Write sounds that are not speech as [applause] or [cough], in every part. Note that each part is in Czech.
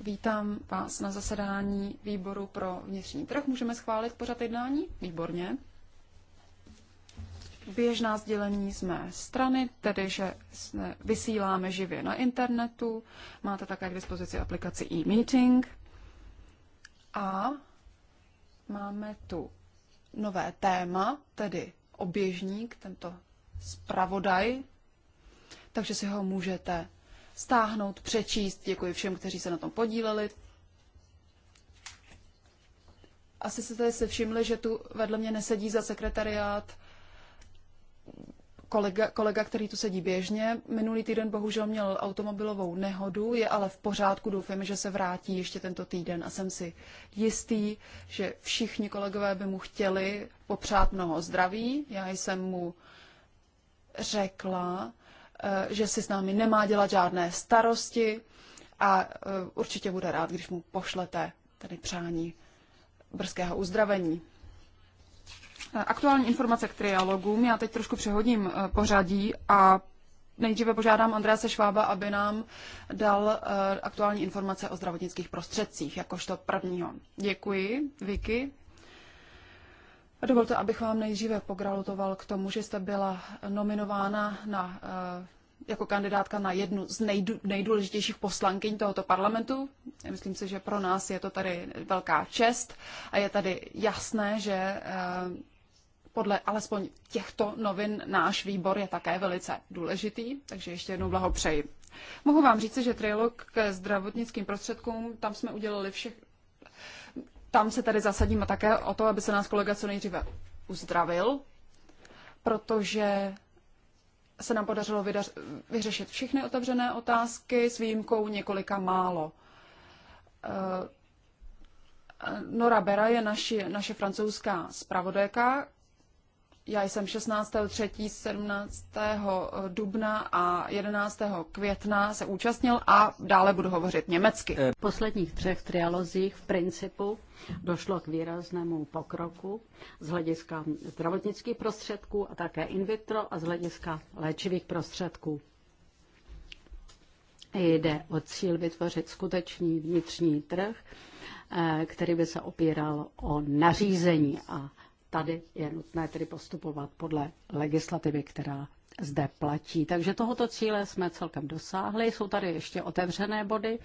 Vítám vás na zasedání výboru pro vnitřní trh. Můžeme schválit pořad jednání? Výborně. Běžná sdělení z mé strany, tedy že vysíláme živě na internetu. Máte také k dispozici aplikaci e-meeting. A máme tu nové téma, tedy oběžník, tento spravodaj takže si ho můžete stáhnout, přečíst. Děkuji všem, kteří se na tom podíleli. Asi jste tady se všimli, že tu vedle mě nesedí za sekretariát kolega, kolega, který tu sedí běžně. Minulý týden bohužel měl automobilovou nehodu, je ale v pořádku, doufám, že se vrátí ještě tento týden a jsem si jistý, že všichni kolegové by mu chtěli popřát mnoho zdraví. Já jsem mu řekla, Eh, že si s námi nemá dělat žádné starosti a eh, určitě bude rád, když mu pošlete tedy přání brzkého uzdravení. Eh, aktuální informace k trialogům. Já teď trošku přehodím pořadí a nejdříve požádám Andrease Švába, aby nám dal aktuální informace o zdravotnických prostředcích, jakožto prvního. Děkuji, Vicky. Dovolte, abych vám nejdříve pogratuloval k tomu, že jste byla nominována na, eh, jako kandidátka na jednu z nejdůležitějších poslankyň tohoto parlamentu. Myslím si, že pro nás je to tady velká čest a je tady jasné, že eh, podle alespoň těchto novin náš výbor je také velice důležitý, takže ještě jednou blahopřeji. Mohu vám říct, že trilog k zdravotnickým prostředkům, tam jsme udělali všech, tam se tady zasadíme také o to, aby se nás kolega co nejdříve uzdravil, protože se nám podařilo vydař, vyřešit všechny otevřené otázky s výjimkou několika málo. Eh, Nora Bera je naši, naše francouzská zpravodajka, já jsem 16. 3. 17. dubna a 11. května se účastnil a dále budu hovořit německy. Eh, v posledních třech trialozích v principu došlo k výraznému pokroku z hlediska zdravotnických prostředků a také in vitro a z hlediska léčivých prostředků. Jde o cíl vytvořit skutečný vnitřní trh, eh, který by se opíral o nařízení a Tady je nutné tedy postupovat podle legislativy, která zde platí. Takže tohoto cíle jsme celkem dosáhli. Jsou tady ještě otevřené body.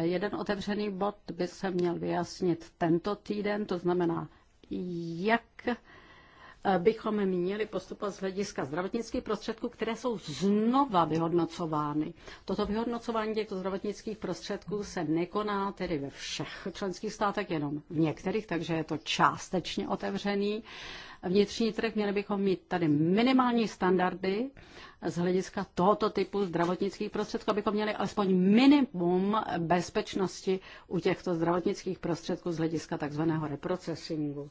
Jeden otevřený bod by se měl vyjasnit tento týden, to znamená, jak bychom měli postupovat z hlediska zdravotnických prostředků, které jsou znova vyhodnocovány. Toto vyhodnocování těchto zdravotnických prostředků se nekoná tedy ve všech členských státech, jenom v některých, takže je to částečně otevřený vnitřní trh, měli bychom mít tady minimální standardy z hlediska tohoto typu zdravotnických prostředků, abychom měli alespoň minimum bezpečnosti u těchto zdravotnických prostředků z hlediska takzvaného reprocesingu.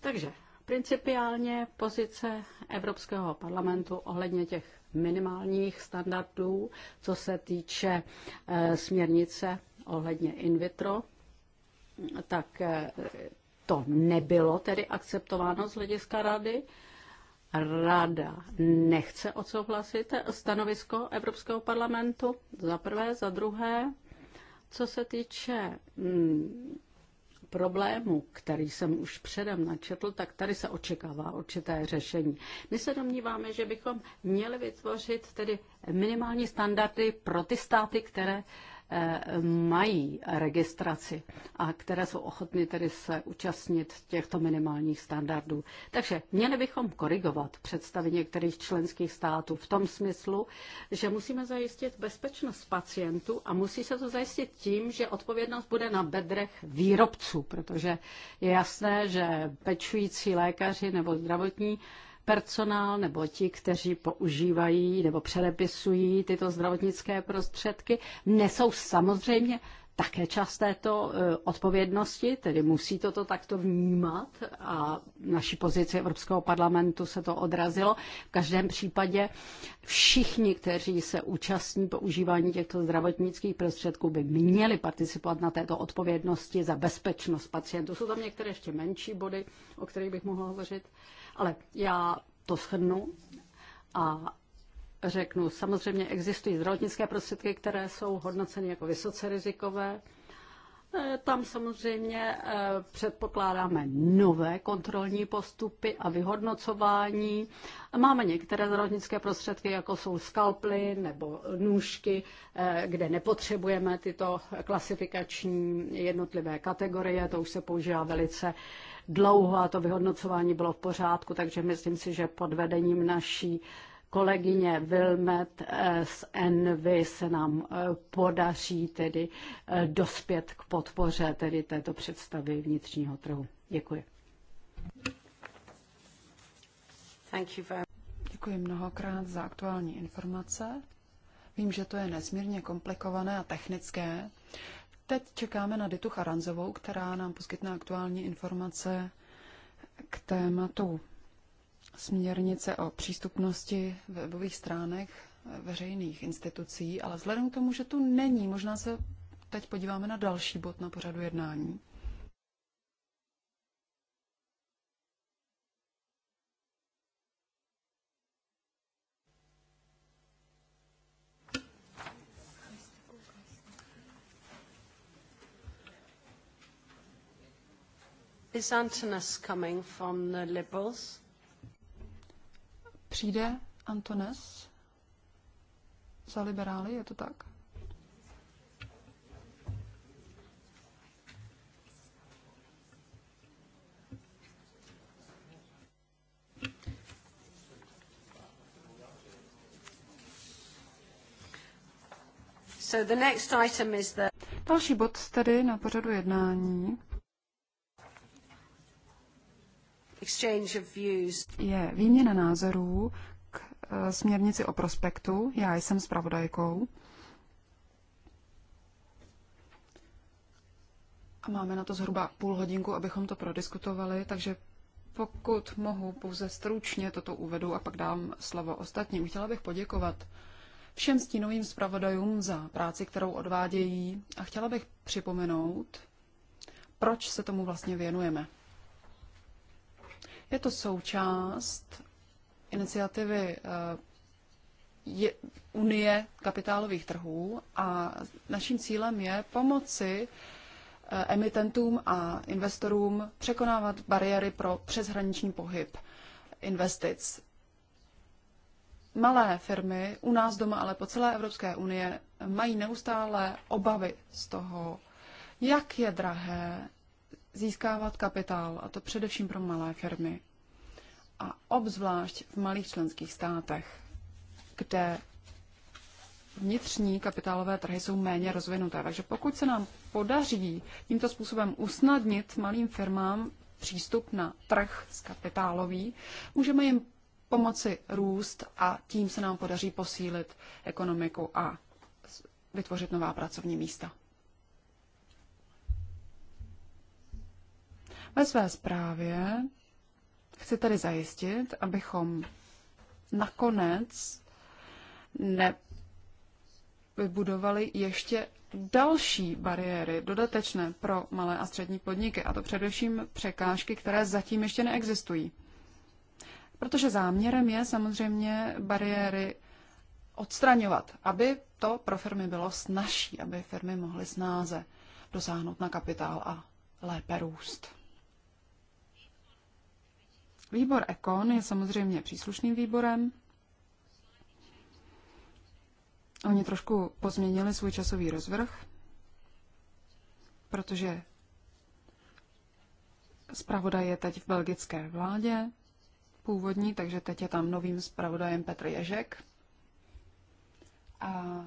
Takže principiálně pozice Evropského parlamentu ohledně těch minimálních standardů, co se týče e, směrnice ohledně in vitro, tak e, to nebylo tedy akceptováno z hlediska rady. Rada nechce odsouhlasit stanovisko Evropského parlamentu, za prvé, za druhé, co se týče mm, problému, který jsem už předem načetl, tak tady se očekává určité řešení. My se domníváme, že bychom měli vytvořit tedy minimální standardy pro ty státy, které mají registraci a které jsou ochotny tedy se účastnit těchto minimálních standardů. Takže měli bychom korigovat představy některých členských států v tom smyslu, že musíme zajistit bezpečnost pacientů a musí se to zajistit tím, že odpovědnost bude na bedrech výrobců, protože je jasné, že pečující lékaři nebo zdravotní personál nebo ti, kteří používají nebo přerepisují tyto zdravotnické prostředky, nesou samozřejmě také část této e, odpovědnosti, tedy musí toto takto vnímat a naší pozici Evropského parlamentu se to odrazilo. V každém případě všichni, kteří se účastní používání těchto zdravotnických prostředků, by měli participovat na této odpovědnosti za bezpečnost pacientů. Jsou tam některé ještě menší body, o kterých bych mohla hovořit. Ale já to shrnu a řeknu, samozřejmě existují zdravotnické prostředky, které jsou hodnoceny jako vysoce rizikové. E, tam samozřejmě e, předpokládáme nové kontrolní postupy a vyhodnocování. Máme některé zdravotnické prostředky, jako jsou skalply nebo nůžky, e, kde nepotřebujeme tyto klasifikační jednotlivé kategorie. To už se používá velice dlouho a to vyhodnocování bylo v pořádku, takže myslím si, že pod vedením naší kolegyně Vilmet eh, z Envy se nám eh, podaří tedy eh, dospět k podpoře tedy této představy vnitřního trhu. Děkuji. Thank you very... Děkuji mnohokrát za aktuální informace. Vím, že to je nezmírně komplikované a technické, Teď čekáme na Ditu Charanzovou, která nám poskytne aktuální informace k tématu směrnice o přístupnosti webových stránek veřejných institucí, ale vzhledem k tomu, že tu není, možná se teď podíváme na další bod na pořadu jednání. Is Antones coming from the Liberals? Přijde Antones za liberály, je to tak? So the next item is the... Další bod tedy na pořadu jednání je výměna názorů k e, směrnici o prospektu. Já jsem zpravodajkou. A máme na to zhruba půl hodinku, abychom to prodiskutovali, takže pokud mohu, pouze stručně toto uvedu a pak dám slovo ostatním. Chtěla bych poděkovat všem stínovým zpravodajům za práci, kterou odvádějí a chtěla bych připomenout, proč se tomu vlastně věnujeme. Je to součást iniciativy eh, je Unie kapitálových trhů a naším cílem je pomoci eh, emitentům a investorům překonávat bariéry pro přeshraniční pohyb investic. Malé firmy u nás doma, ale po celé Evropské unie mají neustále obavy z toho, jak je drahé získávat kapitál, a to především pro malé firmy. A obzvlášť v malých členských státech, kde vnitřní kapitálové trhy jsou méně rozvinuté. Takže pokud se nám podaří tímto způsobem usnadnit malým firmám přístup na trh s kapitálový, můžeme jim pomoci růst a tím se nám podaří posílit ekonomiku a vytvořit nová pracovní místa. Ve své zprávě chci tedy zajistit, abychom nakonec nevybudovali ještě další bariéry dodatečné pro malé a střední podniky, a to především překážky, které zatím ještě neexistují. Protože záměrem je samozřejmě bariéry odstraňovat, aby to pro firmy bylo snažší, aby firmy mohly snáze dosáhnout na kapitál a lépe růst. Výbor Ekon je samozřejmě příslušným výborem. Oni trošku pozměnili svůj časový rozvrh, protože zpravodaj je teď v belgické vládě původní, takže teď je tam novým zpravodajem Petr Ježek. A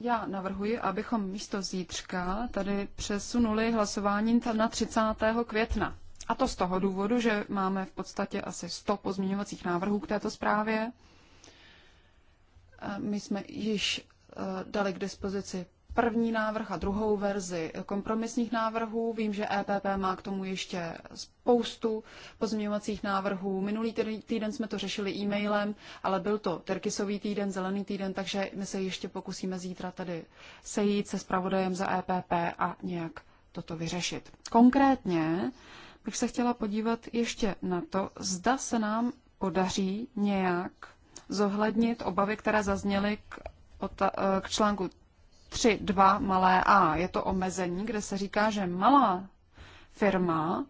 já navrhuji, abychom místo zítřka tady přesunuli hlasování na 30. května. A to z toho důvodu, že máme v podstatě asi 100 pozměňovacích návrhů k této zprávě. Eh, my jsme již eh, dali k dispozici první návrh a druhou verzi kompromisních návrhů. Vím, že EPP má k tomu ještě spoustu pozměňovacích návrhů. Minulý týden jsme to řešili e-mailem, ale byl to terkisový týden, zelený týden, takže my se ještě pokusíme zítra tady sejít se zpravodajem za EPP a nějak toto vyřešit. Konkrétně bych se chtěla podívat ještě na to, zda se nám podaří nějak zohlednit obavy, které zazněly k, eh, k článku 3.2 malé a. Je to omezení, kde se říká, že malá firma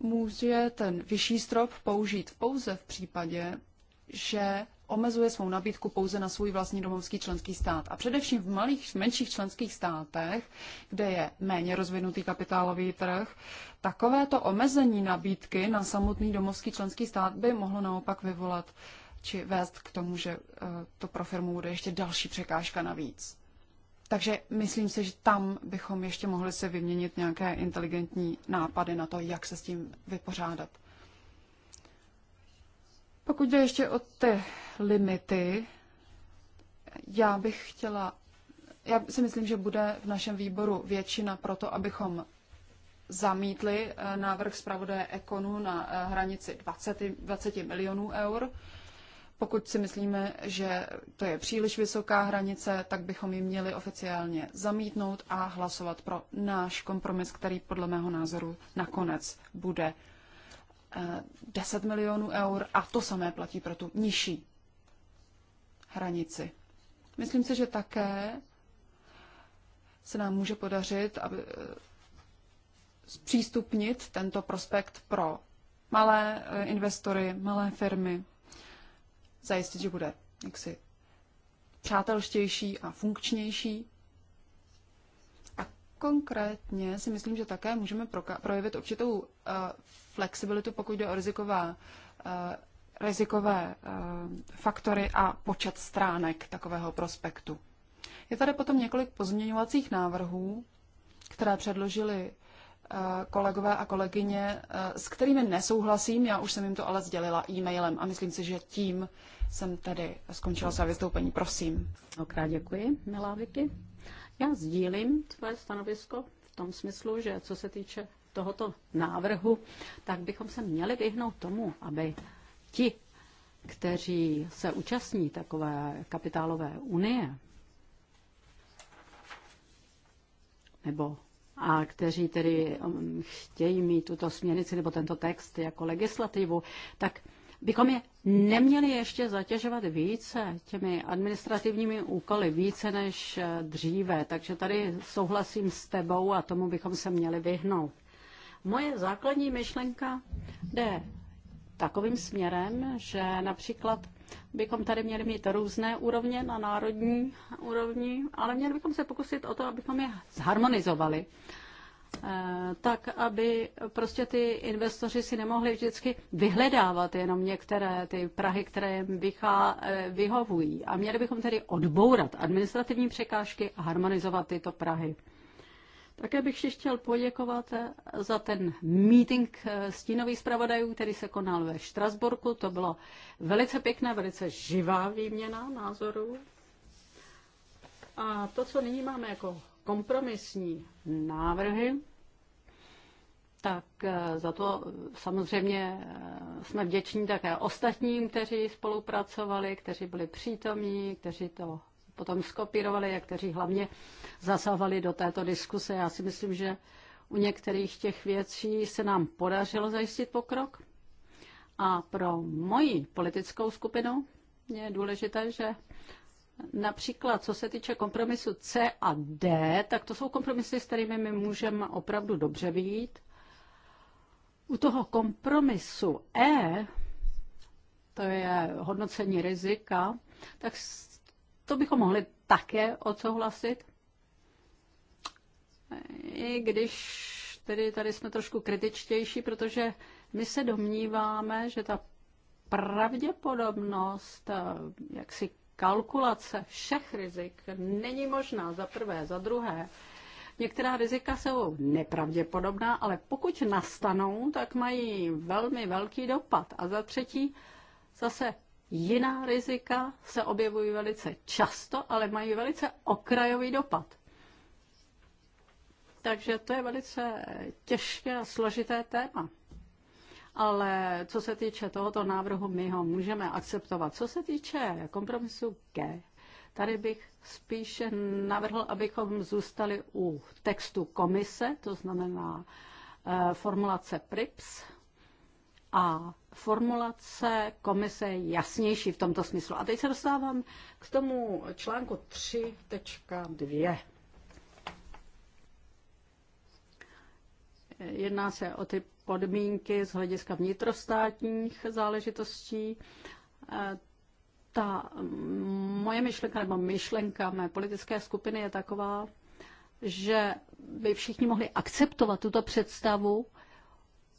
může ten vyšší strop použít pouze v případě, že omezuje svou nabídku pouze na svůj vlastní domovský členský stát. A především v malých, menších členských státech, kde je méně rozvinutý kapitálový trh, takovéto omezení nabídky na samotný domovský členský stát by mohlo naopak vyvolat či vést k tomu, že eh, to pro firmu bude ještě další překážka navíc. Takže myslím si, že tam bychom ještě mohli se vyměnit nějaké inteligentní nápady na to, jak se s tím vypořádat. Pokud jde ještě o ty limity, já bych chtěla, já si myslím, že bude v našem výboru většina pro to, abychom zamítli eh, návrh zpravodaje Ekonu na eh, hranici 20, 20 milionů eur. Pokud si myslíme, že to je příliš vysoká hranice, tak bychom ji měli oficiálně zamítnout a hlasovat pro náš kompromis, který podle mého názoru nakonec bude 10 eh, milionů eur a to samé platí pro tu nižší hranici. Myslím si, že také se nám může podařit, aby eh, zpřístupnit tento prospekt pro malé eh, investory, malé firmy, zajistit, že bude jaksi přátelštější a funkčnější. Konkrétně si myslím, že také můžeme projevit určitou uh, flexibilitu, pokud jde o riziková, uh, rizikové uh, faktory a počet stránek takového prospektu. Je tady potom několik pozměňovacích návrhů, které předložili uh, kolegové a kolegyně, uh, s kterými nesouhlasím. Já už jsem jim to ale sdělila e-mailem a myslím si, že tím jsem tedy skončila své vystoupení. Prosím. Okrát děkuji, milá Vicky. Já sdílím tvoje stanovisko v tom smyslu, že co se týče tohoto návrhu, tak bychom se měli vyhnout tomu, aby ti, kteří se účastní takové kapitálové unie, nebo a kteří tedy um, chtějí mít tuto směrnici nebo tento text jako legislativu, tak bychom je neměli ještě zatěžovat více těmi administrativními úkoly, více než eh, dříve. Takže tady souhlasím s tebou a tomu bychom se měli vyhnout. Moje základní myšlenka jde takovým směrem, že například bychom tady měli mít různé úrovně na národní úrovni, ale měli bychom se pokusit o to, abychom je zharmonizovali. Eh, tak aby prostě ty investoři si nemohli vždycky vyhledávat jenom některé ty Prahy, které jim vychá, eh, vyhovují. A měli bychom tedy odbourat administrativní překážky a harmonizovat tyto Prahy. Také bych si chtěl poděkovat eh, za ten meeting stínových zpravodajů, který se konal ve Štrasburku. To bylo velice pěkné, velice živá výměna názorů. A to, co nyní máme jako kompromisní návrhy, tak eh, za to eh, samozřejmě eh, jsme vděční také ostatním, kteří spolupracovali, kteří byli přítomní, kteří to potom skopírovali a kteří hlavně zasahovali do této diskuse. Já si myslím, že u některých těch věcí se nám podařilo zajistit pokrok. A pro moji politickou skupinu je důležité, že Například co se týče kompromisu C a D, tak to jsou kompromisy, s kterými my můžeme opravdu dobře vyjít. U toho kompromisu E, to je hodnocení rizika, tak to bychom mohli také odsouhlasit. I když tedy tady jsme trošku kritičtější, protože my se domníváme, že ta pravděpodobnost eh, jaksi kalkulace všech rizik není možná za prvé, za druhé. Některá rizika jsou nepravděpodobná, ale pokud nastanou, tak mají velmi velký dopad. A za třetí, zase jiná rizika se objevují velice často, ale mají velice okrajový dopad. Takže to je velice těžké a složité téma ale co se týče tohoto návrhu, my ho můžeme akceptovat. Co se týče kompromisu G, tady bych spíše navrhl, abychom zůstali u textu komise, to znamená eh, formulace PRIPS, a formulace komise je jasnější v tomto smyslu. A teď se dostávám k tomu článku 3.2. Jedná se o ty podmínky z hlediska vnitrostátních záležitostí. E, ta moje myšlenka nebo myšlenka mé politické skupiny je taková, že by všichni mohli akceptovat tuto představu,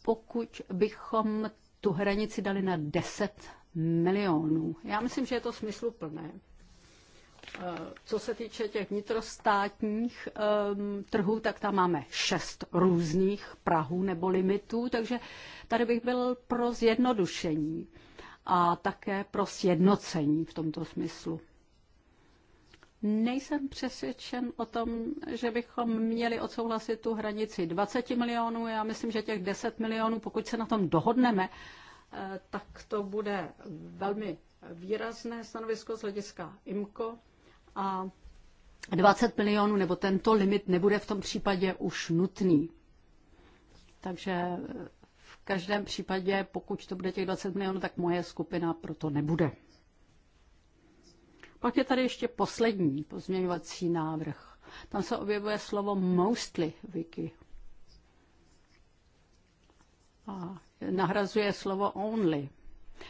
pokud bychom tu hranici dali na 10 milionů. Já myslím, že je to smysluplné. Eh, co se týče těch vnitrostátních um, trhů, tak tam máme šest různých prahů nebo limitů, takže tady bych byl pro zjednodušení a také pro sjednocení v tomto smyslu. Nejsem přesvědčen o tom, že bychom měli odsouhlasit tu hranici 20 milionů. Já myslím, že těch 10 milionů, pokud se na tom dohodneme, eh, tak to bude velmi výrazné stanovisko z hlediska IMCO a 20 milionů nebo tento limit nebude v tom případě už nutný. Takže v každém případě, pokud to bude těch 20 milionů, tak moje skupina proto nebude. Pak je tady ještě poslední pozměňovací návrh. Tam se objevuje slovo mostly, Vicky. A nahrazuje slovo only.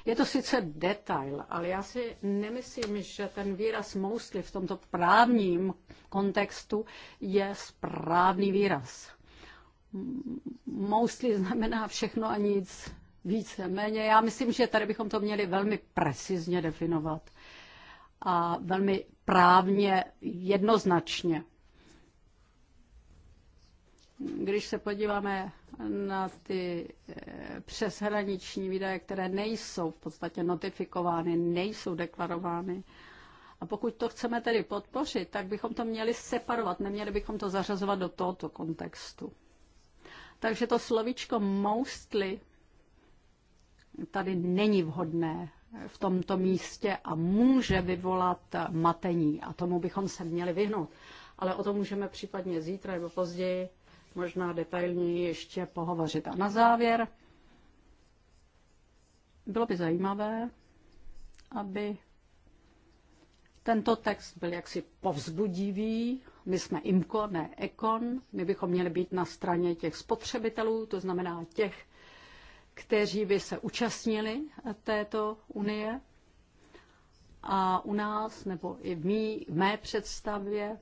Je to sice detail, ale já si nemyslím, že ten výraz mostly v tomto právním kontextu je správný výraz. Mostly znamená všechno a nic více, méně. Já myslím, že tady bychom to měli velmi precizně definovat a velmi právně jednoznačně. Když se podíváme na ty eh, přeshraniční výdaje, které nejsou v podstatě notifikovány, nejsou deklarovány. A pokud to chceme tedy podpořit, tak bychom to měli separovat, neměli bychom to zařazovat do tohoto kontextu. Takže to slovíčko mostly tady není vhodné v tomto místě a může vyvolat matení a tomu bychom se měli vyhnout. Ale o tom můžeme případně zítra nebo později možná detailněji ještě pohovořit. A na závěr bylo by zajímavé, aby tento text byl jaksi povzbudivý. My jsme IMKO, ne EKON. My bychom měli být na straně těch spotřebitelů, to znamená těch, kteří by se účastnili této unie. A u nás, nebo i v mý, v mé představě,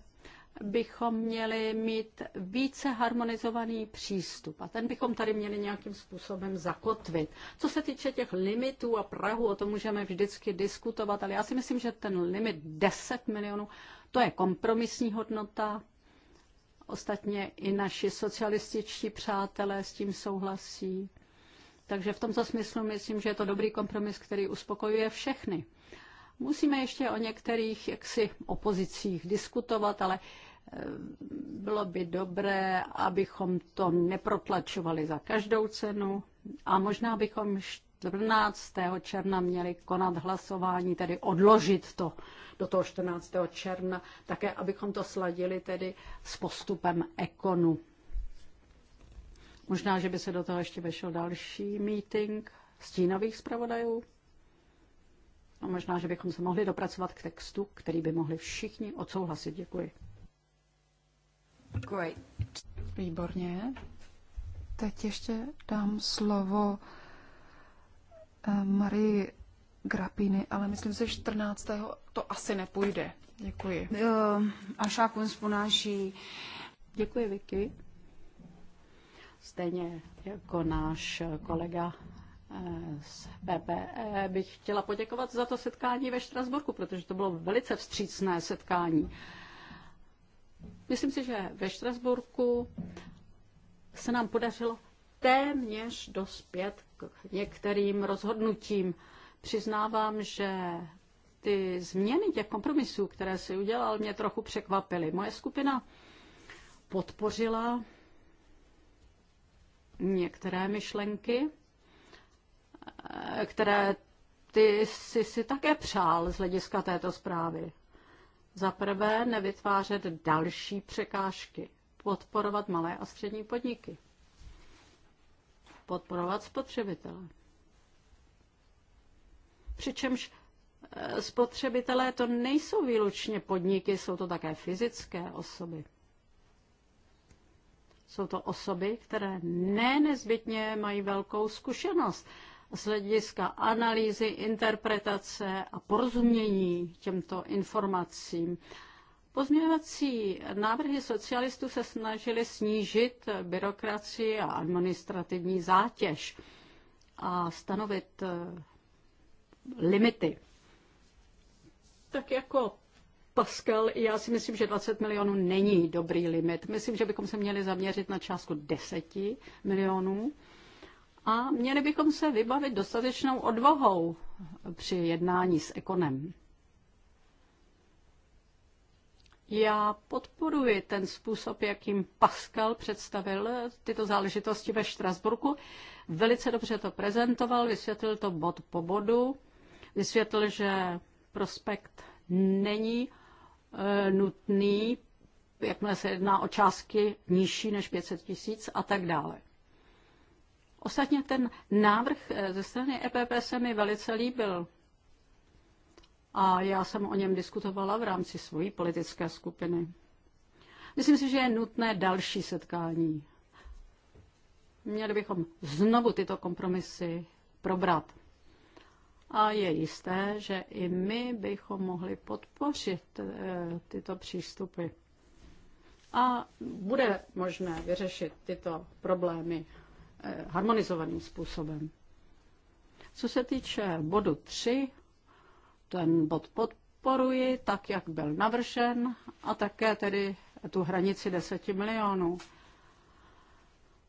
bychom měli mít více harmonizovaný přístup a ten bychom tady měli nějakým způsobem zakotvit. Co se týče těch limitů a Prahu, o tom můžeme vždycky diskutovat, ale já si myslím, že ten limit 10 milionů, to je kompromisní hodnota. Ostatně i naši socialističtí přátelé s tím souhlasí. Takže v tomto smyslu myslím, že je to dobrý kompromis, který uspokojuje všechny. Musíme ještě o některých jaksi opozicích diskutovat, ale bylo by dobré, abychom to neprotlačovali za každou cenu a možná bychom 14. června měli konat hlasování, tedy odložit to do toho 14. června, také abychom to sladili tedy s postupem ekonu. Možná, že by se do toho ještě vešel další meeting stínových zpravodajů. A možná, že bychom se mohli dopracovat k textu, který by mohli všichni odsouhlasit. Děkuji. Great. Výborně. Teď ještě dám slovo eh, Marii Grapiny, ale myslím si, že 14. to asi nepůjde. Děkuji. Așa cum spunea Děkuji, Vicky. Stejně jako náš kolega eh, z PPE eh, bych chtěla poděkovat za to setkání ve Štrasburku, protože to bylo velice vstřícné setkání. Myslím si, že ve Štrasburku se nám podařilo téměř dospět k některým rozhodnutím. Přiznávám, že ty změny těch kompromisů, které si udělal, mě trochu překvapily. Moje skupina podpořila některé myšlenky, eh, které ty jsi si také přál z hlediska této zprávy. Za prvé nevytvářet další překážky, podporovat malé a střední podniky, podporovat spotřebitele. Přičemž eh, spotřebitelé to nejsou výlučně podniky, jsou to také fyzické osoby. Jsou to osoby, které ne nezbytně mají velkou zkušenost, z hlediska analýzy, interpretace a porozumění těmto informacím. Pozměňovací návrhy socialistů se snažily snížit byrokracii a administrativní zátěž a stanovit eh, limity. Tak jako Pascal, já si myslím, že 20 milionů není dobrý limit. Myslím, že bychom se měli zaměřit na částku 10 milionů a měli bychom se vybavit dostatečnou odvahou při jednání s ekonem. Já podporuji ten způsob, jakým Pascal představil tyto záležitosti ve Štrasburku. Velice dobře to prezentoval, vysvětlil to bod po bodu, vysvětlil, že prospekt není e, nutný, jakmile se jedná o částky nižší než 500 tisíc a tak dále. Ostatně ten návrh eh, ze strany EPP se mi velice líbil. A já jsem o něm diskutovala v rámci své politické skupiny. Myslím si, že je nutné další setkání. Měli bychom znovu tyto kompromisy probrat. A je jisté, že i my bychom mohli podpořit eh, tyto přístupy. A bude možné vyřešit tyto problémy Eh, harmonizovaným způsobem. Co se týče bodu 3, ten bod podporuji tak, jak byl navržen a také tedy tu hranici 10 milionů.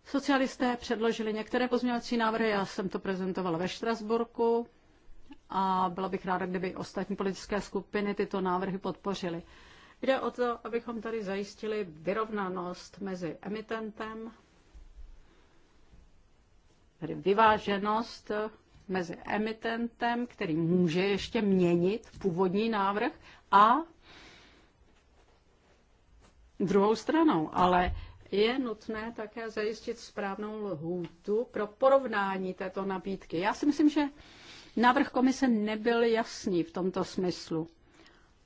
Socialisté předložili některé pozměňovací návrhy, já jsem to prezentovala ve Štrasburku a byla bych ráda, kdyby ostatní politické skupiny tyto návrhy podpořily. Jde o to, abychom tady zajistili vyrovnanost mezi emitentem tedy vyváženost mezi emitentem, který může ještě měnit původní návrh, a druhou stranou. Ale je nutné také zajistit správnou lhůtu pro porovnání této nabídky. Já si myslím, že návrh komise nebyl jasný v tomto smyslu.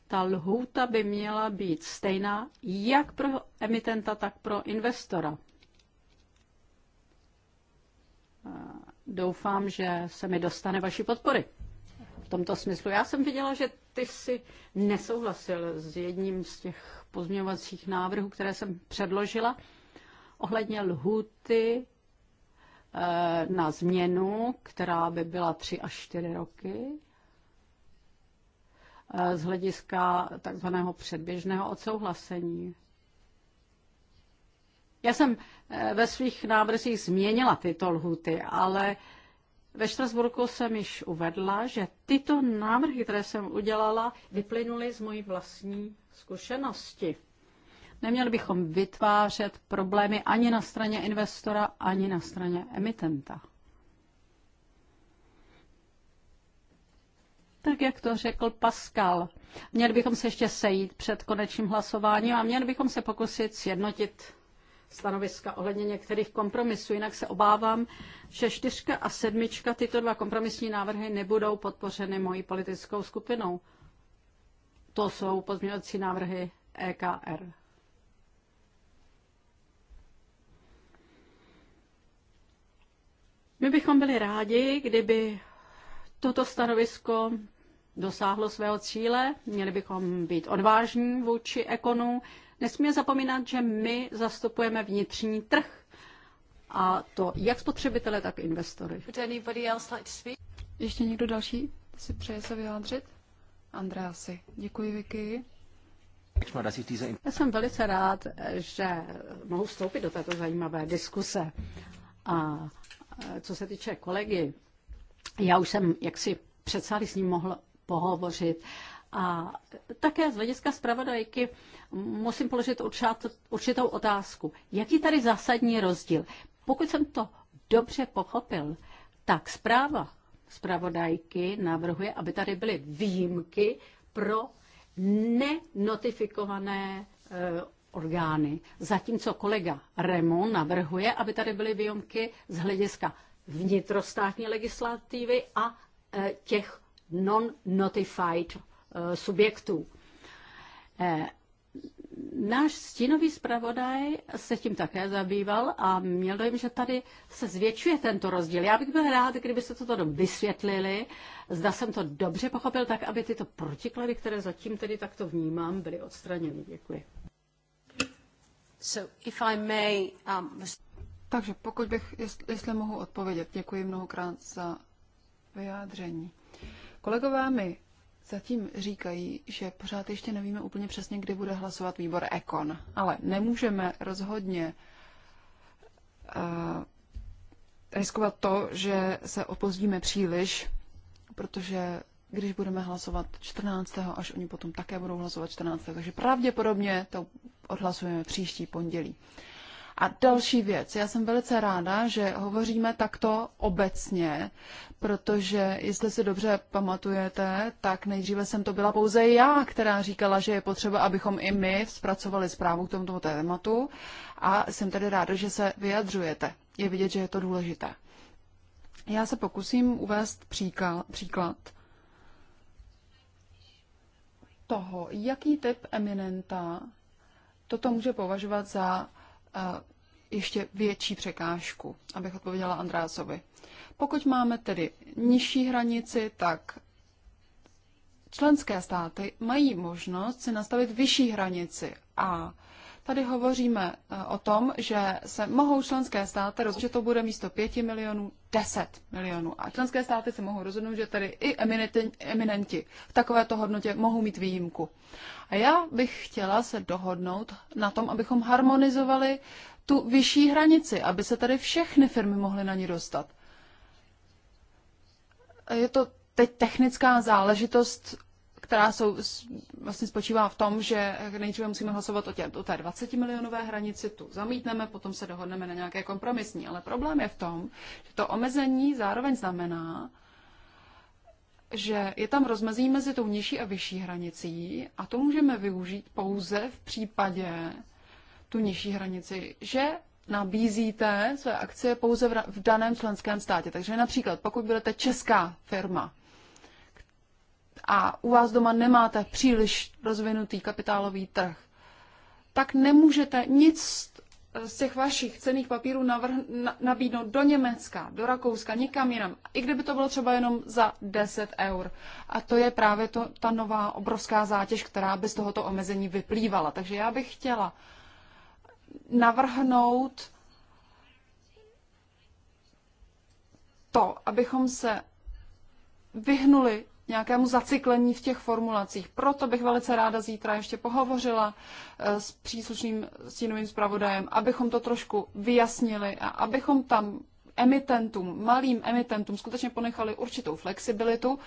Ta lhůta by měla být stejná jak pro emitenta, tak pro investora. Eh, doufám, že se mi dostane vaší podpory. V tomto smyslu. Já jsem viděla, že ty si nesouhlasil s jedním z těch pozměňovacích návrhů, které jsem předložila, ohledně lhuty eh, na změnu, která by byla tři až čtyři roky eh, z hlediska takzvaného předběžného odsouhlasení. Já jsem eh, ve svých návrzích změnila tyto lhuty, ale ve Štrasburku jsem již uvedla, že tyto návrhy, které jsem udělala, vyplynuly z mojí vlastní zkušenosti. Neměli bychom vytvářet problémy ani na straně investora, ani na straně emitenta. Tak jak to řekl Pascal, měli bychom se ještě sejít před konečným hlasováním a měli bychom se pokusit sjednotit stanoviska ohledně některých kompromisů. Jinak se obávám, že čtyřka a sedmička tyto dva kompromisní návrhy nebudou podpořeny mojí politickou skupinou. To jsou pozměňovací návrhy EKR. My bychom byli rádi, kdyby toto stanovisko dosáhlo svého cíle. Měli bychom být odvážní vůči ekonu, Nesmíme zapomínat, že my zastupujeme vnitřní trh a to jak spotřebitele, tak investory. Ještě někdo další si přeje se vyjádřit? Andreasi. Děkuji, Vicky. Já jsem velice rád, že mohu vstoupit do této zajímavé diskuse. A co se týče kolegy, já už jsem jaksi přece s ním mohl pohovořit. A také z hlediska zpravodajky musím položit určitou otázku. Jaký tady zásadní rozdíl? Pokud jsem to dobře pochopil, tak zpráva zpravodajky navrhuje, aby tady byly výjimky pro nenotifikované e, orgány. Zatímco kolega Remo navrhuje, aby tady byly výjimky z hlediska vnitrostátní legislativy a e, těch non-notified e, subjektů. E, náš stínový zpravodaj se tím také zabýval a měl dojem, že tady se zvětšuje tento rozdíl. Já bych byl rád, kdyby se toto vysvětlili. Zda jsem to dobře pochopil, tak aby tyto protiklady, které zatím tedy takto vnímám, byly odstraněny. Děkuji. So if I may, um... Takže pokud bych, jestli, jestli mohu odpovědět, děkuji mnohokrát za vyjádření. Kolegové mi zatím říkají, že pořád ještě nevíme úplně přesně, kdy bude hlasovat výbor Ekon. Ale nemůžeme rozhodně uh, riskovat to, že se opozdíme příliš, protože když budeme hlasovat 14. až oni potom také budou hlasovat 14. Takže pravděpodobně to odhlasujeme příští pondělí. Uh, a další věc, já jsem velice ráda, že hovoříme takto obecně, protože jestli si dobře pamatujete, tak nejdříve jsem to byla pouze já, která říkala, že je potřeba, abychom i my zpracovali zprávu k tomuto tématu a jsem tedy ráda, že se vyjadřujete. Je vidět, že je to důležité. Já se pokusím uvést příklad, příklad toho, jaký typ eminenta toto může považovat za ještě větší překážku, abych odpověděla Andrázovi. Pokud máme tedy nižší hranici, tak členské státy mají možnost si nastavit vyšší hranici a Tady hovoříme eh, o tom, že se mohou členské státy rozhodnout, že to bude místo 5 milionů 10 milionů. A členské státy se mohou rozhodnout, že tady i eminenti v takovéto hodnotě mohou mít výjimku. A já bych chtěla se dohodnout na tom, abychom harmonizovali tu vyšší hranici, aby se tady všechny firmy mohly na ní dostat. Je to teď technická záležitost která jsou, vlastně spočívá v tom, že nejdříve musíme hlasovat o, tě, o té 20 milionové hranici, tu zamítneme, potom se dohodneme na nějaké kompromisní. Ale problém je v tom, že to omezení zároveň znamená, že je tam rozmezí mezi tou nižší a vyšší hranicí a to můžeme využít pouze v případě tu nižší hranici, že nabízíte své akcie pouze v daném členském státě. Takže například, pokud budete česká firma, a u vás doma nemáte příliš rozvinutý kapitálový trh, tak nemůžete nic z těch vašich cených papírů navrh, na, nabídnout do Německa, do Rakouska, nikam jinam. I kdyby to bylo třeba jenom za 10 eur. A to je právě to, ta nová obrovská zátěž, která by z tohoto omezení vyplývala. Takže já bych chtěla navrhnout to, abychom se vyhnuli nějakému zacyklení v těch formulacích. Proto bych velice ráda zítra ještě pohovořila eh, s příslušným stínovým zpravodajem, abychom to trošku vyjasnili a abychom tam emitentům, malým emitentům skutečně ponechali určitou flexibilitu,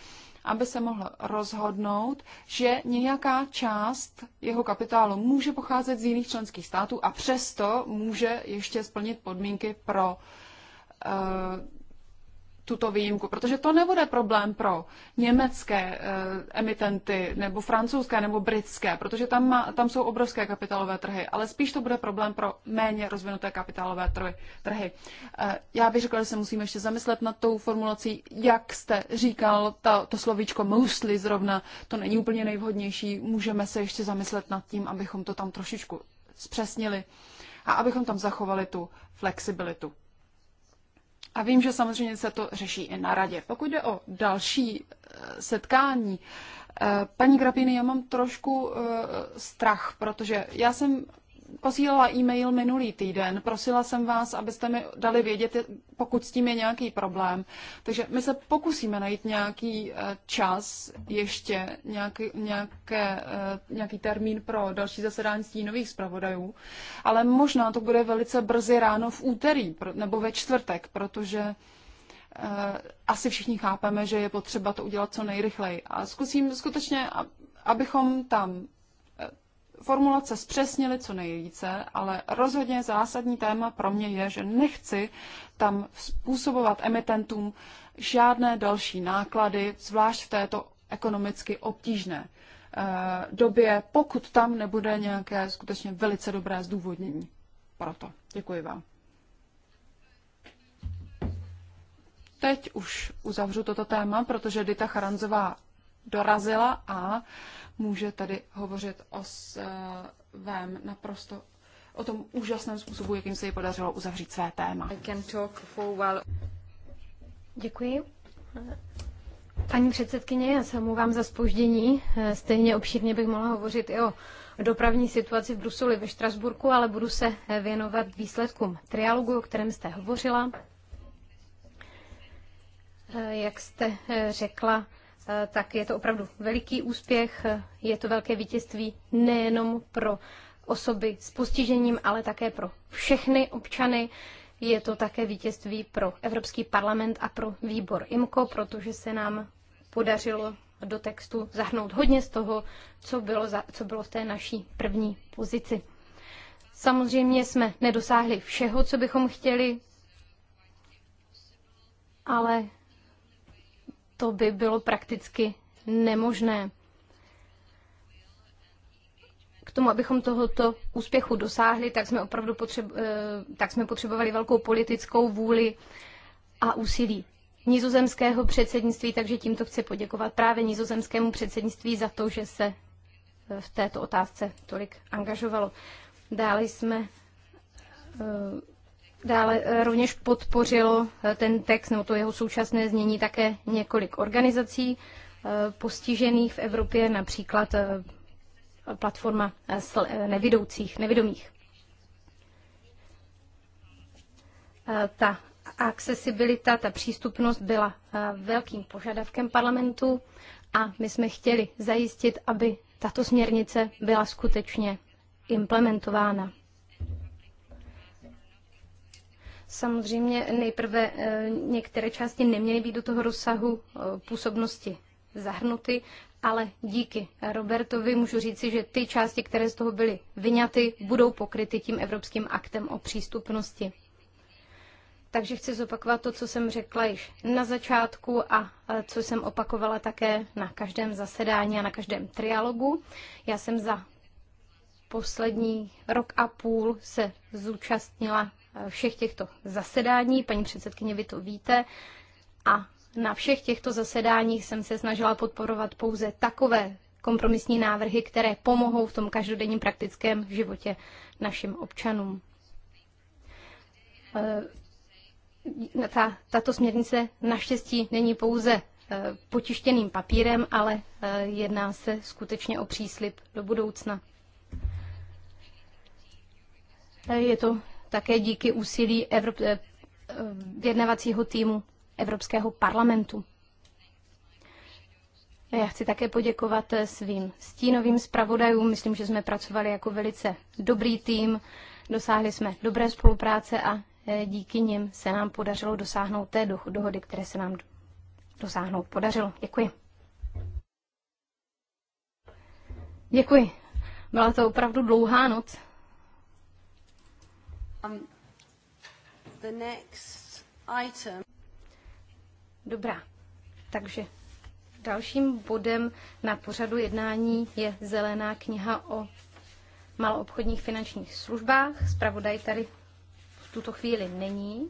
aby se mohl rozhodnout, že nějaká část jeho kapitálu může pocházet z jiných členských států a přesto může ještě splnit podmínky pro uh, tuto výjimku, protože to nebude problém pro německé eh, emitenty nebo francouzské nebo britské, protože tam, má, tam jsou obrovské kapitálové trhy, ale spíš to bude problém pro méně rozvinuté kapitálové trhy. Eh, já bych řekla, že se musíme ještě zamyslet nad tou formulací, jak jste říkal, ta, to slovíčko mostly zrovna, to není úplně nejvhodnější, můžeme se ještě zamyslet nad tím, abychom to tam trošičku zpřesnili a abychom tam zachovali tu flexibilitu. A vím, že samozřejmě se to řeší i na radě. Pokud jde o další eh, setkání, eh, paní Grapiny, já mám trošku eh, strach, protože já jsem posílala e-mail minulý týden. Prosila jsem vás, abyste mi dali vědět, pokud s tím je nějaký problém. Takže my se pokusíme najít nějaký eh, čas ještě, nějaký, nějaké, eh, nějaký termín pro další zasedání stínových zpravodajů, ale možná to bude velice brzy ráno v úterý nebo ve čtvrtek, protože eh, asi všichni chápeme, že je potřeba to udělat co nejrychleji. A zkusím skutečně, abychom tam formulace zpřesnili co nejvíce, ale rozhodně zásadní téma pro mě je, že nechci tam způsobovat emitentům žádné další náklady, zvlášť v této ekonomicky obtížné eh, době, pokud tam nebude nějaké skutečně velice dobré zdůvodnění. Proto děkuji vám. Teď už uzavřu toto téma, protože Dita Charanzová dorazila a může tady hovořit o svém naprosto o tom úžasném způsobu, jakým se jí podařilo uzavřít své téma. I can talk for while. Děkuji. Paní předsedkyně, já se omlouvám za spoždění. Stejně obšírně bych mohla hovořit i o dopravní situaci v Bruseli ve Štrasburku, ale budu se věnovat výsledkům trialogu, o kterém jste hovořila. Jak jste řekla, Eh, tak je to opravdu veliký úspěch, je to velké vítězství nejenom pro osoby s postižením, ale také pro všechny občany. Je to také vítězství pro Evropský parlament a pro výbor IMCO, protože se nám podařilo do textu zahrnout hodně z toho, co bylo, za, co bylo v té naší první pozici. Samozřejmě jsme nedosáhli všeho, co bychom chtěli, ale to by bylo prakticky nemožné. K tomu, abychom tohoto úspěchu dosáhli, tak jsme opravdu potřebo- eh, tak jsme potřebovali velkou politickou vůli a úsilí nizozemského předsednictví, takže tímto chci poděkovat právě nizozemskému předsednictví za to, že se eh, v této otázce tolik angažovalo. Dále jsme eh, Dále eh, rovněž podpořilo eh, ten text, nebo to jeho současné znění, také několik organizací eh, postižených v Evropě, například platforma nevidoucích, nevidomých. Ta accesibilita, ta přístupnost byla velkým požadavkem parlamentu a my jsme chtěli zajistit, aby tato směrnice byla skutečně implementována. Samozřejmě nejprve eh, některé části neměly být do toho rozsahu eh, působnosti zahrnuty, ale díky Robertovi můžu říci, že ty části, které z toho byly vyňaty, budou pokryty tím Evropským aktem o přístupnosti. Takže chci zopakovat to, co jsem řekla již na začátku a eh, co jsem opakovala také na každém zasedání a na každém trialogu. Já jsem za poslední rok a půl se zúčastnila všech těchto zasedání. Paní předsedkyně, vy to víte. A na všech těchto zasedáních jsem se snažila podporovat pouze takové kompromisní návrhy, které pomohou v tom každodenním praktickém životě našim občanům. E, ta, tato směrnice naštěstí není pouze e, potištěným papírem, ale e, jedná se skutečně o příslip do budoucna. Je to také díky úsilí Evrop- eh, vědnavacího týmu Evropského parlamentu. Já chci také poděkovat eh, svým stínovým zpravodajům. Myslím, že jsme pracovali jako velice dobrý tým, dosáhli jsme dobré spolupráce a eh, díky nim se nám podařilo dosáhnout té dohody, které se nám dosáhnout podařilo. Děkuji. Děkuji. Byla to opravdu dlouhá noc. Um, the next item. Dobrá, takže dalším bodem na pořadu jednání je zelená kniha o maloobchodních finančních službách. Spravodaj tady v tuto chvíli není.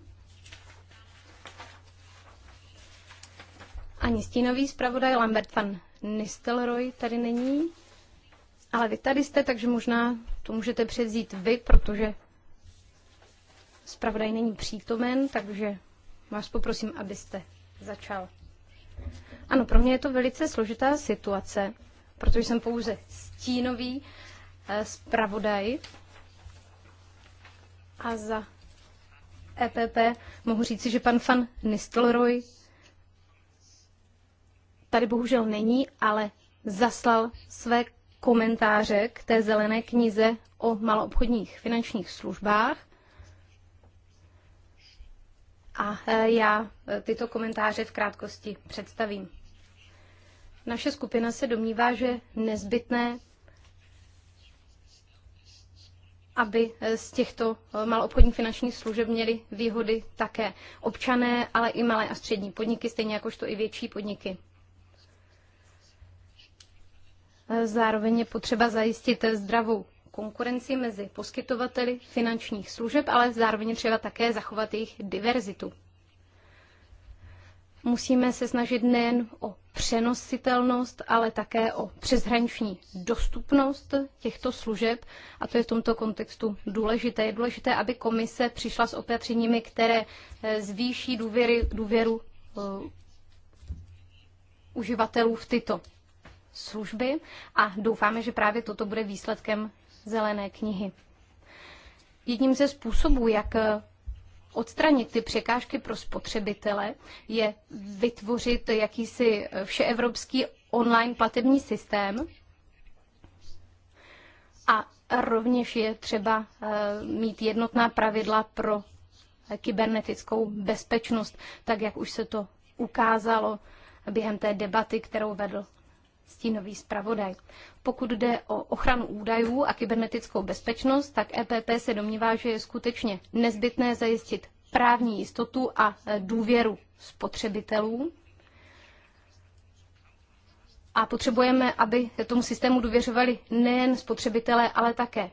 Ani stínový zpravodaj Lambert van Nistelrooy tady není. Ale vy tady jste, takže možná to můžete převzít vy, protože Spravodaj není přítomen, takže vás poprosím, abyste začal. Ano, pro mě je to velice složitá situace, protože jsem pouze stínový eh, zpravodaj a za EPP mohu říci, že pan Fan Nistelroj tady bohužel není, ale zaslal své komentáře k té zelené knize o maloobchodních finančních službách a e, já e, tyto komentáře v krátkosti představím. Naše skupina se domnívá, že nezbytné, aby e, z těchto malobchodních finančních služeb měly výhody také občané, ale i malé a střední podniky, stejně jakožto i větší podniky. Zároveň je potřeba zajistit zdravou konkurenci mezi poskytovateli finančních služeb, ale zároveň třeba také zachovat jejich diverzitu. Musíme se snažit nejen o přenositelnost, ale také o přeshraniční dostupnost těchto služeb a to je v tomto kontextu důležité. Je důležité, aby komise přišla s opatřeními, které eh, zvýší důvěry, důvěru eh, uživatelů v tyto služby a doufáme, že právě toto bude výsledkem zelené knihy. Jedním ze způsobů, jak eh, odstranit ty překážky pro spotřebitele, je vytvořit jakýsi eh, všeevropský online platební systém. A rovněž je třeba eh, mít jednotná pravidla pro kybernetickou bezpečnost, tak jak už se to ukázalo během té debaty, kterou vedl stínový zpravodaj. Pokud jde o ochranu údajů a kybernetickou bezpečnost, tak EPP se domnívá, že je skutečně nezbytné zajistit právní jistotu a e, důvěru spotřebitelů. A potřebujeme, aby tomu systému důvěřovali nejen spotřebitelé, ale také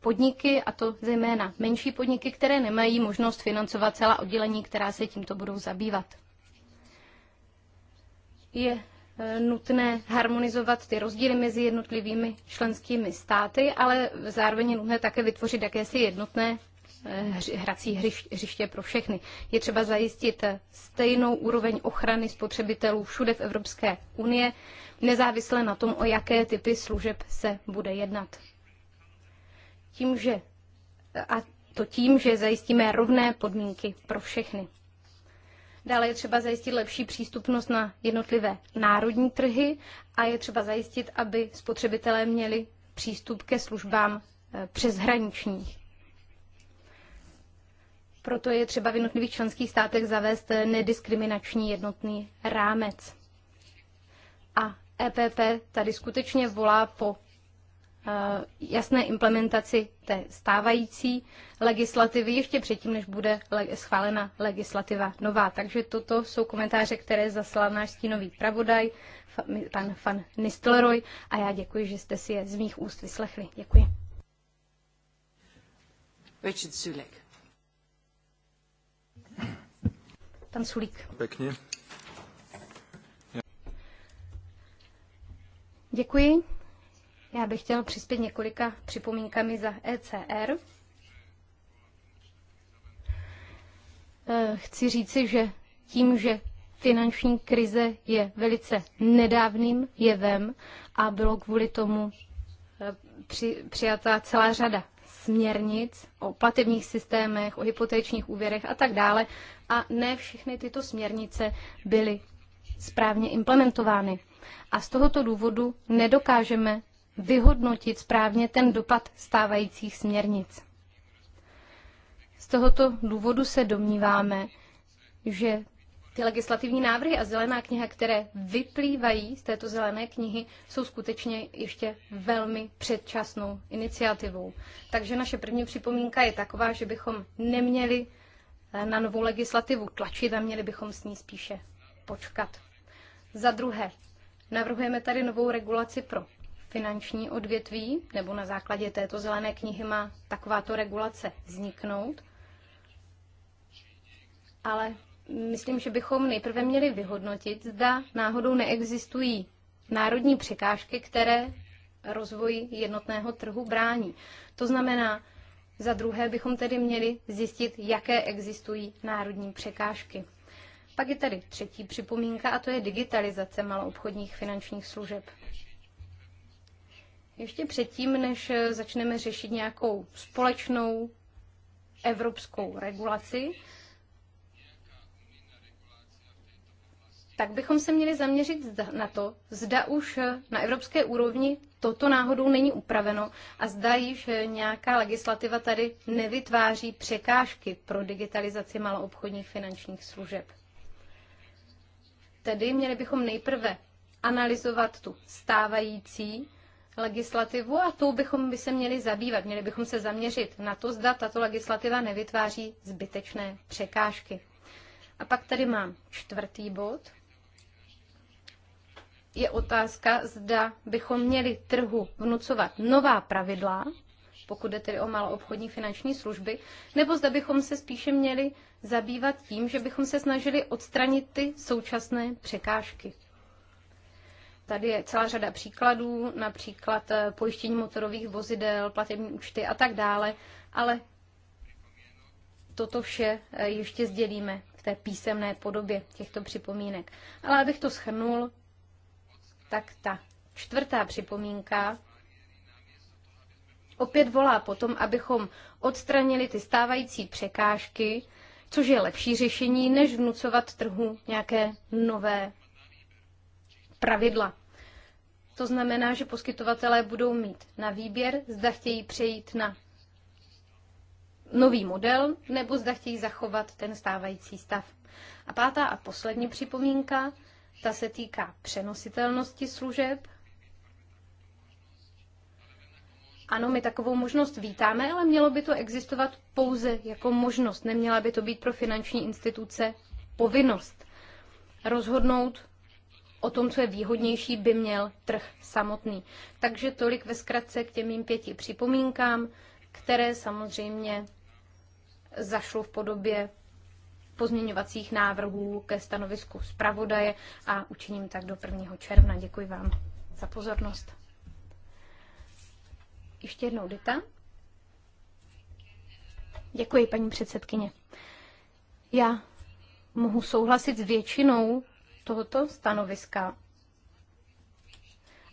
podniky, a to zejména menší podniky, které nemají možnost financovat celá oddělení, která se tímto budou zabývat. Je nutné harmonizovat ty rozdíly mezi jednotlivými členskými státy, ale zároveň je nutné také vytvořit jakési jednotné eh, hrací hřiště pro všechny. Je třeba zajistit stejnou úroveň ochrany spotřebitelů všude v Evropské unie, nezávisle na tom, o jaké typy služeb se bude jednat. Tím, že, a to tím, že zajistíme rovné podmínky pro všechny. Dále je třeba zajistit lepší přístupnost na jednotlivé národní trhy a je třeba zajistit, aby spotřebitelé měli přístup ke službám eh, přeshraničních. Proto je třeba v jednotlivých členských státech zavést eh, nediskriminační jednotný rámec. A EPP tady skutečně volá po Eh, jasné implementaci té stávající legislativy ještě předtím, než bude schválena legislativa nová. Takže toto jsou komentáře, které zaslal náš stínový pravodaj, pan Fan Nistelrooy a já děkuji, že jste si je z mých úst vyslechli. Děkuji. Richard Sulik. Pan Sulík. Pěkně. Děkuji. Já bych chtěl přispět několika připomínkami za ECR. Eh, chci říci, že tím, že finanční krize je velice nedávným jevem a bylo kvůli tomu eh, při, přijatá celá řada směrnic o platebních systémech, o hypotečních úvěrech a tak dále. A ne všechny tyto směrnice byly správně implementovány. A z tohoto důvodu nedokážeme vyhodnotit správně ten dopad stávajících směrnic. Z tohoto důvodu se domníváme, že ty legislativní návrhy a zelená kniha, které vyplývají z této zelené knihy, jsou skutečně ještě velmi předčasnou iniciativou. Takže naše první připomínka je taková, že bychom neměli eh, na novou legislativu tlačit a měli bychom s ní spíše počkat. Za druhé, navrhujeme tady novou regulaci pro finanční odvětví, nebo na základě této zelené knihy má takováto regulace vzniknout. Ale myslím, že bychom nejprve měli vyhodnotit, zda náhodou neexistují národní překážky, které rozvoji jednotného trhu brání. To znamená, za druhé bychom tedy měli zjistit, jaké existují národní překážky. Pak je tady třetí připomínka a to je digitalizace maloobchodních finančních služeb. Ještě předtím, než začneme řešit nějakou společnou evropskou regulaci, tak bychom se měli zaměřit na to, zda už na evropské úrovni toto náhodou není upraveno a zda již nějaká legislativa tady nevytváří překážky pro digitalizaci maloobchodních finančních služeb. Tedy měli bychom nejprve analyzovat tu stávající legislativu a tou bychom by se měli zabývat. Měli bychom se zaměřit na to, zda tato legislativa nevytváří zbytečné překážky. A pak tady mám čtvrtý bod. Je otázka, zda bychom měli trhu vnucovat nová pravidla, pokud jde tedy o maloobchodní finanční služby, nebo zda bychom se spíše měli zabývat tím, že bychom se snažili odstranit ty současné překážky. Tady je celá řada příkladů, například eh, pojištění motorových vozidel, platební účty a tak dále, ale toto vše eh, ještě sdělíme v té písemné podobě těchto připomínek. Ale abych to schrnul, tak ta čtvrtá připomínka opět volá potom, abychom odstranili ty stávající překážky, což je lepší řešení, než vnucovat trhu nějaké nové pravidla. To znamená, že poskytovatelé budou mít na výběr, zda chtějí přejít na nový model, nebo zda chtějí zachovat ten stávající stav. A pátá a poslední připomínka, ta se týká přenositelnosti služeb. Ano, my takovou možnost vítáme, ale mělo by to existovat pouze jako možnost. Neměla by to být pro finanční instituce povinnost rozhodnout o tom, co je výhodnější, by měl trh samotný. Takže tolik ve zkratce k těm pěti připomínkám, které samozřejmě zašlo v podobě pozměňovacích návrhů ke stanovisku zpravodaje a učiním tak do 1. června. Děkuji vám za pozornost. Ještě jednou Dita. Děkuji, paní předsedkyně. Já mohu souhlasit s většinou tohoto stanoviska.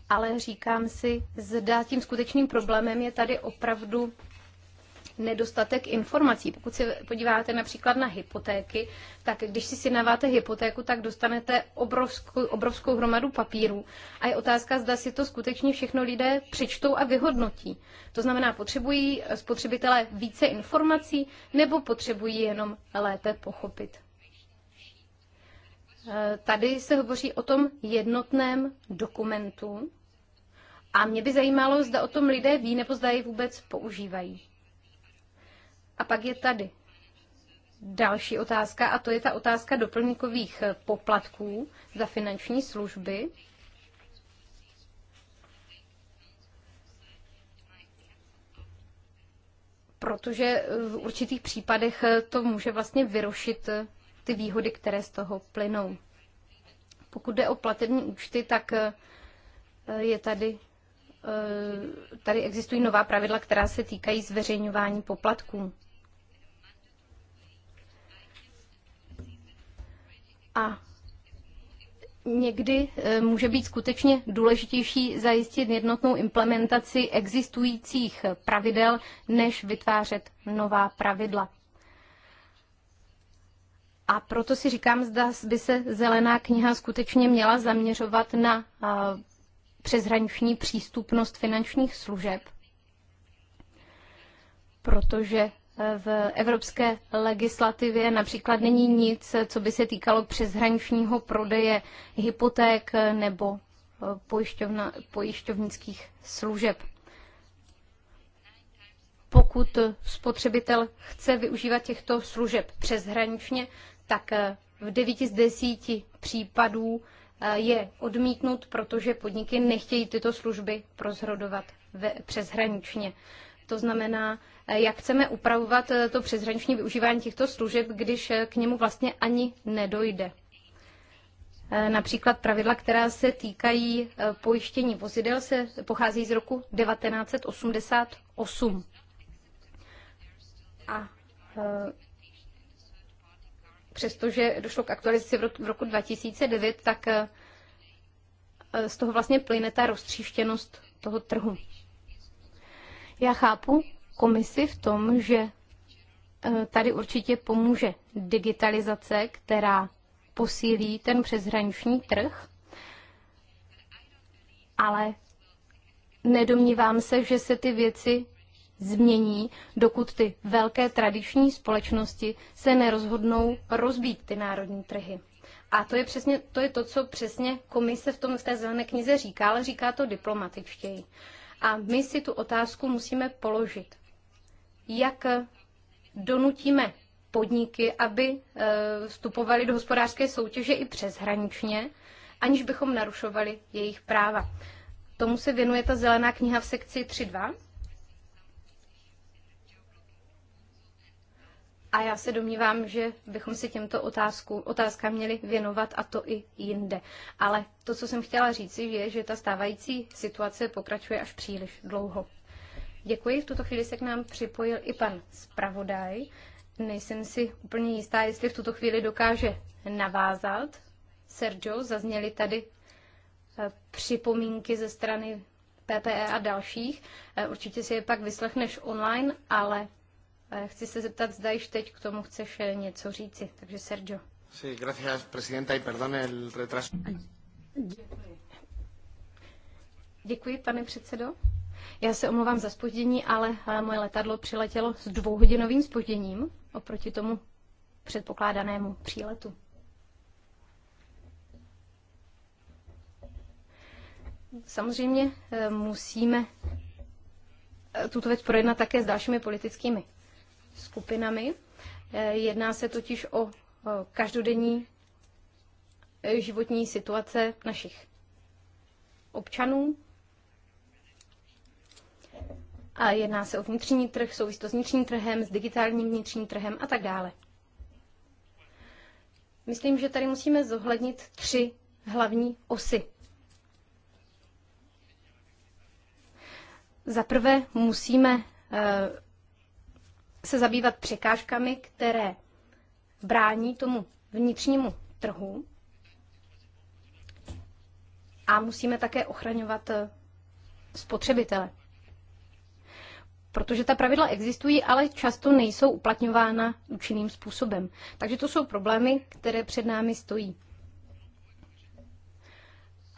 Ale říkám si, zda tím skutečným problémem je tady opravdu nedostatek informací. Pokud se podíváte například na hypotéky, tak když si sjednáváte hypotéku, tak dostanete obrovskou, obrovskou hromadu papírů. A je otázka, zda si to skutečně všechno lidé přečtou a vyhodnotí. To znamená, potřebují spotřebitelé více informací nebo potřebují jenom lépe pochopit Tady se hovoří o tom jednotném dokumentu a mě by zajímalo, zda o tom lidé ví nebo zda je vůbec používají. A pak je tady další otázka a to je ta otázka doplňkových poplatků za finanční služby. Protože v určitých případech to může vlastně vyrušit ty výhody, které z toho plynou. Pokud jde o platební účty, tak eh, je tady, eh, tady existují nová pravidla, která se týkají zveřejňování poplatků. A někdy eh, může být skutečně důležitější zajistit jednotnou implementaci existujících pravidel, než vytvářet nová pravidla. A proto si říkám, zda by se zelená kniha skutečně měla zaměřovat na přeshraniční přístupnost finančních služeb, protože e, v evropské legislativě například není nic, co by se týkalo přeshraničního prodeje hypoték nebo e, pojišťovnických služeb. Pokud spotřebitel chce využívat těchto služeb přeshraničně, tak eh, v 9 z 10 případů eh, je odmítnut, protože podniky nechtějí tyto služby prozhodovat přeshraničně. To znamená, eh, jak chceme upravovat to přeshraniční využívání těchto služeb, když k němu vlastně ani nedojde. Například pravidla, která se týkají pojištění vozidel, se pochází z roku 1988. A přestože došlo k aktualizaci v roku 2009, tak eh, z toho vlastně plyne ta roztříštěnost toho trhu. Já chápu komisi v tom, že eh, tady určitě pomůže digitalizace, která posílí ten přeshraniční trh, ale nedomnívám se, že se ty věci změní, dokud ty velké tradiční společnosti se nerozhodnou rozbít ty národní trhy. A to je, přesně, to je to, co přesně komise v, tom, v té zelené knize říká, ale říká to diplomatičtěji. A my si tu otázku musíme položit. Jak donutíme podniky, aby e, vstupovali do hospodářské soutěže i přeshraničně, aniž bychom narušovali jejich práva. Tomu se věnuje ta zelená kniha v sekci 3.2. a já se domnívám, že bychom se těmto otázku, otázkám měli věnovat a to i jinde. Ale to, co jsem chtěla říci, je, že ta stávající situace pokračuje až příliš dlouho. Děkuji. V tuto chvíli se k nám připojil i pan zpravodaj. Nejsem si úplně jistá, jestli v tuto chvíli dokáže navázat. Sergio, zazněly tady eh, připomínky ze strany PPE a dalších. Eh, určitě si je pak vyslechneš online, ale Chci se zeptat, zda již teď k tomu chceš eh, něco říci. Takže Sergio. Sí, gracias, presidenta, y perdón el retraso. Děkuji. Děkuji, pane předsedo. Já se omlouvám za spoždění, ale eh, moje letadlo přiletělo s dvouhodinovým spožděním oproti tomu předpokládanému příletu. Samozřejmě eh, musíme tuto věc projednat také s dalšími politickými skupinami. Eh, jedná se totiž o eh, každodenní eh, životní situace našich občanů. A jedná se o vnitřní trh, souvisí to s vnitřním trhem, s digitálním vnitřním trhem a tak dále. Myslím, že tady musíme zohlednit tři hlavní osy. Za prvé musíme se zabývat překážkami, které brání tomu vnitřnímu trhu a musíme také ochraňovat eh, spotřebitele. Protože ta pravidla existují, ale často nejsou uplatňována účinným způsobem. Takže to jsou problémy, které před námi stojí.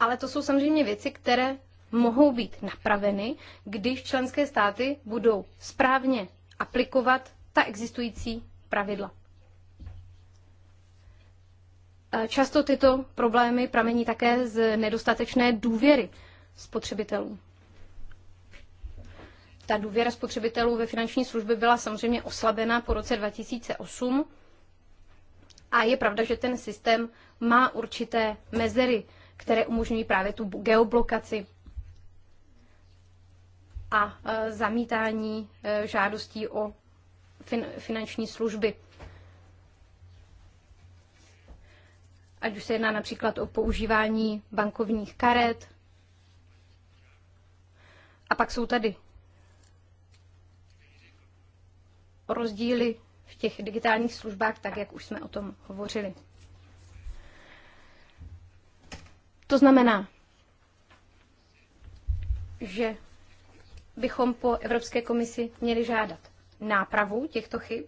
Ale to jsou samozřejmě věci, které mohou být napraveny, když členské státy budou správně aplikovat ta existující pravidla. Často tyto problémy pramení také z nedostatečné důvěry spotřebitelů. Ta důvěra spotřebitelů ve finanční služby byla samozřejmě oslabena po roce 2008 a je pravda, že ten systém má určité mezery, které umožňují právě tu geoblokaci a e, zamítání e, žádostí o finanční služby. Ať už se jedná například o používání bankovních karet. A pak jsou tady rozdíly v těch digitálních službách, tak jak už jsme o tom hovořili. To znamená, že bychom po Evropské komisi měli žádat nápravu těchto chyb,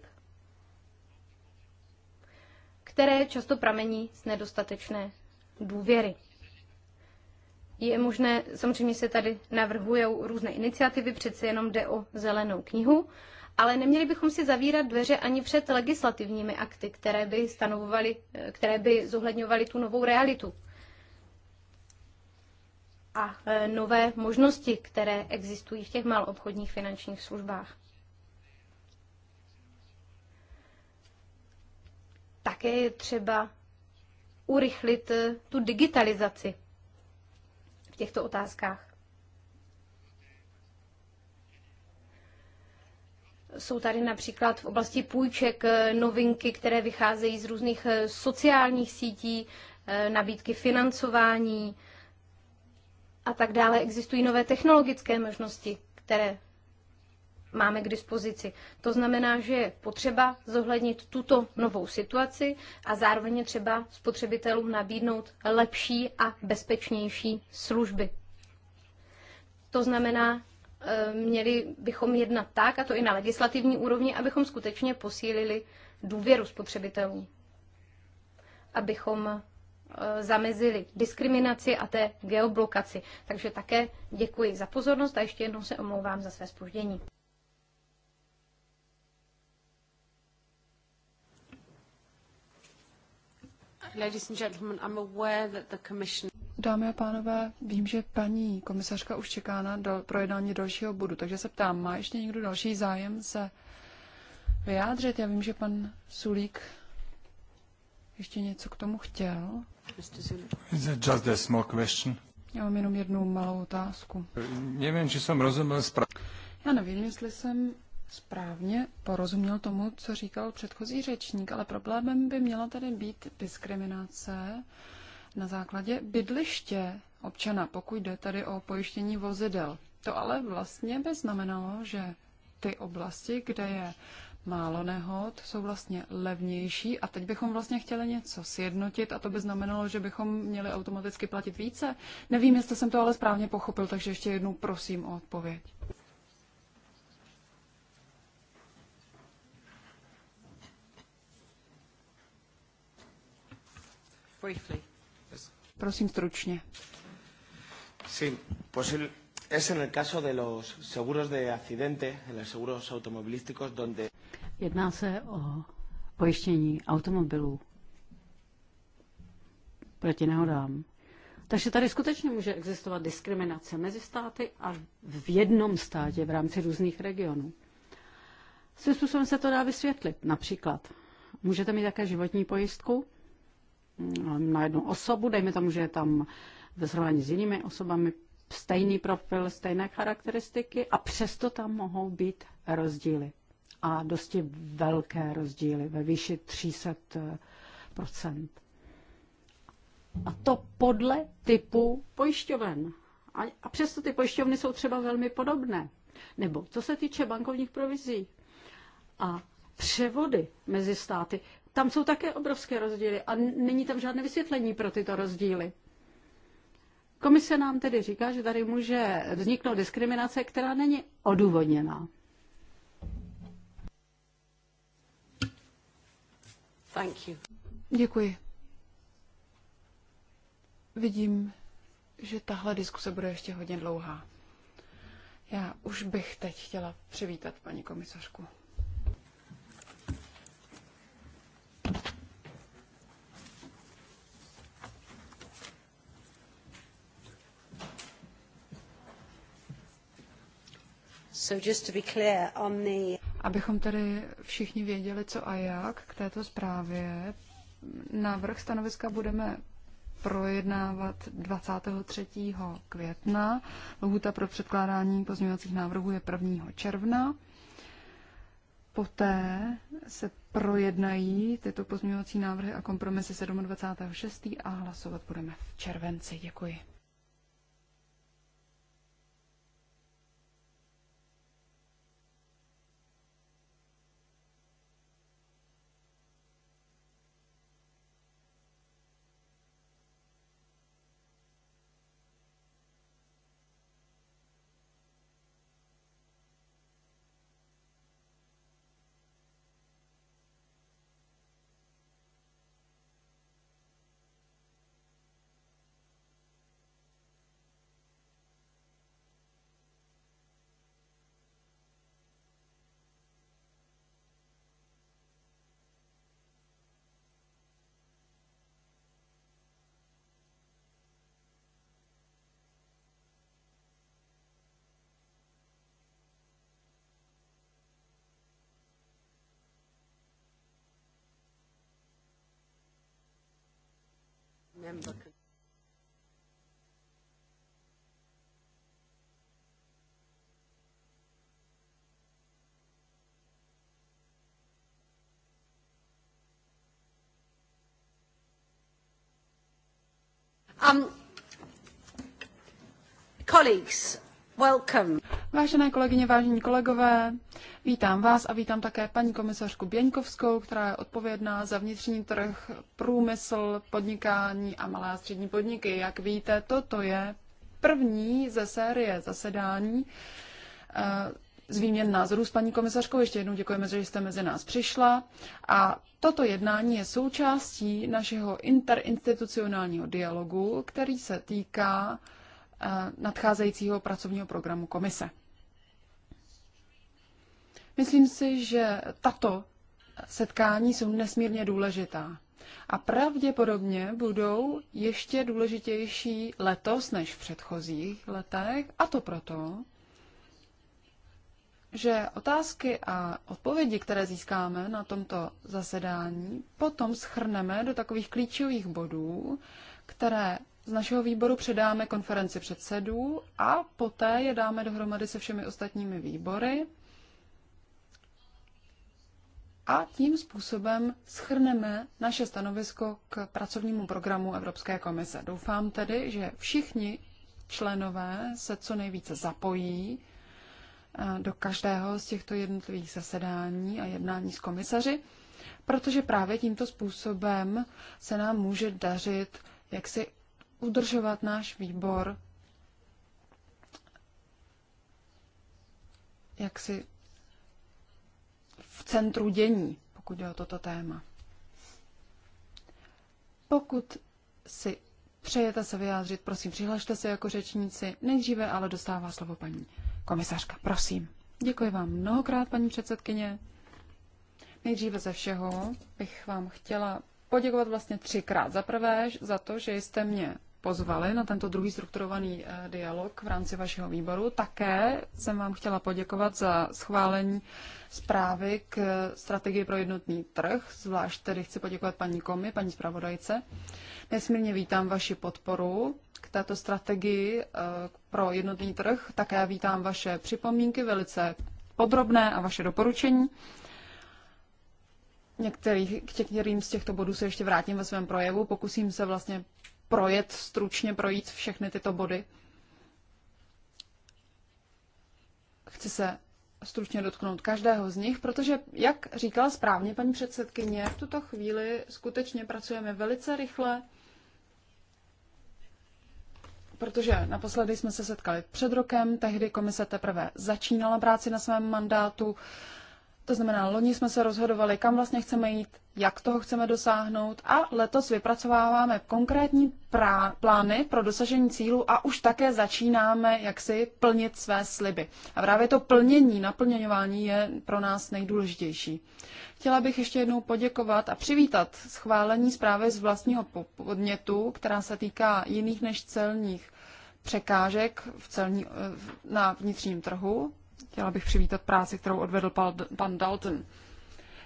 které často pramení z nedostatečné důvěry. Je možné, samozřejmě se tady navrhují různé iniciativy, přece jenom jde o zelenou knihu, ale neměli bychom si zavírat dveře ani před legislativními akty, které by stanovovaly, které by zohledňovaly tu novou realitu a e, nové možnosti, které existují v těch maloobchodních finančních službách. Také je třeba urychlit e, tu digitalizaci v těchto otázkách. Jsou tady například v oblasti půjček e, novinky, které vycházejí z různých sociálních sítí, nabídky financování, a tak dále. Existují nové technologické možnosti, které máme k dispozici. To znamená, že je potřeba zohlednit tuto novou situaci a zároveň je třeba spotřebitelům nabídnout lepší a bezpečnější služby. To znamená, eh, měli bychom jednat tak, a to i na legislativní úrovni, abychom skutečně posílili důvěru spotřebitelů. Abychom Eh, zamezili diskriminaci a té geoblokaci. Takže také děkuji za pozornost a ještě jednou se omlouvám za své spoždění. Dámy a pánové, vím, že paní komisařka už čeká na do, projednání dalšího bodu, takže se ptám, má ještě někdo další zájem se vyjádřit? Já vím, že pan Sulík ještě něco k tomu chtěl. Just a small question. Já mám jenom jednu malou otázku. Nevím, či jsem rozuměl správně. Já nevím, jestli jsem správně porozuměl tomu, co říkal předchozí řečník, ale problémem by měla tady být diskriminace na základě bydliště občana, pokud jde tady o pojištění vozidel. To ale vlastně by znamenalo, že ty oblasti, kde je málo nehod, jsou vlastně levnější a teď bychom vlastně chtěli něco sjednotit a to by znamenalo, že bychom měli automaticky platit více. Nevím, jestli jsem to ale správně pochopil, takže ještě jednou prosím o odpověď. Briefly. Prosím stručně. Sí, pues Es en el caso de los seguros de accidente, en los seguros automovilísticos, donde... Jedná se o pojištění automobilů proti nehodám. Takže tady skutečně může existovat diskriminace mezi státy a v jednom státě v rámci různých regionů. Svým způsobem se to dá vysvětlit. Například můžete mít také životní pojistku mm, na jednu osobu, dejme tomu, že je tam ve srovnání s jinými osobami stejný profil, stejné charakteristiky a přesto tam mohou být rozdíly. A dosti velké rozdíly ve výši 300 A to podle typu pojišťoven. A přesto ty pojišťovny jsou třeba velmi podobné. Nebo co se týče bankovních provizí a převody mezi státy, tam jsou také obrovské rozdíly a není tam žádné vysvětlení pro tyto rozdíly. Komise nám tedy říká, že tady může vzniknout diskriminace, která není odůvodněná. Thank you. Děkuji. Vidím, že tahle diskuse bude ještě hodně dlouhá. Já už bych teď chtěla přivítat paní komisařku. Abychom tedy všichni věděli, co a jak k této zprávě, návrh stanoviska budeme projednávat 23. května. Lhuta pro předkládání pozměňovacích návrhů je 1. června. Poté se projednají tyto pozměňovací návrhy a kompromisy 27. 6. a hlasovat budeme v červenci. Děkuji. Madame bakın. Um, colleagues, welcome. Vážené kolegyně, vážení kolegové, vítám vás a vítám také paní komisařku Běňkovskou, která je odpovědná za vnitřní trh, průmysl, podnikání a malé a střední podniky. Jak víte, toto je první ze série zasedání eh, z výměn názorů s paní komisařkou. Ještě jednou děkujeme, že jste mezi nás přišla. A toto jednání je součástí našeho interinstitucionálního dialogu, který se týká eh, nadcházejícího pracovního programu komise. Myslím si, že tato setkání jsou nesmírně důležitá. A pravděpodobně budou ještě důležitější letos než v předchozích letech, a to proto, že otázky a odpovědi, které získáme na tomto zasedání, potom schrneme do takových klíčových bodů, které z našeho výboru předáme konferenci předsedů a poté je dáme dohromady se všemi ostatními výbory a tím způsobem schrneme naše stanovisko k pracovnímu programu Evropské komise. Doufám tedy, že všichni členové se co nejvíce zapojí eh, do každého z těchto jednotlivých zasedání a jednání s komisaři, protože právě tímto způsobem se nám může dařit, jak si udržovat náš výbor jak si v centru dění, pokud jde o toto téma. Pokud si přejete se vyjádřit, prosím, přihlašte se jako řečníci. Nejdříve ale dostává slovo paní komisařka. Prosím. Děkuji vám mnohokrát, paní předsedkyně. Nejdříve ze všeho bych vám chtěla poděkovat vlastně třikrát. Za prvé za to, že jste mě pozvali na tento druhý strukturovaný eh, dialog v rámci vašeho výboru. Také jsem vám chtěla poděkovat za schválení zprávy k eh, strategii pro jednotný trh. Zvlášť tedy chci poděkovat paní Komi, paní zpravodajce. Nesmírně vítám vaši podporu k této strategii eh, pro jednotný trh. Také vítám vaše připomínky, velice podrobné a vaše doporučení. Některých, k některým z těchto bodů se ještě vrátím ve svém projevu. Pokusím se vlastně projet, stručně projít všechny tyto body. Chci se stručně dotknout každého z nich, protože, jak říkala správně paní předsedkyně, v tuto chvíli skutečně pracujeme velice rychle, protože naposledy jsme se setkali před rokem, tehdy komise teprve začínala práci na svém mandátu, to znamená, loni jsme se rozhodovali, kam vlastně chceme jít, jak toho chceme dosáhnout a letos vypracováváme konkrétní plány pro dosažení cílu a už také začínáme jaksi plnit své sliby. A právě to plnění, naplňování je pro nás nejdůležitější. Chtěla bych ještě jednou poděkovat a přivítat schválení zprávy z vlastního podnětu, která se týká jiných než celních překážek v celní, eh, na vnitřním trhu. Chtěla bych přivítat práci, kterou odvedl pan Dalton.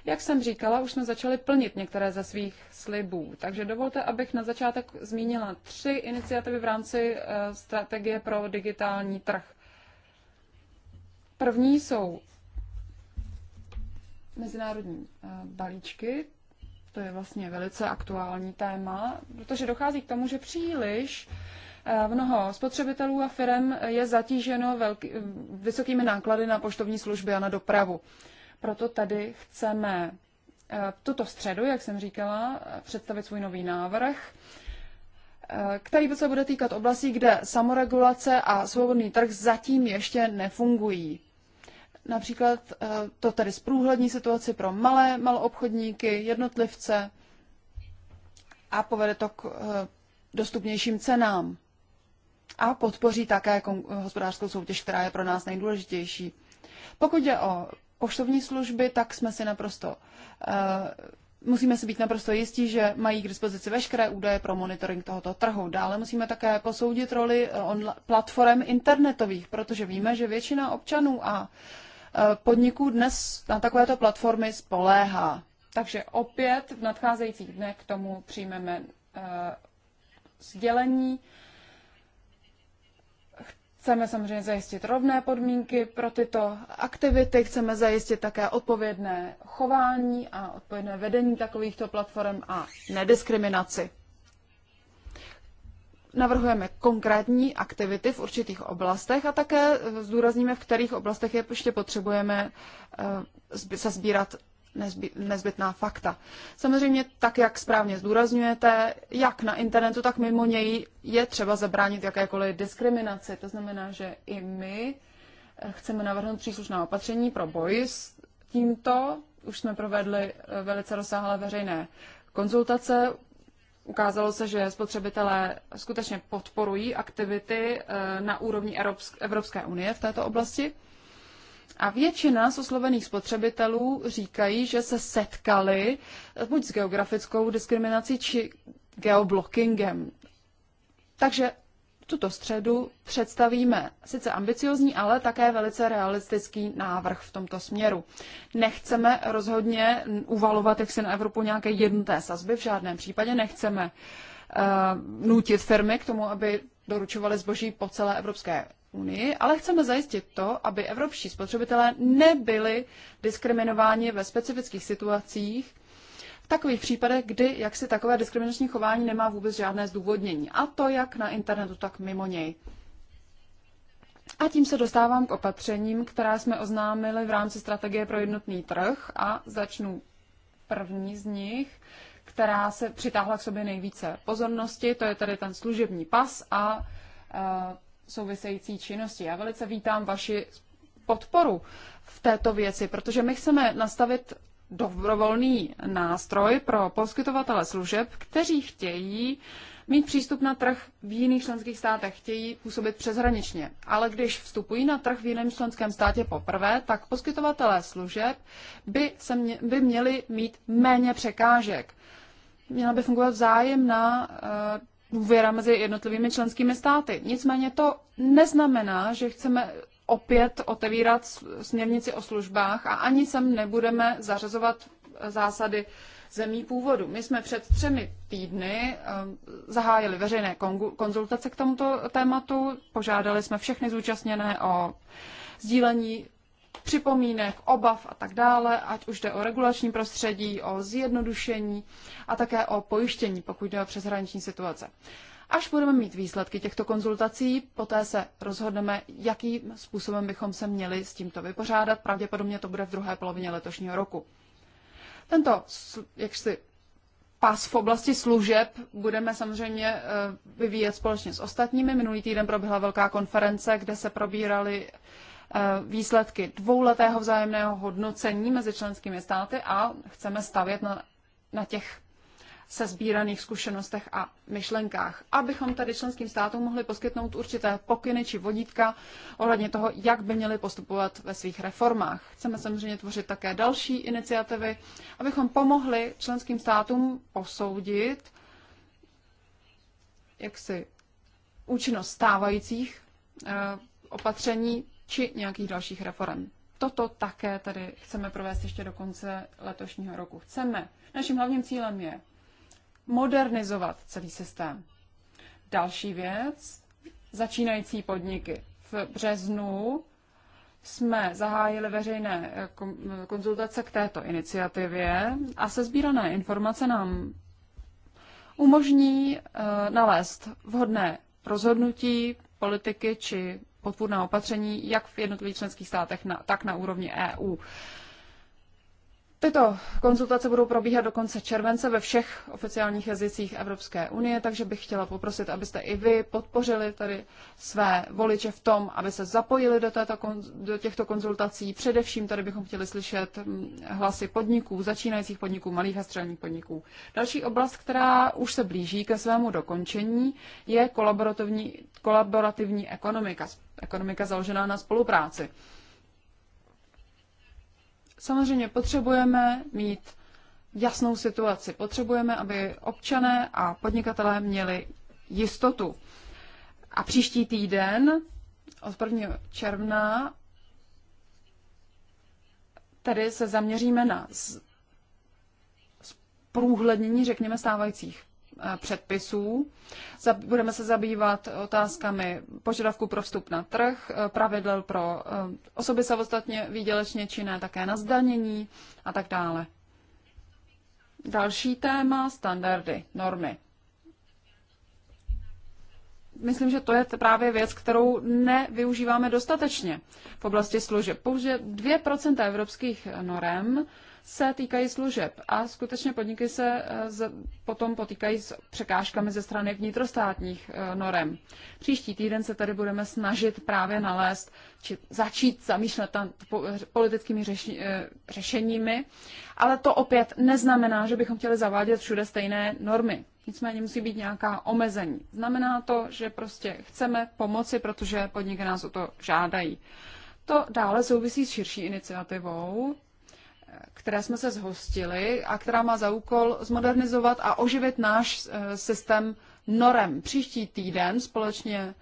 Jak jsem říkala, už jsme začali plnit některé ze svých slibů, takže dovolte, abych na začátek zmínila tři iniciativy v rámci eh, strategie pro digitální trh. První jsou mezinárodní eh, balíčky, to je vlastně velice aktuální téma, protože dochází k tomu, že příliš Eh, mnoho spotřebitelů a firm je zatíženo velký, vysokými náklady na poštovní služby a na dopravu. Proto tady chceme eh, tuto středu, jak jsem říkala, představit svůj nový návrh, eh, který se bude týkat oblastí, kde samoregulace a svobodný trh zatím ještě nefungují. Například to tedy zprůhlední situaci pro malé maloobchodníky, jednotlivce a povede to k dostupnějším cenám a podpoří také hospodářskou soutěž, která je pro nás nejdůležitější. Pokud je o poštovní služby, tak jsme si naprosto uh, musíme si být naprosto jistí, že mají k dispozici veškeré údaje pro monitoring tohoto trhu. Dále musíme také posoudit roli eh, platform internetových, protože víme, že většina občanů a eh, podniků dnes na takovéto platformy spoléhá. Takže opět v nadcházejících dnech k tomu přijmeme uh, sdělení Chceme samozřejmě zajistit rovné podmínky pro tyto aktivity, chceme zajistit také odpovědné chování a odpovědné vedení takovýchto platform a nediskriminaci. Navrhujeme konkrétní aktivity v určitých oblastech a také zdůrazníme, v kterých oblastech je ještě potřebujeme eh, sezbírat nezbytná fakta. Samozřejmě, tak jak správně zdůrazňujete, jak na internetu, tak mimo něj je třeba zabránit jakékoliv diskriminaci. To znamená, že i my eh, chceme navrhnout příslušná opatření pro boj s tímto. Už jsme provedli eh, velice rozsáhlé veřejné konzultace. Ukázalo se, že spotřebitelé skutečně podporují aktivity eh, na úrovni Evropské unie v této oblasti. A většina z oslovených spotřebitelů říkají, že se setkali buď s geografickou diskriminací či geoblockingem. Takže tuto středu představíme sice ambiciozní, ale také velice realistický návrh v tomto směru. Nechceme rozhodně uvalovat jak se na Evropu nějaké jednoté sazby, v žádném případě nechceme uh, nutit firmy k tomu, aby doručovaly zboží po celé Evropské unii, ale chceme zajistit to, aby evropští spotřebitelé nebyli diskriminováni ve specifických situacích, v takových případech, kdy jaksi takové diskriminační chování nemá vůbec žádné zdůvodnění. A to jak na internetu, tak mimo něj. A tím se dostávám k opatřením, která jsme oznámili v rámci strategie pro jednotný trh a začnu první z nich, která se přitáhla k sobě nejvíce pozornosti, to je tady ten služební pas a eh, související činnosti. Já velice vítám vaši podporu v této věci, protože my chceme nastavit dobrovolný nástroj pro poskytovatele služeb, kteří chtějí mít přístup na trh v jiných členských státech, chtějí působit přeshraničně. Ale když vstupují na trh v jiném členském státě poprvé, tak poskytovatelé služeb by, se mě, by měli mít méně překážek. Měla by fungovat vzájemná uh, důvěra mezi jednotlivými členskými státy. Nicméně to neznamená, že chceme opět otevírat směrnici o službách a ani sem nebudeme zařazovat zásady zemí původu. My jsme před třemi týdny ehm, zahájili veřejné konzultace k tomuto tématu, požádali jsme všechny zúčastněné o sdílení připomínek, obav a tak dále, ať už jde o regulační prostředí, o zjednodušení a také o pojištění, pokud jde o přeshraniční situace. Až budeme mít výsledky těchto konzultací, poté se rozhodneme, jakým způsobem bychom se měli s tímto vypořádat. Pravděpodobně to bude v druhé polovině letošního roku. Tento jaksi pas v oblasti služeb budeme samozřejmě eh, vyvíjet společně s ostatními. Minulý týden proběhla velká konference, kde se probíraly Eh, výsledky dvouletého vzájemného hodnocení mezi členskými státy a chceme stavět na, na těch sezbíraných zkušenostech a myšlenkách, abychom tady členským státům mohli poskytnout určité pokyny či vodítka ohledně toho, jak by měli postupovat ve svých reformách. Chceme samozřejmě tvořit také další iniciativy, abychom pomohli členským státům posoudit, jak si účinnost stávajících eh, opatření či nějakých dalších reform. Toto také tady chceme provést ještě do konce letošního roku. Chceme. Naším hlavním cílem je modernizovat celý systém. Další věc, začínající podniky. V březnu jsme zahájili veřejné eh, eh, konzultace k této iniciativě a se sbírané informace nám umožní eh, nalézt vhodné rozhodnutí, politiky či podpůrná opatření jak v jednotlivých členských státech, tak na úrovni EU. Tyto konzultace budou probíhat do konce července ve všech oficiálních jazycích Evropské unie, takže bych chtěla poprosit, abyste i vy podpořili tady své voliče v tom, aby se zapojili do, této, do těchto konzultací. Především tady bychom chtěli slyšet mm, hlasy podniků, začínajících podniků, malých a středních podniků. Další oblast, která už se blíží ke svému dokončení, je kolaborativní, kolaborativní ekonomika, ekonomika založená na spolupráci. Samozřejmě potřebujeme mít jasnou situaci. Potřebujeme, aby občané a podnikatelé měli jistotu. A příští týden od 1. června tedy se zaměříme na průhlednění, řekněme, stávajících předpisů. Budeme se zabývat otázkami požadavku pro vstup na trh, e, pravidel pro e, osoby samostatně výdělečně činné, také na zdanění a tak dále. Další téma standardy, normy myslím, že to je právě věc, kterou nevyužíváme dostatečně v oblasti služeb. Pouze 2% evropských norem se týkají služeb a skutečně podniky se eh, potom potýkají s překážkami ze strany vnitrostátních eh, norem. Příští týden se tady budeme snažit právě nalézt, či začít zamýšlet tam politickými eh, řešeními, ale to opět neznamená, že bychom chtěli zavádět všude stejné normy. Nicméně musí být nějaká omezení. Znamená to, že prostě chceme pomoci, protože podniky nás o to žádají. To dále souvisí s širší iniciativou, které jsme se zhostili a která má za úkol zmodernizovat a oživit náš eh, systém norem. Příští týden společně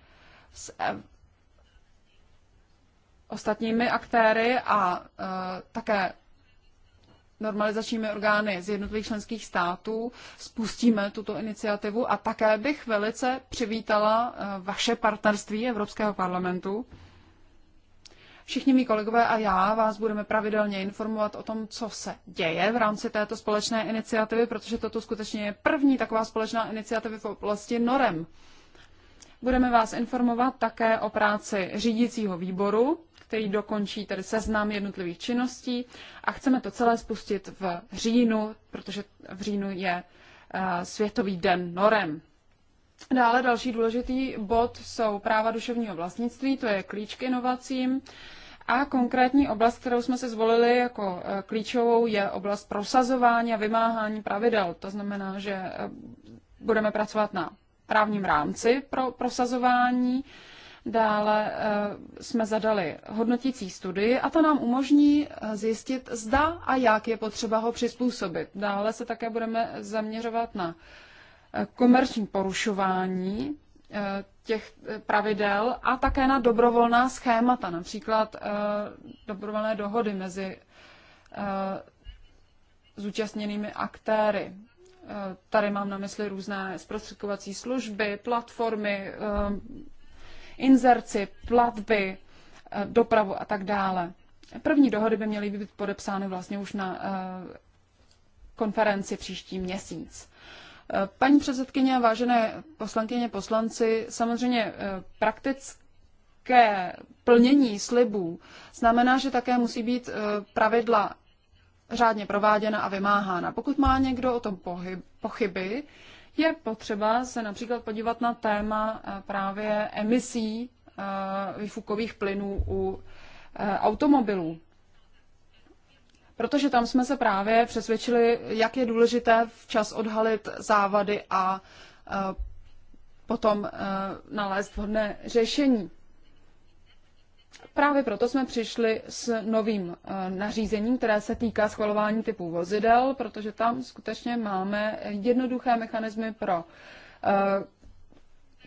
s eh, ostatními aktéry a eh, také normalizačními orgány z jednotlivých členských států spustíme tuto iniciativu a také bych velice přivítala eh, vaše partnerství Evropského parlamentu. Všichni mý kolegové a já vás budeme pravidelně informovat o tom, co se děje v rámci této společné iniciativy, protože toto skutečně je první taková společná iniciativa v oblasti norem. Budeme vás informovat také o práci řídícího výboru, který dokončí tedy seznam jednotlivých činností a chceme to celé spustit v říjnu, protože v říjnu je eh, Světový den norem. Dále další důležitý bod jsou práva duševního vlastnictví, to je klíč k inovacím. A konkrétní oblast, kterou jsme si zvolili jako eh, klíčovou, je oblast prosazování a vymáhání pravidel. To znamená, že eh, budeme pracovat na právním rámci pro prosazování Dále eh, jsme zadali hodnotící studii a ta nám umožní eh, zjistit, zda a jak je potřeba ho přizpůsobit. Dále se také budeme zaměřovat na eh, komerční porušování těch pravidel a také na dobrovolná schémata, například dobrovolné dohody mezi zúčastněnými aktéry. Tady mám na mysli různé zprostředkovací služby, platformy, inzerci, platby, eh, dopravu a tak dále. První dohody by měly být podepsány vlastně už na eh, konferenci příští měsíc. Eh, paní předsedkyně a vážené poslankyně poslanci, samozřejmě praktické plnění slibů znamená, že také musí být pravidla řádně prováděna a vymáhána. Pokud má někdo o tom pochyby, je potřeba se například podívat na téma eh, právě emisí eh, výfukových plynů u eh, automobilů. Protože tam jsme se právě přesvědčili, jak je důležité včas odhalit závady a potom nalézt vhodné řešení. Právě proto jsme přišli s novým eh, nařízením, které se týká schvalování typů vozidel, protože tam skutečně máme jednoduché mechanismy pro eh,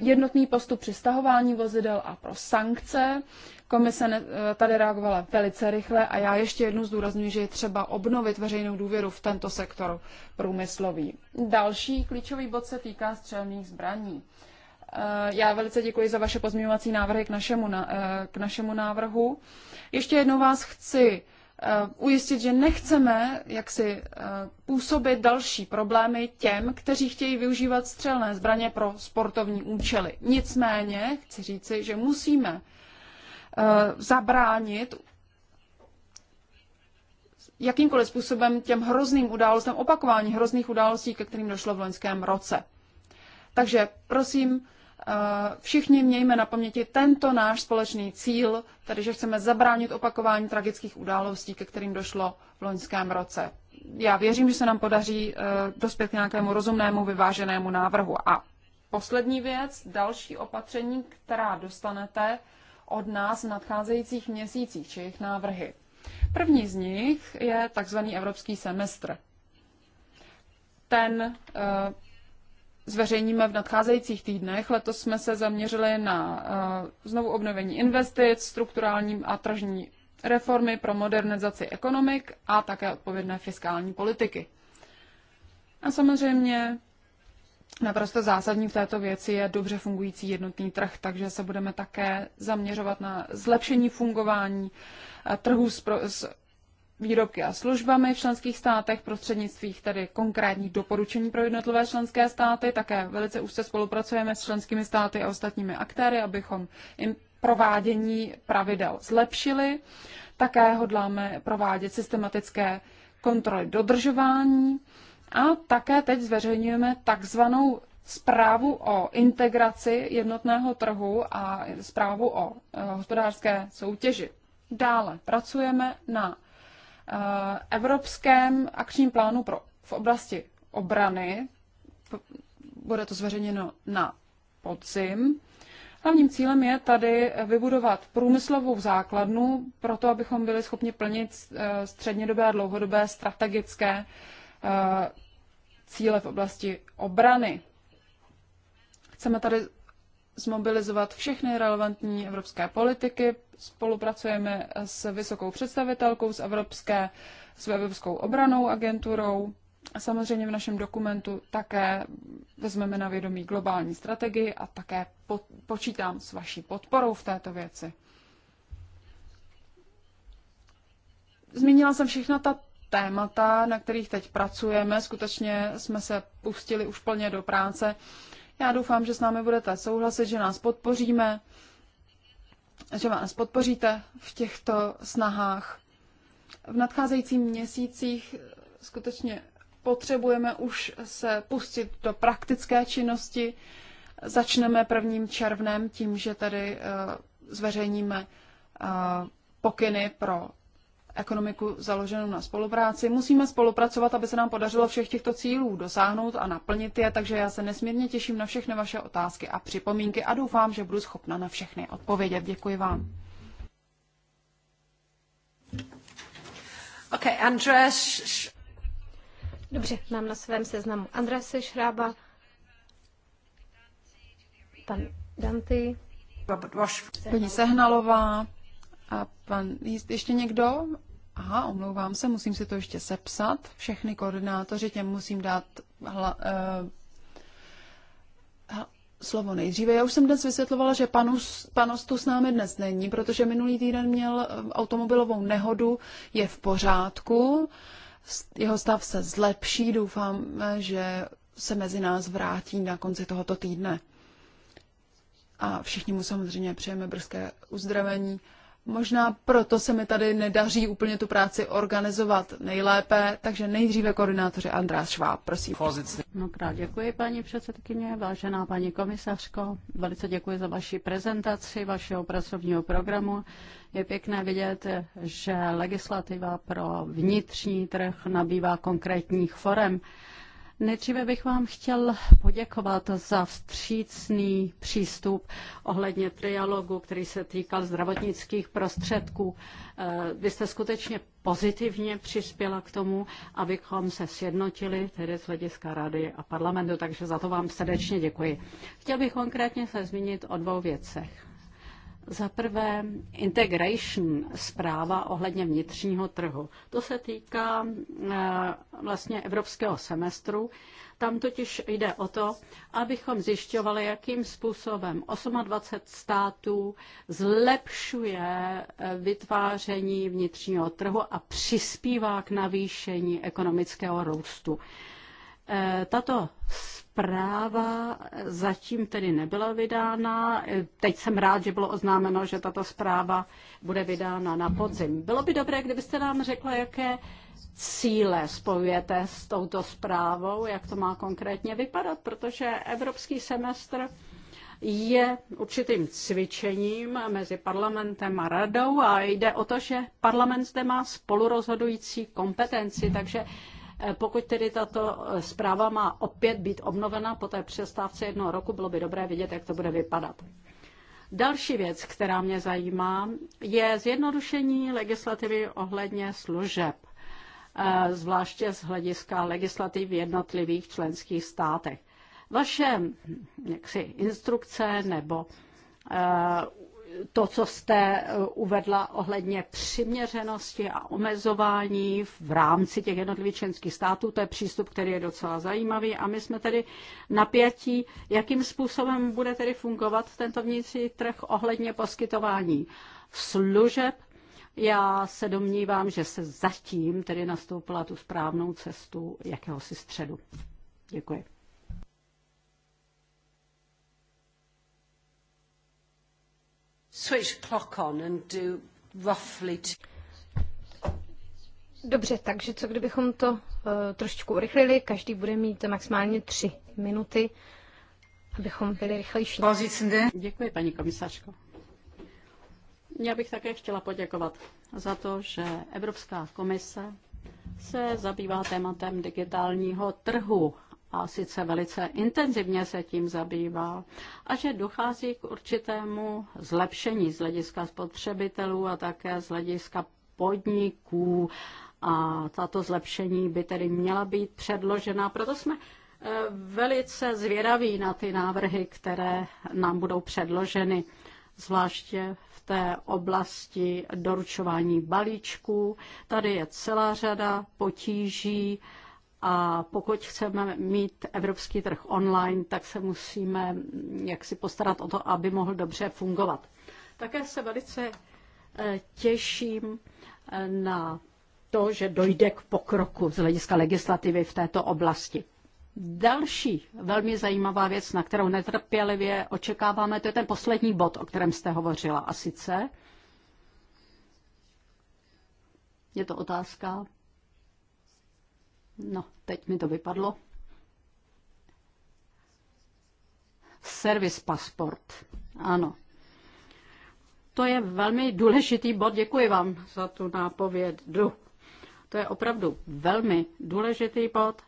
jednotný postup při stahování vozidel a pro sankce. Komise eh, tady reagovala velice rychle a já ještě jednou zdůraznuju, že je třeba obnovit veřejnou důvěru v tento sektor průmyslový. Další klíčový bod se týká střelných zbraní. Eh, já velice děkuji za vaše pozměňovací návrhy k našemu, eh, k našemu návrhu. Ještě jednou vás chci eh, ujistit, že nechceme jaksi působit další problémy těm, kteří chtějí využívat střelné zbraně pro sportovní účely. Nicméně chci říci, že musíme zabránit jakýmkoliv způsobem těm hrozným událostem, opakování hrozných událostí, ke kterým došlo v loňském roce. Takže prosím, všichni mějme na paměti tento náš společný cíl, tedy že chceme zabránit opakování tragických událostí, ke kterým došlo v loňském roce. Já věřím, že se nám podaří eh, dospět k nějakému rozumnému, vyváženému návrhu. A poslední věc, další opatření, která dostanete od nás v nadcházejících měsících, či jejich návrhy. První z nich je takzvaný evropský semestr. Ten eh, zveřejníme v nadcházejících týdnech. Letos jsme se zaměřili na eh, znovu obnovení investic, strukturální a tržní reformy pro modernizaci ekonomik a také odpovědné fiskální politiky. A samozřejmě naprosto zásadní v této věci je dobře fungující jednotný trh, takže se budeme také zaměřovat na zlepšení fungování eh, trhu s, pro, s výrobky a službami v členských státech prostřednictvím tedy konkrétních doporučení pro jednotlivé členské státy. Také velice úzce spolupracujeme s členskými státy a ostatními aktéry, abychom jim provádění pravidel zlepšili. Také hodláme provádět systematické kontroly dodržování a také teď zveřejňujeme takzvanou zprávu o integraci jednotného trhu a zprávu o eh, hospodářské soutěži. Dále pracujeme na Eh, evropském akčním plánu pro, v oblasti obrany. Bude to zveřejněno na podzim. Hlavním cílem je tady vybudovat průmyslovou základnu pro to, abychom byli schopni plnit eh, střednědobé a dlouhodobé strategické eh, cíle v oblasti obrany. Chceme tady zmobilizovat všechny relevantní evropské politiky. Spolupracujeme s vysokou představitelkou, s, evropské, s Evropskou obranou agenturou. A samozřejmě v našem dokumentu také vezmeme na vědomí globální strategii a také po, počítám s vaší podporou v této věci. Zmínila jsem všechna ta témata, na kterých teď pracujeme. Skutečně jsme se pustili už plně do práce. Já doufám, že s námi budete souhlasit, že nás podpoříme, že vás podpoříte v těchto snahách. V nadcházejících měsících skutečně potřebujeme už se pustit do praktické činnosti. Začneme prvním červnem tím, že tady eh, zveřejníme eh, pokyny pro ekonomiku založenou na spolupráci. Musíme spolupracovat, aby se nám podařilo všech těchto cílů dosáhnout a naplnit je, takže já se nesmírně těším na všechny vaše otázky a připomínky a doufám, že budu schopna na všechny odpovědět. Děkuji vám. Okay, Andres. Dobře, mám na svém seznamu Andrese Šrába, pan Danty, paní Sehnalová, a pan, ještě někdo? Aha, omlouvám se, musím si to ještě sepsat. Všechny koordinátoři těm musím dát hla, uh, slovo nejdříve. Já už jsem dnes vysvětlovala, že panus, panos tu s námi dnes není, protože minulý týden měl eh, automobilovou nehodu, je v pořádku, jeho stav se zlepší, doufám, že se mezi nás vrátí na konci tohoto týdne. A všichni mu samozřejmě přejeme brzké uzdravení Možná proto se mi tady nedaří úplně tu práci organizovat nejlépe, takže nejdříve koordinátoři András Šváb, prosím. No krát děkuji, paní předsedkyně, vážená paní komisařko. Velice děkuji za vaši prezentaci vašeho pracovního programu. Je pěkné vidět, že legislativa pro vnitřní trh nabývá konkrétních forem. Nejdříve bych vám chtěl poděkovat za vstřícný přístup ohledně trialogu, který se týkal zdravotnických prostředků. Eh, vy jste skutečně pozitivně přispěla k tomu, abychom se sjednotili, tedy z hlediska rady a parlamentu, takže za to vám srdečně děkuji. Chtěl bych konkrétně se zmínit o dvou věcech. Za prvé, integration zpráva ohledně vnitřního trhu. To se týká eh, vlastně evropského semestru. Tam totiž jde o to, abychom zjišťovali, jakým způsobem 28 států zlepšuje eh, vytváření vnitřního trhu a přispívá k navýšení ekonomického růstu. Eh, tato zpráva zatím tedy nebyla vydána. Eh, teď jsem rád, že bylo oznámeno, že tato zpráva bude vydána na podzim. Bylo by dobré, kdybyste nám řekla, jaké cíle spojujete s touto zprávou, jak to má konkrétně vypadat, protože evropský semestr je určitým cvičením mezi parlamentem a radou a jde o to, že parlament zde má spolurozhodující kompetenci, takže Eh, pokud tedy tato eh, zpráva má opět být obnovena po té přestávce jednoho roku, bylo by dobré vidět, jak to bude vypadat. Další věc, která mě zajímá, je zjednodušení legislativy ohledně služeb, eh, zvláště z hlediska legislativ v jednotlivých členských státech. Vaše hm, jaksi, instrukce nebo to, co jste eh, uvedla ohledně přiměřenosti a omezování v rámci těch jednotlivých členských států, to je přístup, který je docela zajímavý a my jsme tedy napětí, jakým způsobem bude tedy fungovat tento vnitřní trh ohledně poskytování služeb. Já se domnívám, že se zatím tedy nastoupila tu správnou cestu jakéhosi středu. Děkuji. switch clock on and do roughly Dobře, takže co kdybychom to uh, trošičku urychlili, každý bude mít maximálně tři minuty, abychom byli rychlejší. Děkuji, paní komisařko. Já bych také chtěla poděkovat za to, že Evropská komise se zabývá tématem digitálního trhu a sice velice intenzivně se tím zabýval, a že dochází k určitému zlepšení z hlediska spotřebitelů a také z hlediska podniků a tato zlepšení by tedy měla být předložena. Proto jsme e, velice zvědaví na ty návrhy, které nám budou předloženy, zvláště v té oblasti doručování balíčků. Tady je celá řada potíží a pokud chceme mít evropský trh online, tak se musíme jaksi postarat o to, aby mohl dobře fungovat. Také se velice eh, těším eh, na to, že dojde k pokroku z hlediska legislativy v této oblasti. Další velmi zajímavá věc, na kterou netrpělivě očekáváme, to je ten poslední bod, o kterém jste hovořila. A sice je to otázka No, teď mi to vypadlo. Servis pasport. Ano. To je velmi důležitý bod. Děkuji vám za tu nápovědu. To je opravdu velmi důležitý bod.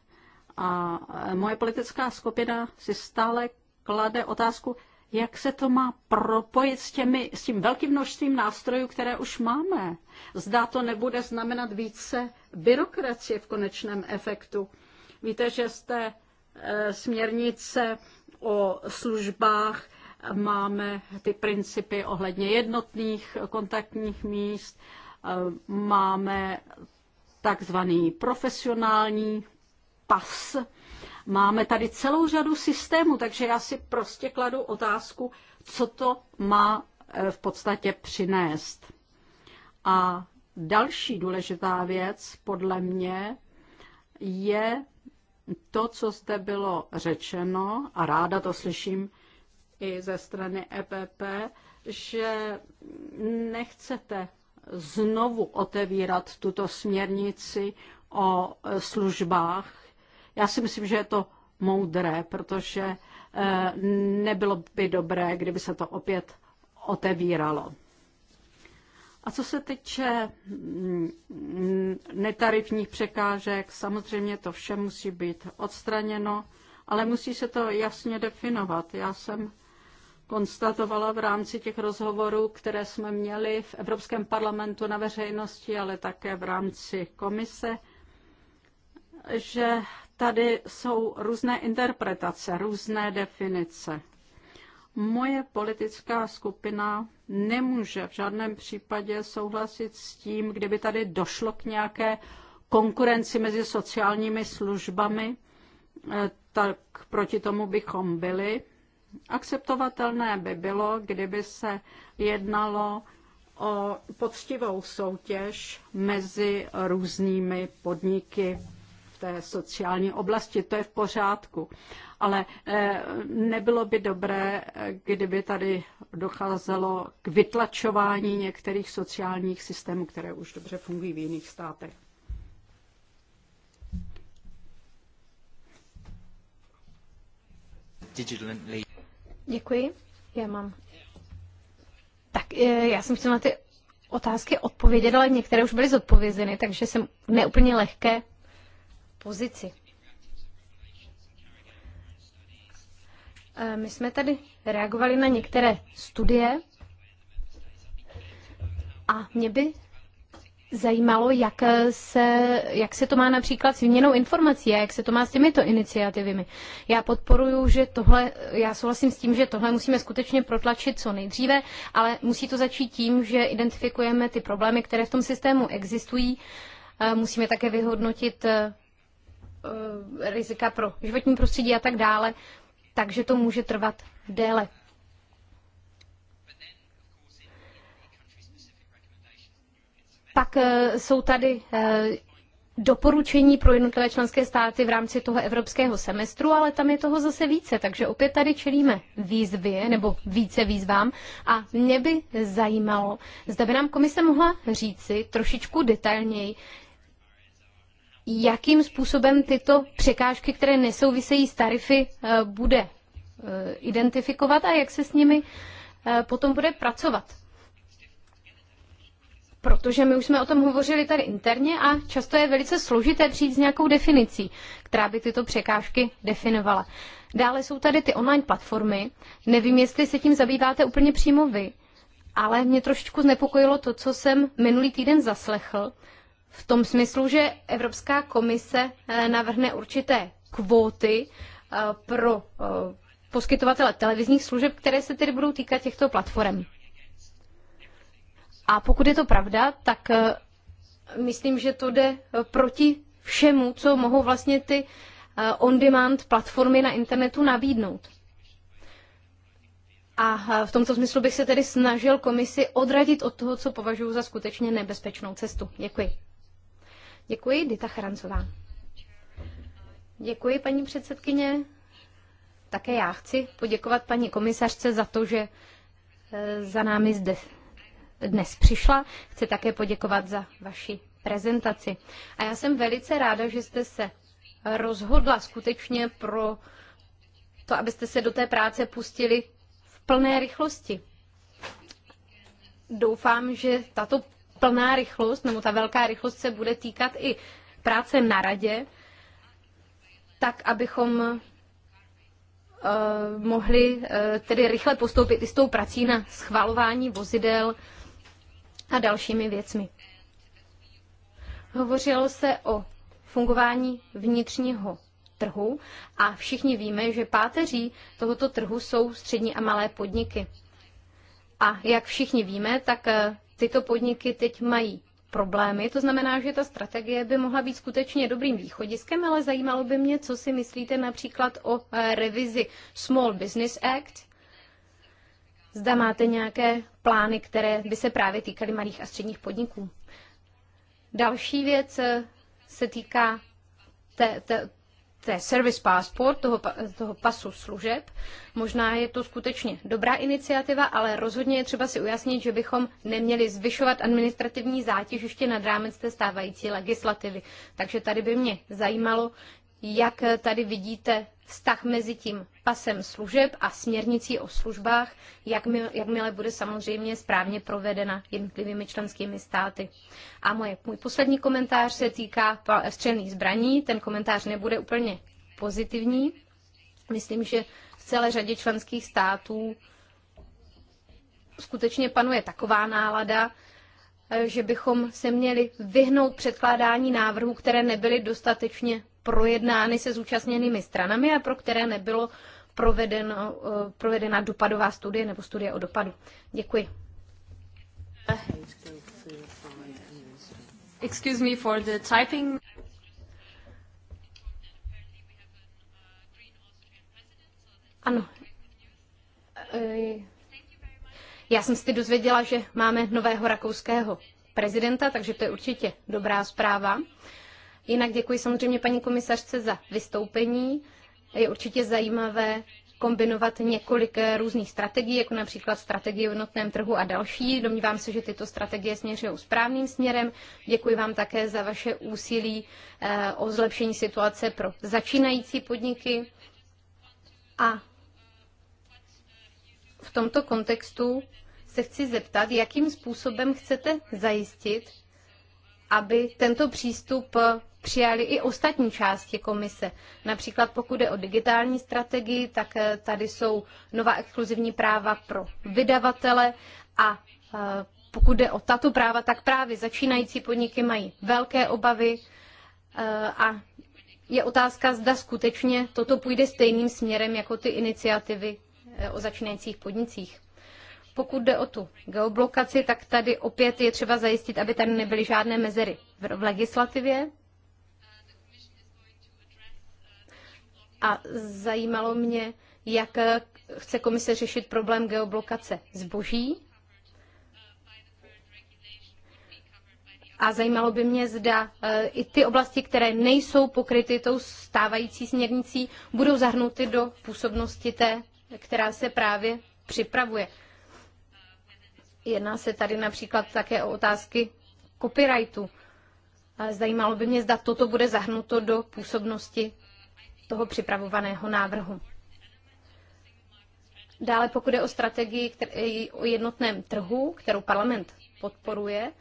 A moje politická skupina si stále klade otázku, jak se to má propojit s, těmi, s tím velkým množstvím nástrojů, které už máme. Zdá to nebude znamenat více byrokracie v konečném efektu. Víte, že e, směrnice o službách, máme ty principy ohledně jednotných kontaktních míst, eh, máme takzvaný profesionální pas, Máme tady celou řadu systémů, takže já si prostě kladu otázku, co to má eh, v podstatě přinést. A další důležitá věc podle mě je to, co zde bylo řečeno, a ráda to slyším i ze strany EPP, že nechcete znovu otevírat tuto směrnici o eh, službách já si myslím, že je to moudré, protože eh, nebylo by dobré, kdyby se to opět otevíralo. A co se týče mm, netarifních překážek, samozřejmě to vše musí být odstraněno, ale musí se to jasně definovat. Já jsem konstatovala v rámci těch rozhovorů, které jsme měli v Evropském parlamentu na veřejnosti, ale také v rámci komise, že tady jsou různé interpretace, různé definice. Moje politická skupina nemůže v žádném případě souhlasit s tím, kdyby tady došlo k nějaké konkurenci mezi sociálními službami, eh, tak proti tomu bychom byli. Akceptovatelné by bylo, kdyby se jednalo o poctivou soutěž mezi různými podniky té sociální oblasti, to je v pořádku. Ale eh, nebylo by dobré, kdyby tady docházelo k vytlačování některých sociálních systémů, které už dobře fungují v jiných státech. Děkuji. Já mám. Tak eh, já jsem chtěla na ty otázky odpovědět, ale některé už byly zodpovězeny, takže jsem neúplně lehké pozici. Eh, my jsme tady reagovali na některé studie a mě by zajímalo, jak se, jak se to má například s výměnou informací a jak se to má s těmito iniciativami. Já podporuju, že tohle, já souhlasím s tím, že tohle musíme skutečně protlačit co nejdříve, ale musí to začít tím, že identifikujeme ty problémy, které v tom systému existují. Eh, musíme také vyhodnotit eh, Eh, rizika pro životní prostředí a tak dále, takže to může trvat déle. Pak eh, jsou tady eh, doporučení pro jednotlivé členské státy v rámci toho evropského semestru, ale tam je toho zase více, takže opět tady čelíme výzvě nebo více výzvám a mě by zajímalo, zda by nám komise mohla říci trošičku detailněji, jakým způsobem tyto překážky, které nesouvisejí s tarify, eh, bude eh, identifikovat a jak se s nimi eh, potom bude pracovat. Protože my už jsme o tom hovořili tady interně a často je velice složité přijít s nějakou definicí, která by tyto překážky definovala. Dále jsou tady ty online platformy. Nevím, jestli se tím zabýváte úplně přímo vy, ale mě trošičku znepokojilo to, co jsem minulý týden zaslechl, v tom smyslu, že Evropská komise eh, navrhne určité kvóty eh, pro eh, poskytovatele televizních služeb, které se tedy budou týkat těchto platform. A pokud je to pravda, tak myslím, že to jde proti všemu, co mohou vlastně ty on-demand platformy na internetu nabídnout. A v tomto smyslu bych se tedy snažil komisi odradit od toho, co považuji za skutečně nebezpečnou cestu. Děkuji. Děkuji, Dita Charancová. Děkuji, paní předsedkyně. Také já chci poděkovat paní komisařce za to, že e, za námi zde dnes přišla. Chci také poděkovat za vaši prezentaci. A já jsem velice ráda, že jste se rozhodla skutečně pro to, abyste se do té práce pustili v plné rychlosti. Doufám, že tato plná rychlost, nebo ta velká rychlost se bude týkat i práce na radě, tak abychom eh, mohli eh, tedy rychle postoupit i s tou prací na schvalování vozidel a dalšími věcmi. Hovořilo se o fungování vnitřního trhu a všichni víme, že páteří tohoto trhu jsou střední a malé podniky. A jak všichni víme, tak eh, tyto podniky teď mají problémy. To znamená, že ta strategie by mohla být skutečně dobrým východiskem, ale zajímalo by mě, co si myslíte například o eh, revizi Small Business Act. Zda máte nějaké plány, které by se právě týkaly malých a středních podniků. Další věc eh, se týká té, té, té Service Passport, toho, toho pasu služeb. Možná je to skutečně dobrá iniciativa, ale rozhodně je třeba si ujasnit, že bychom neměli zvyšovat administrativní zátěž ještě nad rámec té stávající legislativy. Takže tady by mě zajímalo, jak eh, tady vidíte vztah mezi tím pasem služeb a směrnicí o službách, jakmile bude samozřejmě správně provedena jednotlivými členskými státy. A moje, můj poslední komentář se týká střelných zbraní. Ten komentář nebude úplně pozitivní. Myslím, že v celé řadě členských států skutečně panuje taková nálada, eh, že bychom se měli vyhnout předkládání návrhů, které nebyly dostatečně projednány se zúčastněnými stranami a pro které nebylo provedeno, eh, provedena dopadová studie nebo studie o dopadu. Děkuji. Excuse me for the typing. Ano. Eh, já jsem si dozvěděla, že máme nového rakouského prezidenta, takže to je určitě dobrá zpráva. Jinak děkuji samozřejmě paní komisařce za vystoupení. Je určitě zajímavé kombinovat několik eh, různých strategií, jako například strategii o jednotném trhu a další. Domnívám se, že tyto strategie směřují správným směrem. Děkuji vám také za vaše úsilí eh, o zlepšení situace pro začínající podniky. A v tomto kontextu se chci zeptat, jakým způsobem chcete zajistit, aby tento přístup přijali i ostatní části komise. Například pokud jde o digitální strategii, tak eh, tady jsou nová exkluzivní práva pro vydavatele a eh, pokud jde o tato práva, tak právě začínající podniky mají velké obavy eh, a je otázka, zda skutečně toto půjde stejným směrem jako ty iniciativy o začínajících podnicích. Pokud jde o tu geoblokaci, tak tady opět je třeba zajistit, aby tady nebyly žádné mezery v legislativě. a zajímalo mě, jak chce komise řešit problém geoblokace zboží. A zajímalo by mě, zda e, i ty oblasti, které nejsou pokryty tou stávající směrnicí, budou zahrnuty do působnosti té, která se právě připravuje. Jedná se tady například také o otázky copyrightu. Zajímalo by mě, zda toto bude zahrnuto do působnosti toho připravovaného návrhu. Dále, pokud je o strategii o jednotném trhu, kterou parlament podporuje,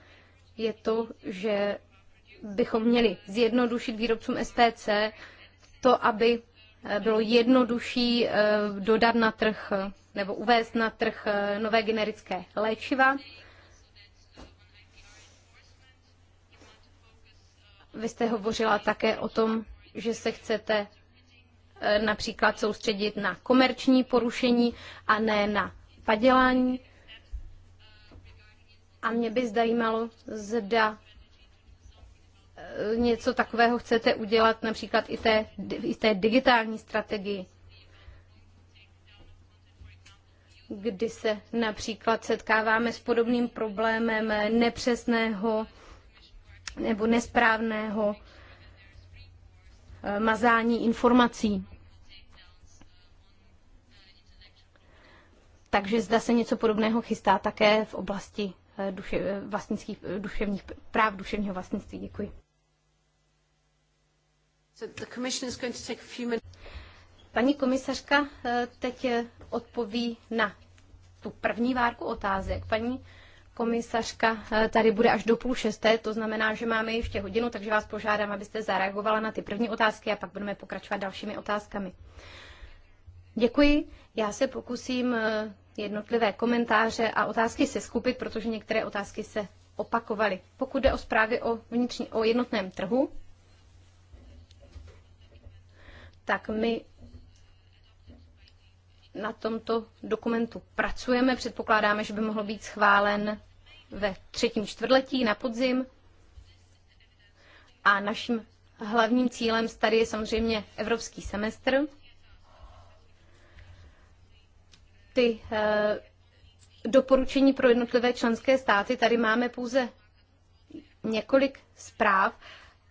je to, že bychom měli zjednodušit výrobcům SPC to, aby eh, bylo jednodušší eh, dodat na trh eh, nebo uvést na trh nové generické léčiva. Vy jste hovořila také o tom, že se chcete Eh, například soustředit na komerční porušení a ne na padělání. A mě by zajímalo, zda eh, něco takového chcete udělat například i té, i té digitální strategii, kdy se například setkáváme s podobným problémem nepřesného nebo nesprávného mazání informací. Takže zda se něco podobného chystá také v oblasti eh, duše, eh, vlastnických, eh, duševních, práv duševního vlastnictví. Děkuji. Paní komisařka teď odpoví na tu první várku otázek. Paní komisařka eh, tady bude až do půl šesté, to znamená, že máme ještě hodinu, takže vás požádám, abyste zareagovala na ty první otázky a pak budeme pokračovat dalšími otázkami. Děkuji. Já se pokusím eh, jednotlivé komentáře a otázky se skupit, protože některé otázky se opakovaly. Pokud jde o zprávy o, vnitřní, o jednotném trhu, tak my na tomto dokumentu pracujeme. Předpokládáme, že by mohl být schválen ve třetím čtvrtletí na podzim. A naším hlavním cílem tady je samozřejmě evropský semestr. Ty eh, doporučení pro jednotlivé členské státy, tady máme pouze několik zpráv,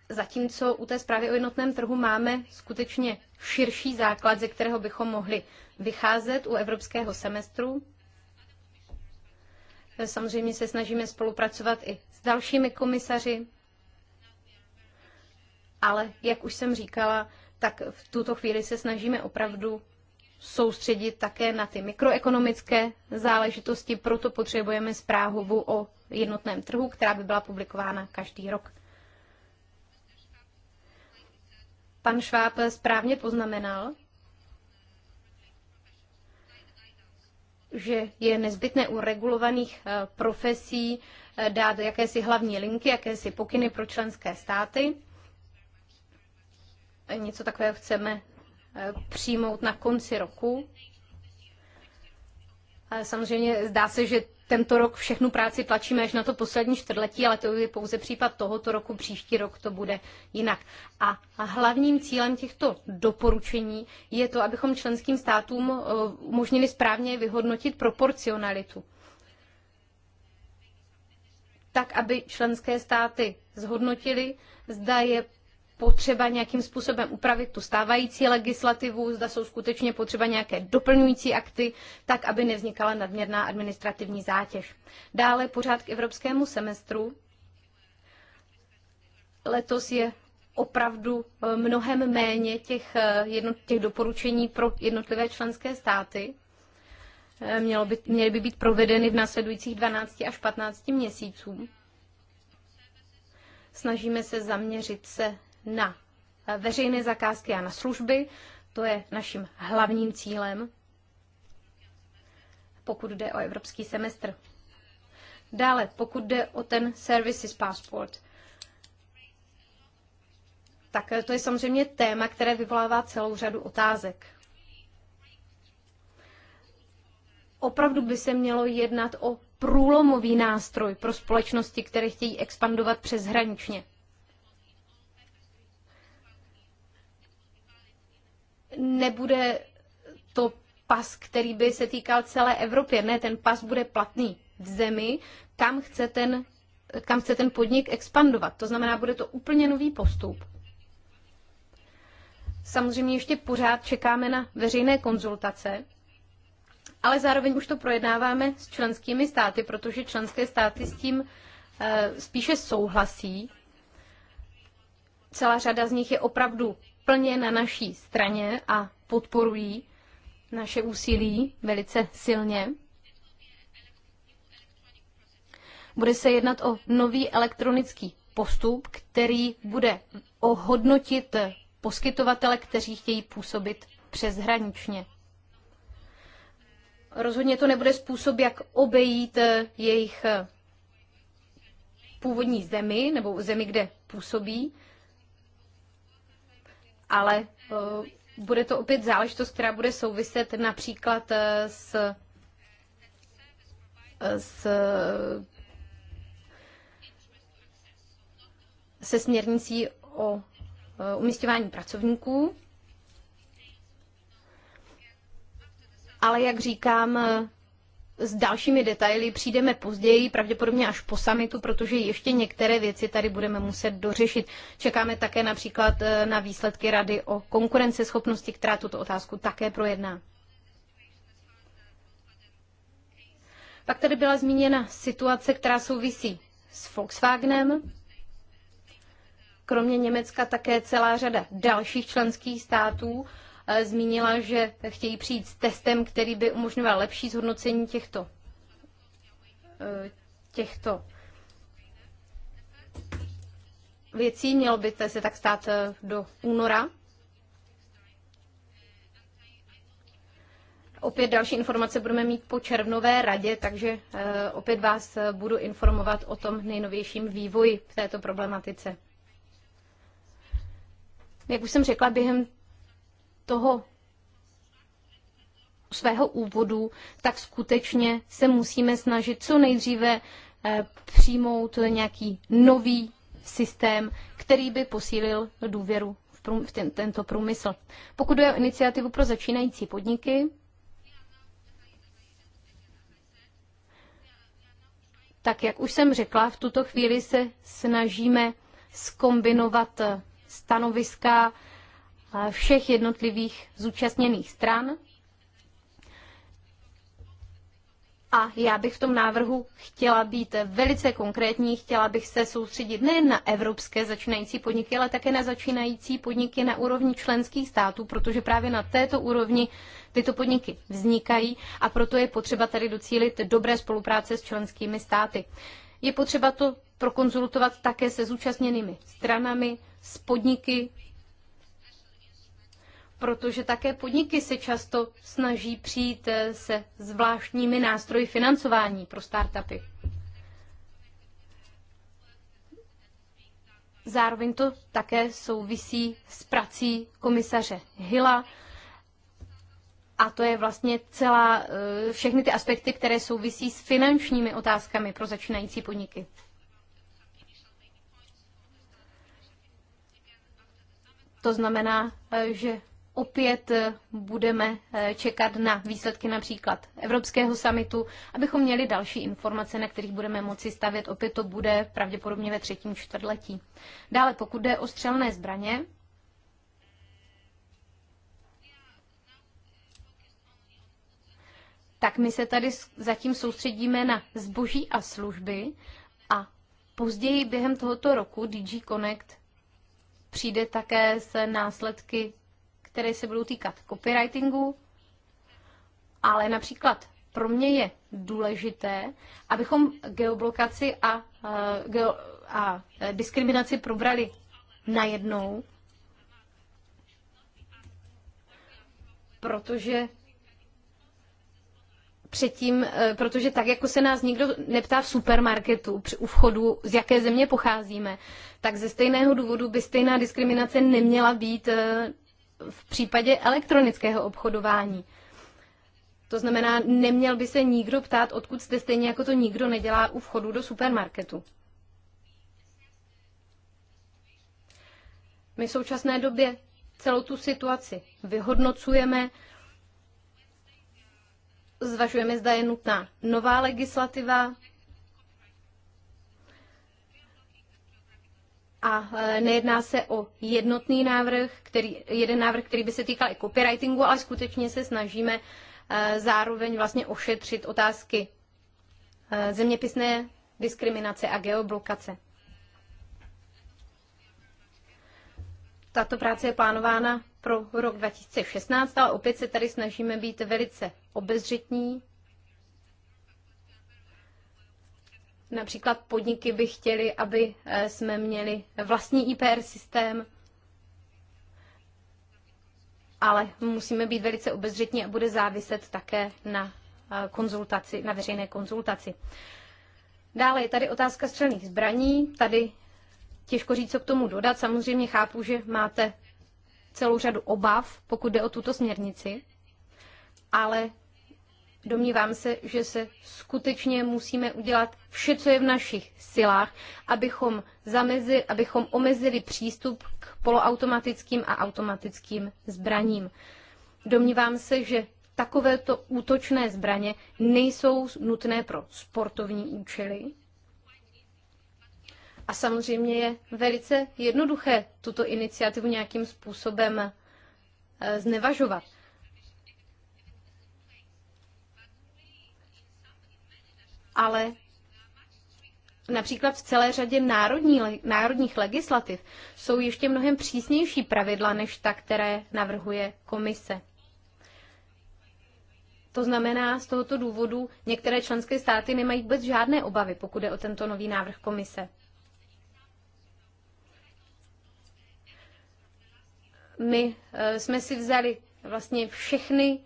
zatímco u té zprávy o jednotném trhu máme skutečně širší základ, ze kterého bychom mohli vycházet u evropského semestru. Samozřejmě se snažíme spolupracovat i s dalšími komisaři, ale jak už jsem říkala, tak v tuto chvíli se snažíme opravdu soustředit také na ty mikroekonomické záležitosti, proto potřebujeme zprávu o jednotném trhu, která by byla publikována každý rok. Pan Šváb správně poznamenal, že je nezbytné u regulovaných eh, profesí eh, dát jakési hlavní linky, jakési pokyny pro členské státy. Něco takového chceme eh, přijmout na konci roku. Samozřejmě zdá se, že tento rok všechnu práci tlačíme až na to poslední čtvrtletí, ale to je pouze případ tohoto roku, příští rok to bude jinak. A hlavním cílem těchto doporučení je to, abychom členským státům eh, umožnili správně vyhodnotit proporcionalitu. Tak, aby členské státy zhodnotili, zda je potřeba nějakým způsobem upravit tu stávající legislativu, zda jsou skutečně potřeba nějaké doplňující akty, tak aby nevznikala nadměrná administrativní zátěž. Dále pořád k evropskému semestru. Letos je opravdu eh, mnohem méně těch, eh, těch doporučení pro jednotlivé členské státy. Eh, mělo by, měly by být provedeny v následujících 12 až 15 měsíců. Snažíme se zaměřit se na veřejné zakázky a na služby. To je naším hlavním cílem, pokud jde o evropský semestr. Dále, pokud jde o ten Services Passport, tak to je samozřejmě téma, které vyvolává celou řadu otázek. Opravdu by se mělo jednat o průlomový nástroj pro společnosti, které chtějí expandovat přeshraničně. nebude to pas, který by se týkal celé Evropě. Ne, ten pas bude platný v zemi, kam chce ten, kam chce ten podnik expandovat. To znamená, bude to úplně nový postup. Samozřejmě ještě pořád čekáme na veřejné konzultace, ale zároveň už to projednáváme s členskými státy, protože členské státy s tím eh, spíše souhlasí. Celá řada z nich je opravdu plně na naší straně a podporují naše úsilí velice silně. Bude se jednat o nový elektronický postup, který bude ohodnotit poskytovatele, kteří chtějí působit přeshraničně. Rozhodně to nebude způsob, jak obejít eh, jejich eh, původní zemi nebo zemi, kde působí, ale eh, bude to opět záležitost, která bude souviset například eh, s, eh, s se směrnicí o umístěvání pracovníků. Ale jak říkám, s dalšími detaily přijdeme později, pravděpodobně až po samitu, protože ještě některé věci tady budeme muset dořešit. Čekáme také například eh, na výsledky Rady o konkurenceschopnosti, která tuto otázku také projedná. Pak tady byla zmíněna situace, která souvisí s Volkswagenem. Kromě Německa také celá řada dalších členských států E, zmínila, že chtějí přijít s testem, který by umožňoval lepší zhodnocení těchto, e, těchto věcí. Mělo by se tak stát e, do února. Opět další informace budeme mít po červnové radě, takže opět vás budu informovat o tom nejnovějším vývoji v této problematice. Jak už jsem řekla, během toho svého úvodu, tak skutečně se musíme snažit co nejdříve eh, přijmout nějaký nový systém, který by posílil důvěru v, prům, v ten, tento průmysl. Pokud je o iniciativu pro začínající podniky, tak jak už jsem řekla, v tuto chvíli se snažíme skombinovat stanoviska všech jednotlivých zúčastněných stran. A já bych v tom návrhu chtěla být velice konkrétní, chtěla bych se soustředit nejen na evropské začínající podniky, ale také na začínající podniky na úrovni členských států, protože právě na této úrovni tyto podniky vznikají a proto je potřeba tady docílit dobré spolupráce s členskými státy. Je potřeba to prokonzultovat také se zúčastněnými stranami, s podniky, protože také podniky se často snaží přijít eh, se zvláštními nástroji financování pro startupy. Zároveň to také souvisí s prací komisaře Hilla. A to je vlastně celá, eh, všechny ty aspekty, které souvisí s finančními otázkami pro začínající podniky. To znamená, eh, že opět eh, budeme eh, čekat na výsledky například Evropského samitu, abychom měli další informace, na kterých budeme moci stavět. Opět to bude pravděpodobně ve třetím čtvrtletí. Dále, pokud jde o střelné zbraně, tak my se tady zatím soustředíme na zboží a služby a později během tohoto roku DG Connect přijde také se následky které se budou týkat copywritingu, ale například pro mě je důležité, abychom geoblokaci a, eh, geo, a eh, diskriminaci probrali najednou, protože předtím, eh, protože tak, jako se nás nikdo neptá v supermarketu při u vchodu, z jaké země pocházíme, tak ze stejného důvodu by stejná diskriminace neměla být v případě elektronického obchodování. To znamená, neměl by se nikdo ptát, odkud jste, stejně jako to nikdo nedělá u vchodu do supermarketu. My v současné době celou tu situaci vyhodnocujeme, zvažujeme, zda je nutná nová legislativa, a e, nejedná se o jednotný návrh, který, jeden návrh, který by se týkal i copywritingu, ale skutečně se snažíme e, zároveň vlastně ošetřit otázky e, zeměpisné diskriminace a geoblokace. Tato práce je plánována pro rok 2016, ale opět se tady snažíme být velice obezřetní Například podniky by chtěly, aby eh, jsme měli vlastní IPR systém, ale musíme být velice obezřetní a bude záviset také na eh, konzultaci, na veřejné konzultaci. Dále je tady otázka střelných zbraní. Tady těžko říct, co k tomu dodat. Samozřejmě chápu, že máte celou řadu obav, pokud jde o tuto směrnici, ale Domnívám se, že se skutečně musíme udělat vše, co je v našich silách, abychom, zamezili, abychom omezili přístup k poloautomatickým a automatickým zbraním. Domnívám se, že takovéto útočné zbraně nejsou nutné pro sportovní účely. A samozřejmě je velice jednoduché tuto iniciativu nějakým způsobem eh, znevažovat. ale například v celé řadě národní, národních legislativ jsou ještě mnohem přísnější pravidla než ta, které navrhuje komise. To znamená, z tohoto důvodu některé členské státy nemají vůbec žádné obavy, pokud je o tento nový návrh komise. My eh, jsme si vzali vlastně všechny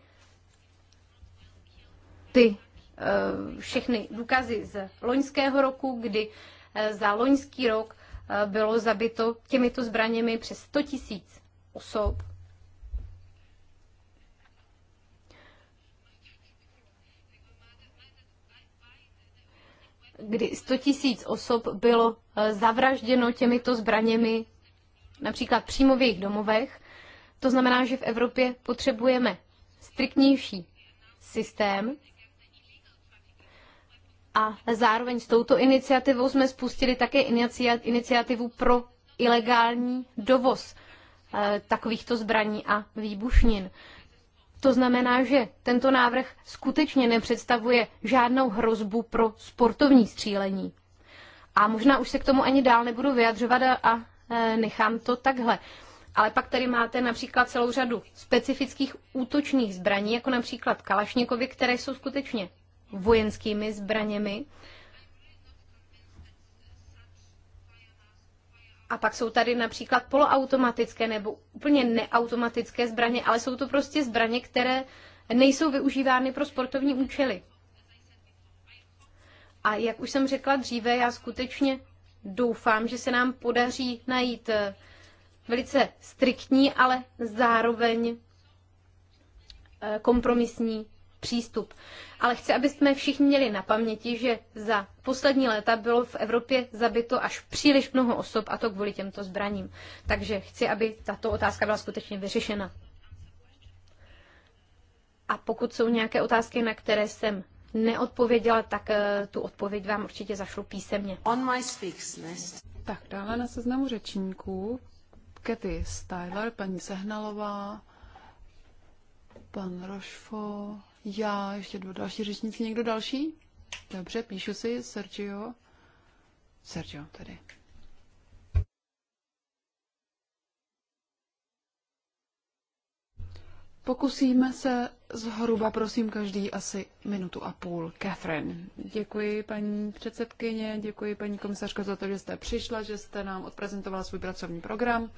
ty Eh, všechny důkazy z loňského roku, kdy eh, za loňský rok eh, bylo zabito těmito zbraněmi přes 100 tisíc osob. kdy 100 tisíc osob bylo zavražděno těmito zbraněmi, například přímo v jejich domovech. To znamená, že v Evropě potřebujeme striktnější systém, a zároveň s touto iniciativou jsme spustili také iniciativu pro ilegální dovoz eh, takovýchto zbraní a výbušnin. To znamená, že tento návrh skutečně nepředstavuje žádnou hrozbu pro sportovní střílení. A možná už se k tomu ani dál nebudu vyjadřovat a eh, nechám to takhle. Ale pak tady máte například celou řadu specifických útočných zbraní, jako například Kalašnikovy, které jsou skutečně vojenskými zbraněmi. A pak jsou tady například poloautomatické nebo úplně neautomatické zbraně, ale jsou to prostě zbraně, které nejsou využívány pro sportovní účely. A jak už jsem řekla dříve, já skutečně doufám, že se nám podaří najít eh, velice striktní, ale zároveň eh, kompromisní přístup. Ale chci, aby jsme všichni měli na paměti, že za poslední léta bylo v Evropě zabito až příliš mnoho osob a to kvůli těmto zbraním. Takže chci, aby tato otázka byla skutečně vyřešena. A pokud jsou nějaké otázky, na které jsem neodpověděla, tak eh, tu odpověď vám určitě zašlu písemně. On my list. Tak dále na seznamu řečníků Kety Styler, paní Sehnalová, pan Rošfo, já, ještě dva další řečníci, někdo další? Dobře, píšu si, Sergio. Sergio, tady. Pokusíme se zhruba, prosím, každý asi minutu a půl. Catherine. Děkuji, paní předsedkyně, děkuji, paní komisařko, za to, že jste přišla, že jste nám odprezentovala svůj pracovní program.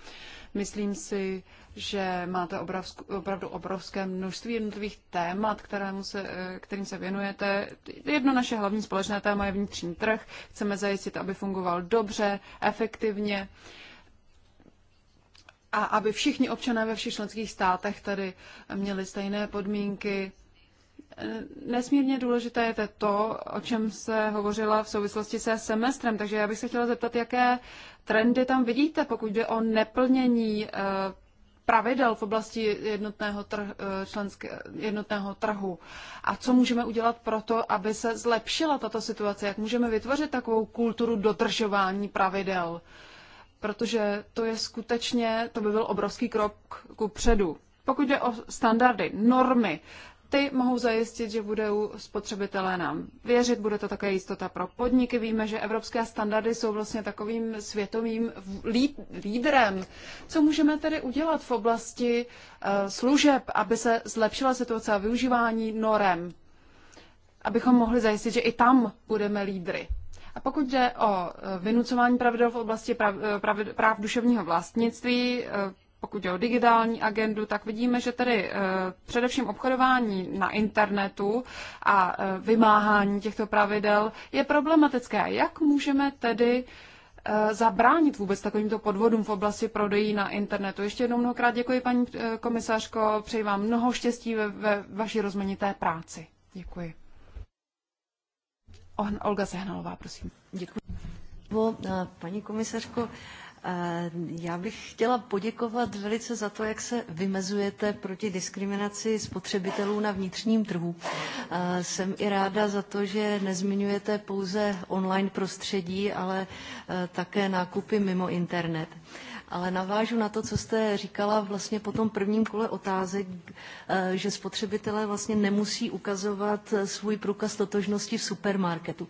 Myslím si, že máte obrovsku, opravdu obrovské množství jednotlivých témat, kterému se, eh, kterým se věnujete. Jedno naše hlavní společné téma je vnitřní trh. Chceme zajistit, aby fungoval dobře, efektivně. Uh, a aby všichni občané ve všech členských státech tady měli stejné podmínky. Nesmírně důležité je to, o čem se hovořila v souvislosti se semestrem, takže já bych se chtěla zeptat, jaké trendy tam vidíte, pokud jde o neplnění eh, pravidel v oblasti jednotného, trh, eh, členské, jednotného trhu a co můžeme udělat pro to, aby se zlepšila tato situace, jak můžeme vytvořit takovou kulturu dodržování pravidel. Uh, protože to je skutečně, to by byl obrovský krok ku předu. Pokud jde o standardy, normy, ty mohou zajistit, že budou spotřebitelé nám věřit, bude to také jistota pro podniky. Víme, že evropské standardy jsou vlastně takovým světovým lídrem. Co můžeme tedy udělat v oblasti eh, služeb, aby se zlepšila situace a využívání norem, abychom mohli zajistit, že i tam budeme lídry? A pokud jde o eh, vynucování pravidel v oblasti prav, eh, prav, práv duševního vlastnictví, eh, pokud jde o digitální agendu, tak vidíme, že tedy především obchodování na internetu a vymáhání těchto pravidel je problematické. Jak můžeme tedy zabránit vůbec takovýmto podvodům v oblasti prodejí na internetu. Ještě jednou mnohokrát děkuji, paní komisařko, přeji vám mnoho štěstí ve, ve vaší rozmanité práci. Děkuji. Olga Sehnalová, prosím. Děkuji. Eh, paní komisařko, eh, já bych chtěla poděkovat velice za to, jak se vymezujete proti diskriminaci spotřebitelů na vnitřním trhu. Eh, jsem i ráda za to, že nezmiňujete pouze online prostředí, ale také nákupy mimo internet ale navážu na to, co jste říkala vlastně po tom prvním kole otázek, eh, že spotřebitelé vlastně nemusí ukazovat eh, svůj průkaz totožnosti v supermarketu.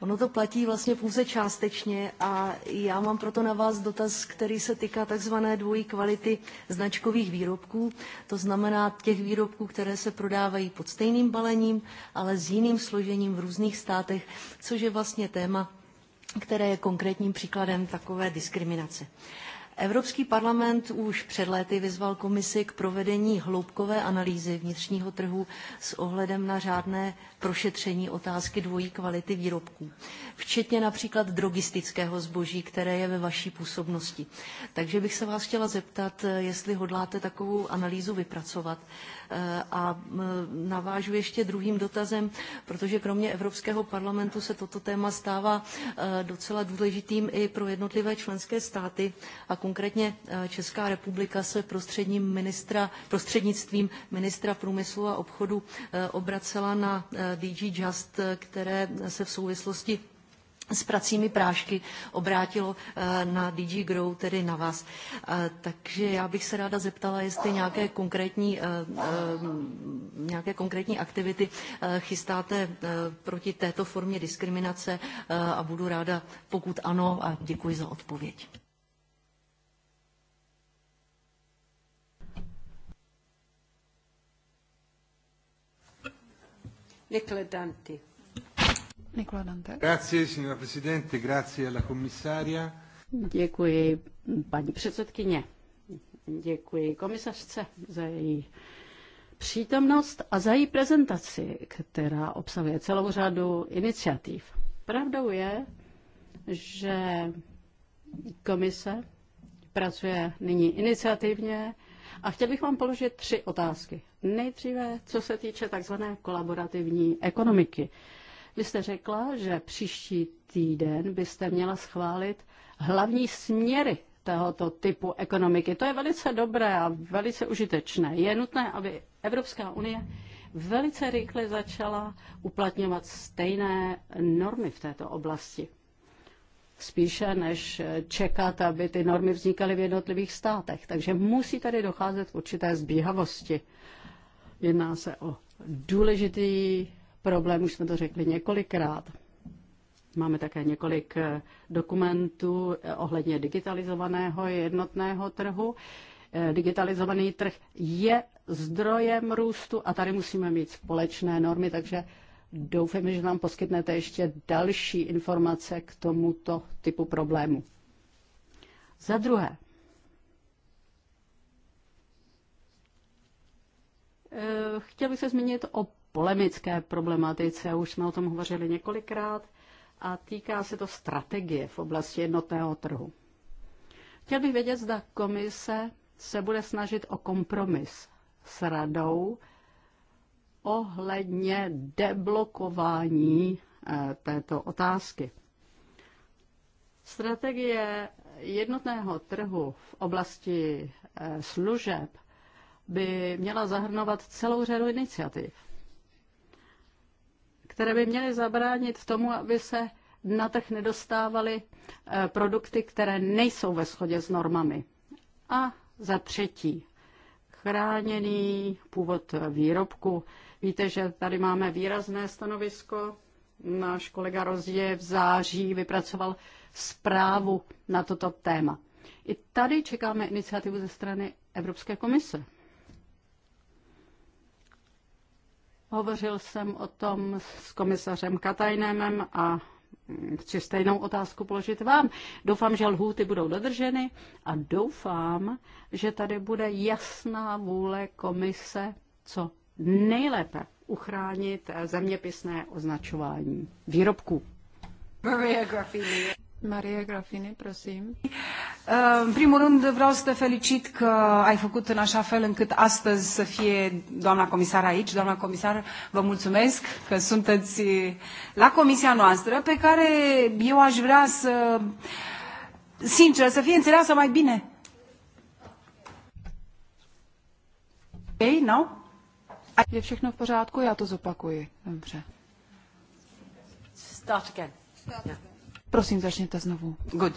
Ono to platí vlastně pouze částečně a já mám proto na vás dotaz, který se týká takzvané dvojí kvality značkových výrobků, to znamená těch výrobků, které se prodávají pod stejným balením, ale s jiným složením v různých státech, což je vlastně téma, které je konkrétním příkladem takové diskriminace. Evropský parlament už před léty vyzval komisi k provedení hloubkové analýzy vnitřního trhu s ohledem na řádné prošetření otázky dvojí kvality výrobků, včetně například drogistického zboží, které je ve vaší působnosti. Takže bych se vás chtěla zeptat, jestli hodláte takovou analýzu vypracovat Eh, a navážu ještě druhým dotazem, protože kromě Evropského parlamentu se toto téma stává eh, docela důležitým i pro jednotlivé členské státy a konkrétně eh, Česká republika se prostředním ministra, prostřednictvím ministra průmyslu a obchodu obracela na DG Just, které se v souvislosti s pracími prášky obrátilo eh, na DG Grow, tedy na vás. Eh, takže já bych se ráda zeptala, jestli nějaké konkrétní, eh, nějaké konkrétní aktivity chystáte proti této formě diskriminace a budu ráda, pokud ano, a děkuji za odpověď. Nicola Danti. Dante. Grazie, signora Presidente, grazie alla commissaria. Děkuji, paní předsedkyně. Děkuji komisařce za její přítomnost a za její prezentaci, která obsahuje celou řadu iniciativ. Pravdou je, že komise pracuje nyní iniciativně a chtěl bych vám položit tři otázky. Nejdříve, co se týče takzvané kolaborativní ekonomiky. Vy jste řekla, že příští týden byste měla schválit hlavní směry tohoto typu ekonomiky. To je velice dobré a velice užitečné. Je nutné, aby Evropská unie velice rychle začala uplatňovat stejné normy v této oblasti. Spíše než čekat, aby ty normy vznikaly v jednotlivých státech. Takže musí tady docházet k určité zbíhavosti. Jedná se o důležitý problém, už jsme to řekli několikrát. Máme také několik eh, dokumentů eh, ohledně digitalizovaného jednotného trhu. Eh, digitalizovaný trh je zdrojem růstu a tady musíme mít společné normy, takže doufejme, že nám poskytnete ještě další informace k tomuto typu problému. Za druhé, chtěl bych se zmínit o polemické problematice, už jsme o tom hovořili několikrát, a týká se to strategie v oblasti jednotného trhu. Chtěl bych vědět, zda komise se bude snažit o kompromis s radou ohledně deblokování eh, této otázky. Strategie jednotného trhu v oblasti eh, služeb by měla zahrnovat celou řadu iniciativ které by měly zabránit tomu, aby se na trh nedostávaly eh, produkty, které nejsou ve shodě s normami. A za třetí, chráněný původ výrobku. Víte, že tady máme výrazné stanovisko. Náš kolega Rozdě v září vypracoval zprávu na toto téma. I tady čekáme iniciativu ze strany Evropské komise. Hovořil jsem o tom s komisařem Katajnemem a chci stejnou otázku položit vám. Doufám, že lhůty budou dodrženy a doufám, že tady bude jasná vůle komise, co nejlépe uchránit zeměpisné označování výrobků. Marie Grafini, prosím. În primul rând vreau să te felicit că ai făcut în așa fel încât astăzi să fie doamna comisar aici. Doamna comisar, vă mulțumesc că sunteți la comisia noastră pe care eu aș vrea să, sincer, să fie înțeleasă mai bine. Ok, nu? no? E všechno în pořádku? Já to zopakuji. Dobře. Start again. Start again. Yeah. Prosím, začněte znovu. Good.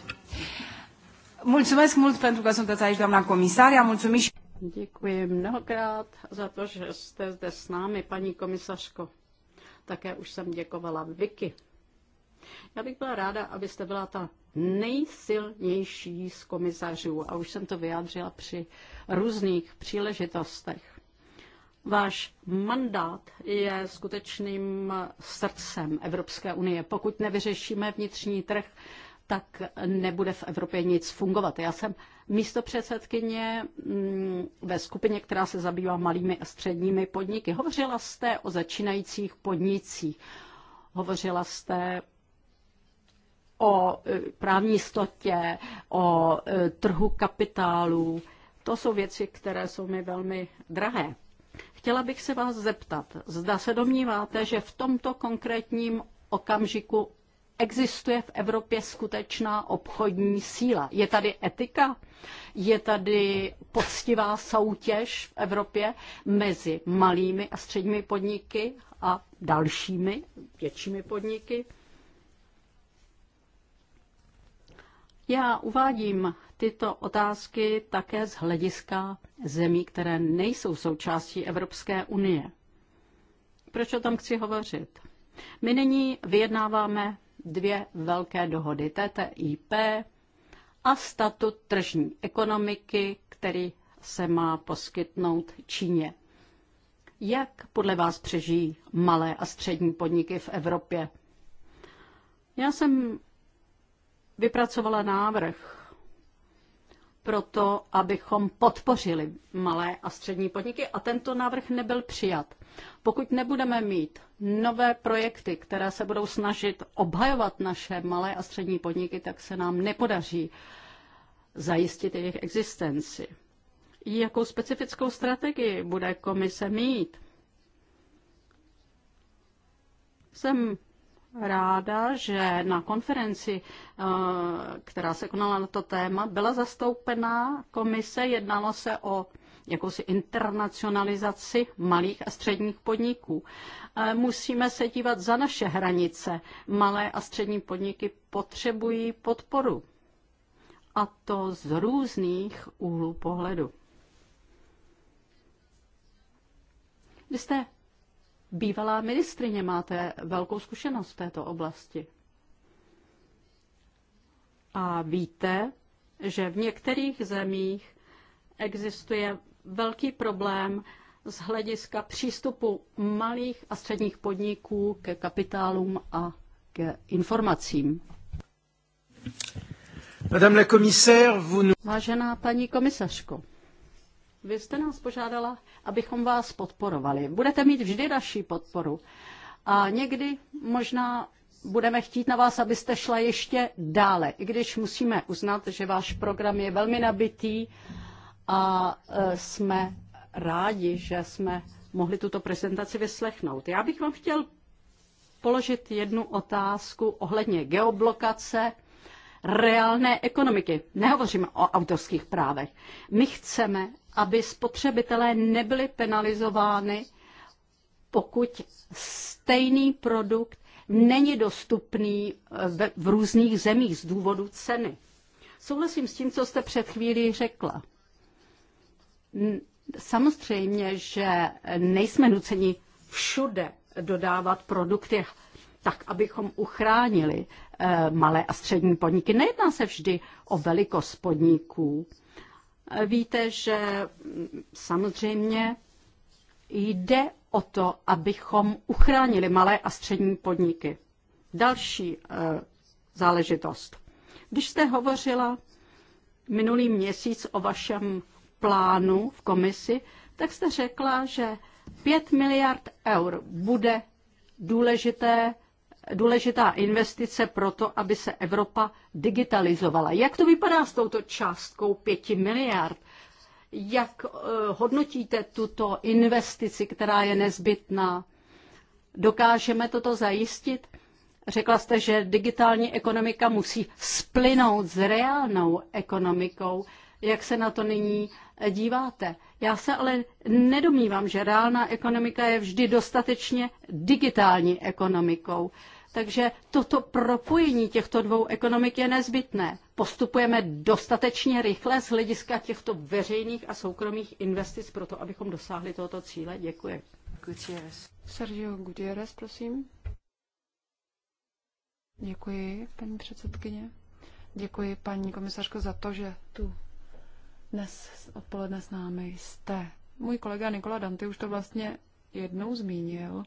Mulțumesc mult pentru că sunteți aici, doamna comisar. Am mulțumit și... Děkuji mnohokrát za to, že jste zde s námi, paní komisařko. Také už jsem děkovala Vicky. Já bych byla ráda, abyste byla ta nejsilnější z komisařů a už jsem to vyjádřila při různých příležitostech. Váš mandát je skutečným srdcem Evropské unie. Pokud nevyřešíme vnitřní trh, tak nebude v Evropě nic fungovat. Já jsem místo předsedkyně mm, ve skupině, která se zabývá malými a středními podniky. Hovořila jste o začínajících podnicích. Hovořila jste o e, právní jistotě, o e, trhu kapitálu. To jsou věci, které jsou mi velmi drahé. Chtěla bych se vás zeptat, zda se domníváte, že v tomto konkrétním okamžiku existuje v Evropě skutečná obchodní síla. Je tady etika? Je tady poctivá soutěž v Evropě mezi malými a středními podniky a dalšími většími podniky? Já uvádím tyto otázky také z hlediska zemí, které nejsou součástí Evropské unie. Proč o tom chci hovořit? My nyní vyjednáváme dvě velké dohody, TTIP a statut tržní ekonomiky, který se má poskytnout Číně. Jak podle vás přežijí malé a střední podniky v Evropě? Já jsem vypracovala návrh pro to, abychom podpořili malé a střední podniky a tento návrh nebyl přijat. Pokud nebudeme mít nové projekty, které se budou snažit obhajovat naše malé a střední podniky, tak se nám nepodaří zajistit jejich existenci. Jakou specifickou strategii bude komise mít? Jsem ráda, že na konferenci, eh, která se konala na to téma, byla zastoupená komise, jednalo se o jakousi internacionalizaci malých a středních podniků. Eh, musíme se dívat za naše hranice. Malé a střední podniky potřebují podporu. A to z různých úhlů pohledu. Vy jste bývalá ministrině, máte velkou zkušenost v této oblasti. A víte, že v některých zemích existuje velký problém z hlediska přístupu malých a středních podniků ke kapitálům a k informacím. Madame la commissaire, vous... Vážená paní komisařko, vy jste nás požádala, abychom vás podporovali. Budete mít vždy naši podporu. A někdy možná budeme chtít na vás, abyste šla ještě dále, i když musíme uznat, že váš program je velmi nabitý a e, jsme rádi, že jsme mohli tuto prezentaci vyslechnout. Já bych vám chtěl položit jednu otázku ohledně geoblokace reálné ekonomiky. Nehovoříme o autorských právech. My chceme, aby spotřebitelé nebyli penalizovány, pokud stejný produkt není dostupný eh, v, v různých zemích z důvodu ceny. Souhlasím s tím, co jste před chvílí řekla. Samozřejmě, že nejsme nuceni všude dodávat produkty tak, abychom uchránili eh, malé a střední podniky. Nejedná se vždy o velikost podniků. Víte, že samozřejmě jde o to, abychom uchránili malé a střední podniky. Další eh, záležitost. Když jste hovořila minulý měsíc o vašem plánu v komisi, tak jste řekla, že 5 miliard eur bude důležité důležitá investice pro to, aby se Evropa digitalizovala. Jak to vypadá s touto částkou 5 miliard? Jak eh, hodnotíte tuto investici, která je nezbytná? Dokážeme toto zajistit? Řekla jste, že digitální ekonomika musí splynout s reálnou ekonomikou jak se na to nyní eh, díváte. Já se ale nedomývám, že reálná ekonomika je vždy dostatečně digitální ekonomikou. Takže toto propojení těchto dvou ekonomik je nezbytné. Postupujeme dostatečně rychle z hlediska těchto veřejných a soukromých investic pro to, abychom dosáhli tohoto cíle. Děkuji. Gutierrez. Sergio Gutierrez, prosím. Děkuji, paní předsedkyně. Děkuji, paní komisařko, za to, že tu dnes odpoledne s námi jste. Můj kolega Nikola Danty už to vlastně jednou zmínil,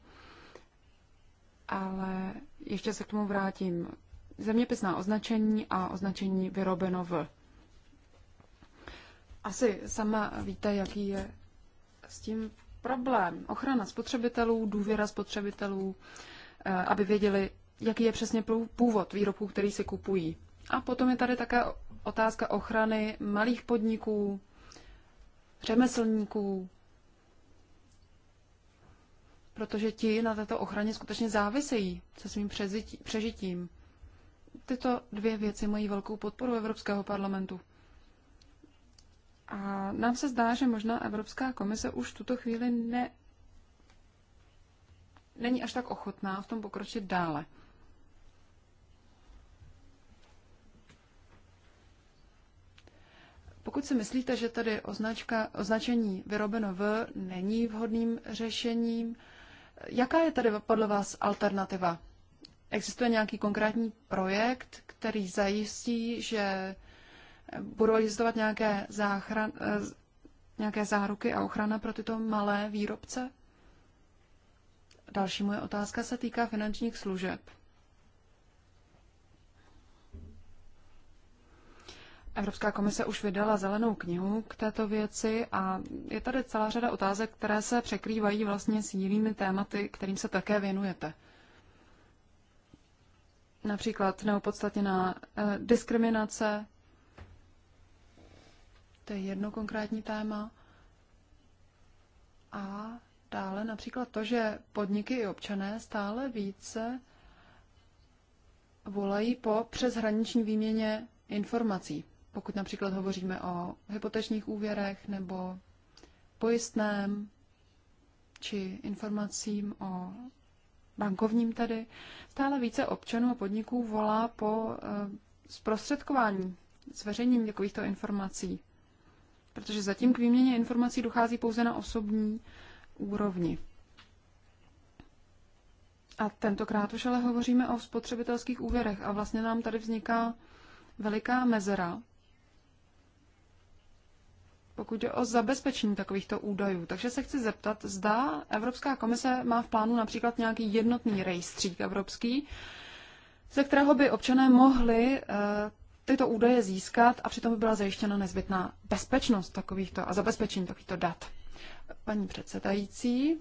ale ještě se k tomu vrátím. Zeměpisná označení a označení vyrobeno v. Asi sama víte, jaký je s tím problém. Ochrana spotřebitelů, důvěra spotřebitelů, eh, aby věděli, jaký je přesně původ výrobků, který si kupují. A potom je tady také otázka ochrany malých podniků, řemeslníků, protože ti na této ochraně skutečně závisejí se svým přežitím. Tyto dvě věci mají velkou podporu Evropského parlamentu. A nám se zdá, že možná Evropská komise už v tuto chvíli ne, není až tak ochotná v tom pokročit dále. Pokud si myslíte, že tady označka, označení vyrobeno v není vhodným řešením, jaká je tady podle vás alternativa? Existuje nějaký konkrétní projekt, který zajistí, že budou existovat nějaké, záchran, eh, nějaké záruky a ochrana pro tyto malé výrobce? Další moje otázka se týká finančních služeb. Evropská komise už vydala zelenou knihu k této věci a je tady celá řada otázek, které se překrývají vlastně s jinými tématy, kterým se také věnujete. Například neopodstatněná eh, diskriminace, to je jedno konkrétní téma. A dále například to, že podniky i občané stále více volají po přeshraniční výměně informací pokud například hovoříme o hypotečních úvěrech nebo pojistném či informacím o bankovním tedy, stále více občanů a podniků volá po eh, zprostředkování, zveřejnění takovýchto informací. Protože zatím k výměně informací dochází pouze na osobní úrovni. A tentokrát už ale hovoříme o spotřebitelských úvěrech a vlastně nám tady vzniká veliká mezera pokud jde o zabezpečení takovýchto údajů. Takže se chci zeptat, zda Evropská komise má v plánu například nějaký jednotný rejstřík evropský, ze kterého by občané mohli eh, tyto údaje získat a přitom by byla zajištěna nezbytná bezpečnost takovýchto a zabezpečení takovýchto dat. Paní předsedající,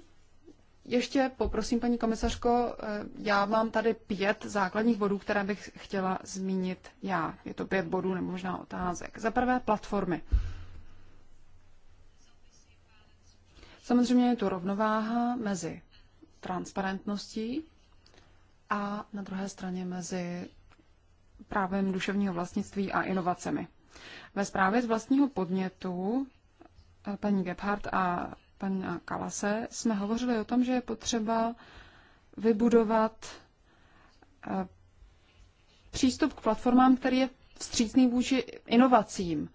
ještě poprosím, paní komisařko, eh, já mám tady pět základních bodů, které bych chtěla zmínit já. Je to pět bodů nebo možná otázek. Za prvé platformy. Samozřejmě je to rovnováha mezi transparentností a na druhé straně mezi právem duševního vlastnictví a inovacemi. Ve zprávě z vlastního podnětu eh, paní Gebhardt a paní Kalase jsme hovořili o tom, že je potřeba vybudovat eh, přístup k platformám, který je vstřícný vůči inovacím.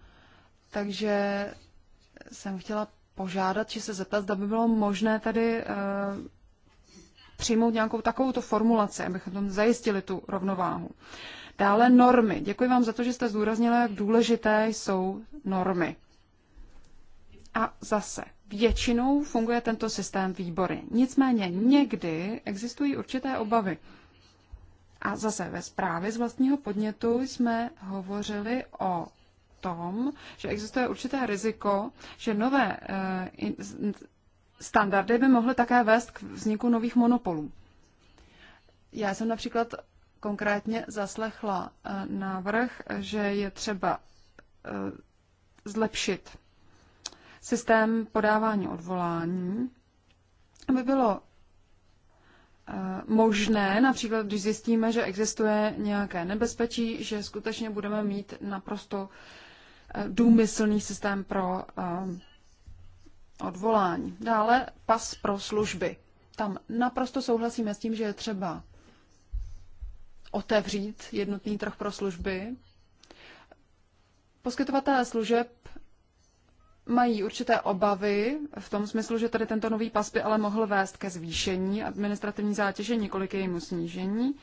Takže jsem chtěla požádat či se zeptat, zda by bylo možné tady eh, přijmout nějakou takovouto formulaci, abychom tam zajistili tu rovnováhu. Dále normy. Děkuji vám za to, že jste zdůraznili, jak důležité jsou normy. A zase, většinou funguje tento systém výbory. Nicméně někdy existují určité obavy. A zase ve zprávě z vlastního podnětu jsme hovořili o tom, že existuje určité riziko, že nové eh, standardy by mohly také vést k vzniku nových monopolů. Já jsem například konkrétně zaslechla eh, návrh, že je třeba eh, zlepšit systém podávání odvolání, aby bylo možné, například když zjistíme, že existuje nějaké nebezpečí, že skutečně budeme mít naprosto Eh, důmyslný systém pro eh, odvolání. Dále pas pro služby. Tam naprosto souhlasíme s tím, že je třeba otevřít jednotný trh pro služby. Poskytovatelé služeb mají určité obavy v tom smyslu, že tady tento nový pas by ale mohl vést ke zvýšení administrativní zátěže, několik jejímu snížení. Uh,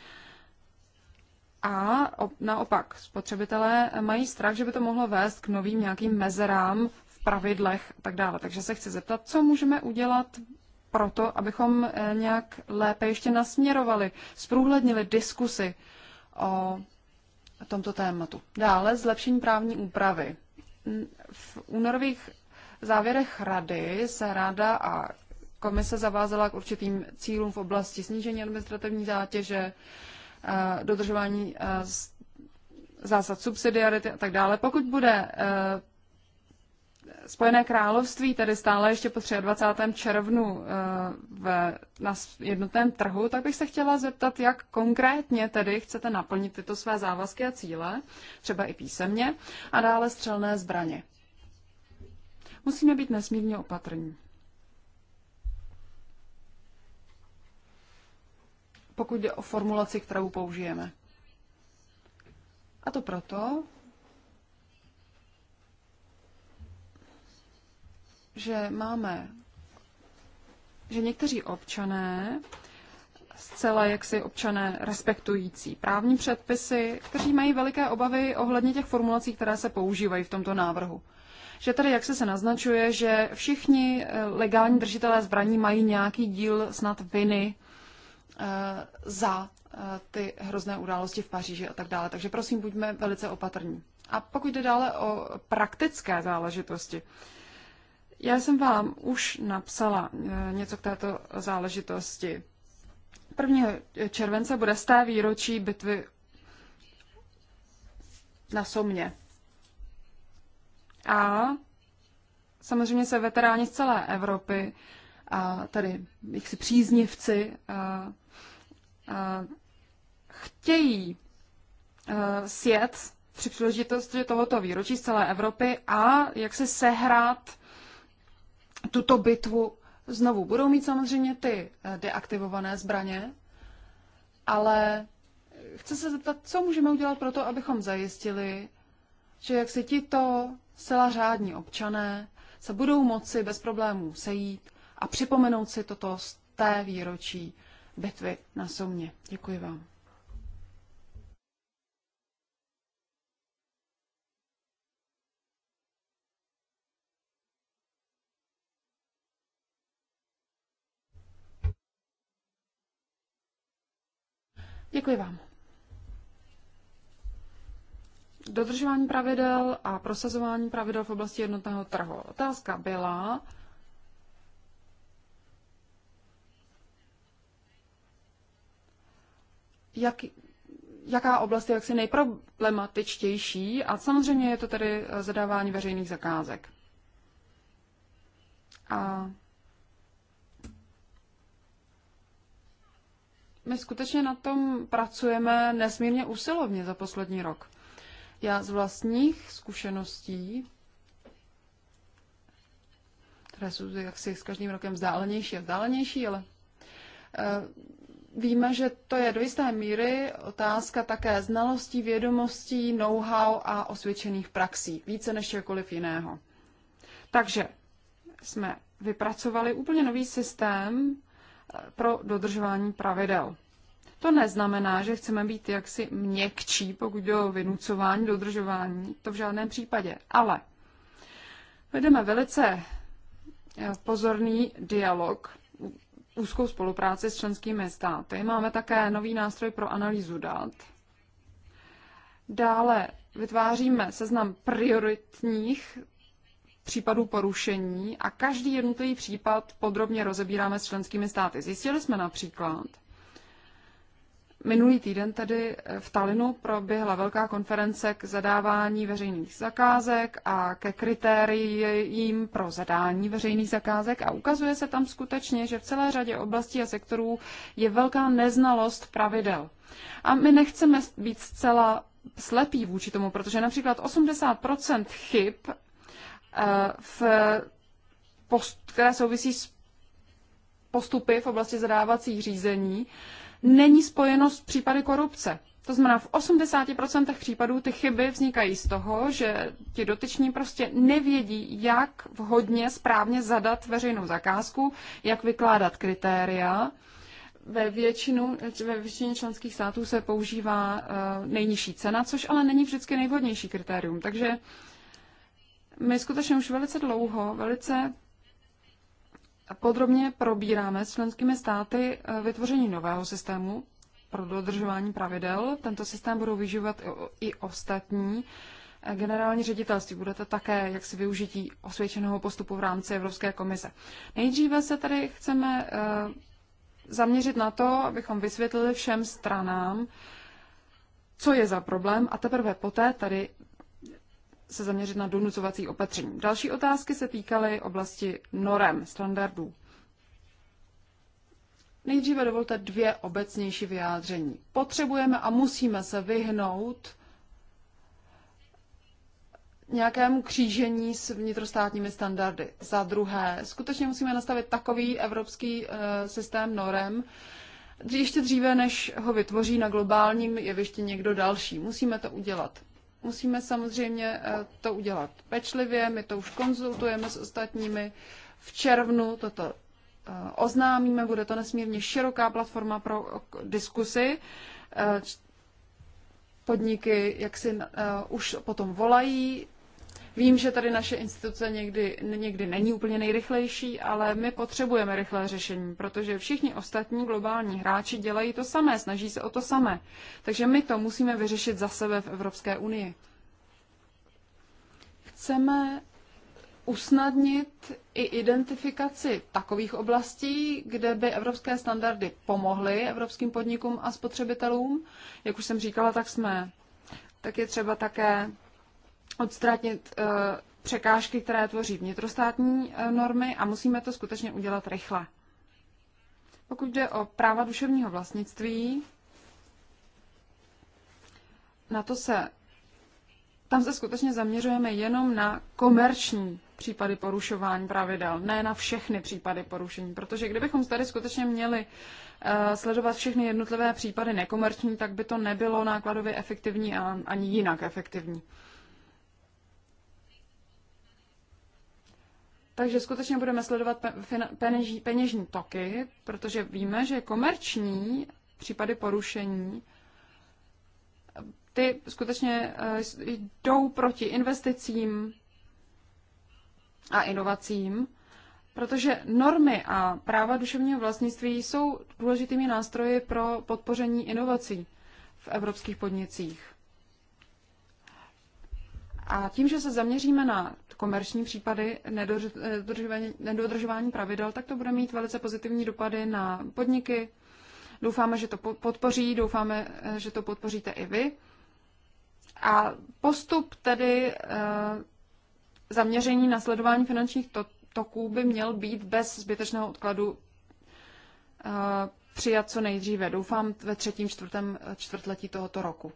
a naopak, spotřebitelé mají strach, že by to mohlo vést k novým nějakým mezerám v pravidlech a tak dále. Takže se chci zeptat, co můžeme udělat pro to, abychom eh, nějak lépe ještě nasměrovali, zprůhlednili diskusy o tomto tématu. Dále zlepšení právní úpravy. V únorových závěrech rady se ráda a komise zavázala k určitým cílům v oblasti snížení administrativní zátěže, Eh, dodržování eh, zásad subsidiarity a tak dále. Pokud bude eh, Spojené království tedy stále ještě po 23. červnu v, na jednotném trhu, tak bych se chtěla zeptat, jak konkrétně tedy chcete naplnit tyto své závazky a cíle, třeba i písemně, a dále střelné zbraně. Musíme být nesmírně opatrní. pokud jde o formulaci, kterou použijeme. A to proto, že máme, že někteří občané, zcela jaksi občané respektující právní předpisy, kteří mají veliké obavy ohledně těch formulací, které se používají v tomto návrhu. Že tady, jak se se naznačuje, že všichni eh, legální držitelé zbraní mají nějaký díl snad viny Eh, za eh, ty hrozné události v Paříži a tak dále. Takže prosím, buďme velice opatrní. A pokud jde dále o praktické záležitosti, já jsem vám už napsala eh, něco k této záležitosti. 1. července bude sté výročí bitvy na Somě. A samozřejmě se veteráni z celé Evropy, a tedy jaksi příznivci chtějí e, sjet při příležitosti tohoto výročí z celé Evropy a jak si sehrát tuto bitvu znovu. Budou mít samozřejmě ty e, deaktivované zbraně, ale chci se zeptat, co můžeme udělat pro to, abychom zajistili, že jak si tito zcela řádní občané se budou moci bez problémů sejít a připomenout si toto z té výročí bitvy na Soumě. Děkuji vám. Děkuji vám. Dodržování pravidel a prosazování pravidel v oblasti jednotného trhu. Otázka byla, jak, jaká oblast je jaksi nejproblematičtější a samozřejmě je to tedy eh, zadávání veřejných zakázek. A my skutečně na tom pracujeme nesmírně usilovně za poslední rok. Já z vlastních zkušeností, které jsou jaksi s každým rokem vzdálenější a vzdálenější, ale eh, Víme, že to je do jisté míry otázka také znalostí, vědomostí, know-how a osvědčených praxí, více než cokoliv jiného. Takže jsme vypracovali úplně nový systém eh, pro dodržování pravidel. To neznamená, že chceme být jaksi měkčí, pokud jde o vynucování, dodržování, to v žádném případě. Ale vedeme velice eh, pozorný dialog úzkou spolupráci s členskými státy. Máme také nový nástroj pro analýzu dat. Dále vytváříme seznam prioritních případů porušení a každý jednotlivý případ podrobně rozebíráme s členskými státy. Zjistili jsme například, Minulý týden tedy eh, v Talinu proběhla velká konference k zadávání veřejných zakázek a ke kritériím pro zadání veřejných zakázek a ukazuje se tam skutečně, že v celé řadě oblastí a sektorů je velká neznalost pravidel. A my nechceme být zcela slepí vůči tomu, protože například 80% chyb, eh, v post, které souvisí s postupy v oblasti zadávacích řízení, není spojeno s případy korupce. To znamená, v 80% případů ty chyby vznikají z toho, že ti dotyční prostě nevědí, jak vhodně správně zadat veřejnou zakázku, jak vykládat kritéria. Ve, většinu, ve většině členských států se používá uh, nejnižší cena, což ale není vždycky nejvhodnější kritérium. Takže my skutečně už velice dlouho, velice Podrobně probíráme s členskými státy eh, vytvoření nového systému pro dodržování pravidel. Tento systém budou využívat i ostatní. Eh, Generální ředitelství budete také jaksi využití osvědčeného postupu v rámci Evropské komise. Nejdříve se tady chceme eh, zaměřit na to, abychom vysvětlili všem stranám, co je za problém a teprve poté tady se zaměřit na donucovací opatření. Další otázky se týkaly oblasti norem, standardů. Nejdříve dovolte dvě obecnější vyjádření. Potřebujeme a musíme se vyhnout nějakému křížení s vnitrostátními standardy. Za druhé, skutečně musíme nastavit takový evropský e, systém norem, ještě dříve, než ho vytvoří na globálním jevišti někdo další. Musíme to udělat. Musíme samozřejmě eh, to udělat pečlivě, my to už konzultujeme s ostatními. V červnu toto eh, oznámíme, bude to nesmírně široká platforma pro diskusy. Eh, podniky, jak si už potom volají Vím, že tady naše instituce někdy, někdy není úplně nejrychlejší, ale my potřebujeme rychlé řešení, protože všichni ostatní globální hráči dělají to samé, snaží se o to samé. Takže my to musíme vyřešit za sebe v Evropské unii. Chceme usnadnit i identifikaci takových oblastí, kde by evropské standardy pomohly evropským podnikům a spotřebitelům. Jak už jsem říkala, tak jsme tak je třeba také odstranit eh, překážky, které tvoří vnitrostátní eh, normy a musíme to skutečně udělat rychle. Pokud jde o práva duševního vlastnictví, na to se, tam se skutečně zaměřujeme jenom na komerční případy porušování pravidel, ne na všechny případy porušení, protože kdybychom tady skutečně měli eh, sledovat všechny jednotlivé případy nekomerční, tak by to nebylo nákladově efektivní a ani jinak efektivní. Takže skutečně budeme sledovat peněžní, toky, protože víme, že komerční případy porušení eh, ty skutečně eh, jdou proti investicím a inovacím, protože normy a práva duševního vlastnictví jsou důležitými nástroji pro podpoření inovací v evropských podnicích. A tím, že se zaměříme na komerční případy nedodržování pravidel, tak to bude mít velice pozitivní dopady na podniky. Doufáme, že to podpoří, doufáme, eh, že to podpoříte i vy. A postup tedy eh, zaměření na sledování finančních toků by měl být bez zbytečného odkladu eh, přijat co nejdříve. Doufám ve třetím, čtvrtém čtvrtletí tohoto roku.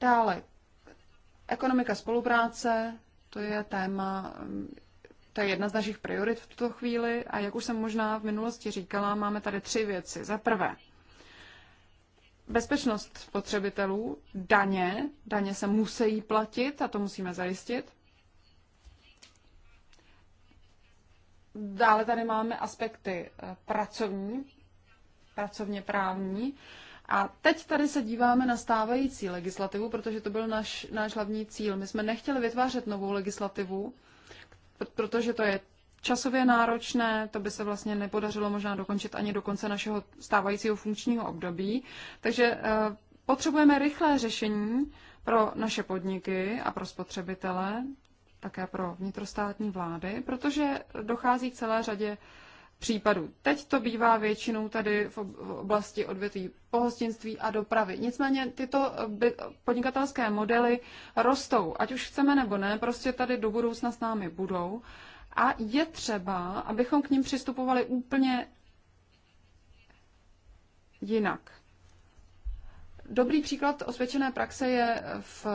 Dále, ekonomika spolupráce, to je téma, to je jedna z našich priorit v tuto chvíli a jak už jsem možná v minulosti říkala, máme tady tři věci. Za prvé, bezpečnost spotřebitelů, daně, daně se musí platit a to musíme zajistit. Dále tady máme aspekty eh, pracovní, pracovně právní. A teď tady se díváme na stávající legislativu, protože to byl náš, náš hlavní cíl. My jsme nechtěli vytvářet novou legislativu, protože to je časově náročné, to by se vlastně nepodařilo možná dokončit ani do konce našeho stávajícího funkčního období. Takže eh, potřebujeme rychlé řešení pro naše podniky a pro spotřebitele, také pro vnitrostátní vlády, protože dochází k celé řadě případů. Teď to bývá většinou tady v oblasti odvětví pohostinství a dopravy. Nicméně tyto eh, podnikatelské modely rostou, ať už chceme nebo ne, prostě tady do budoucna s námi budou. A je třeba, abychom k ním přistupovali úplně jinak. Dobrý příklad osvědčené praxe je v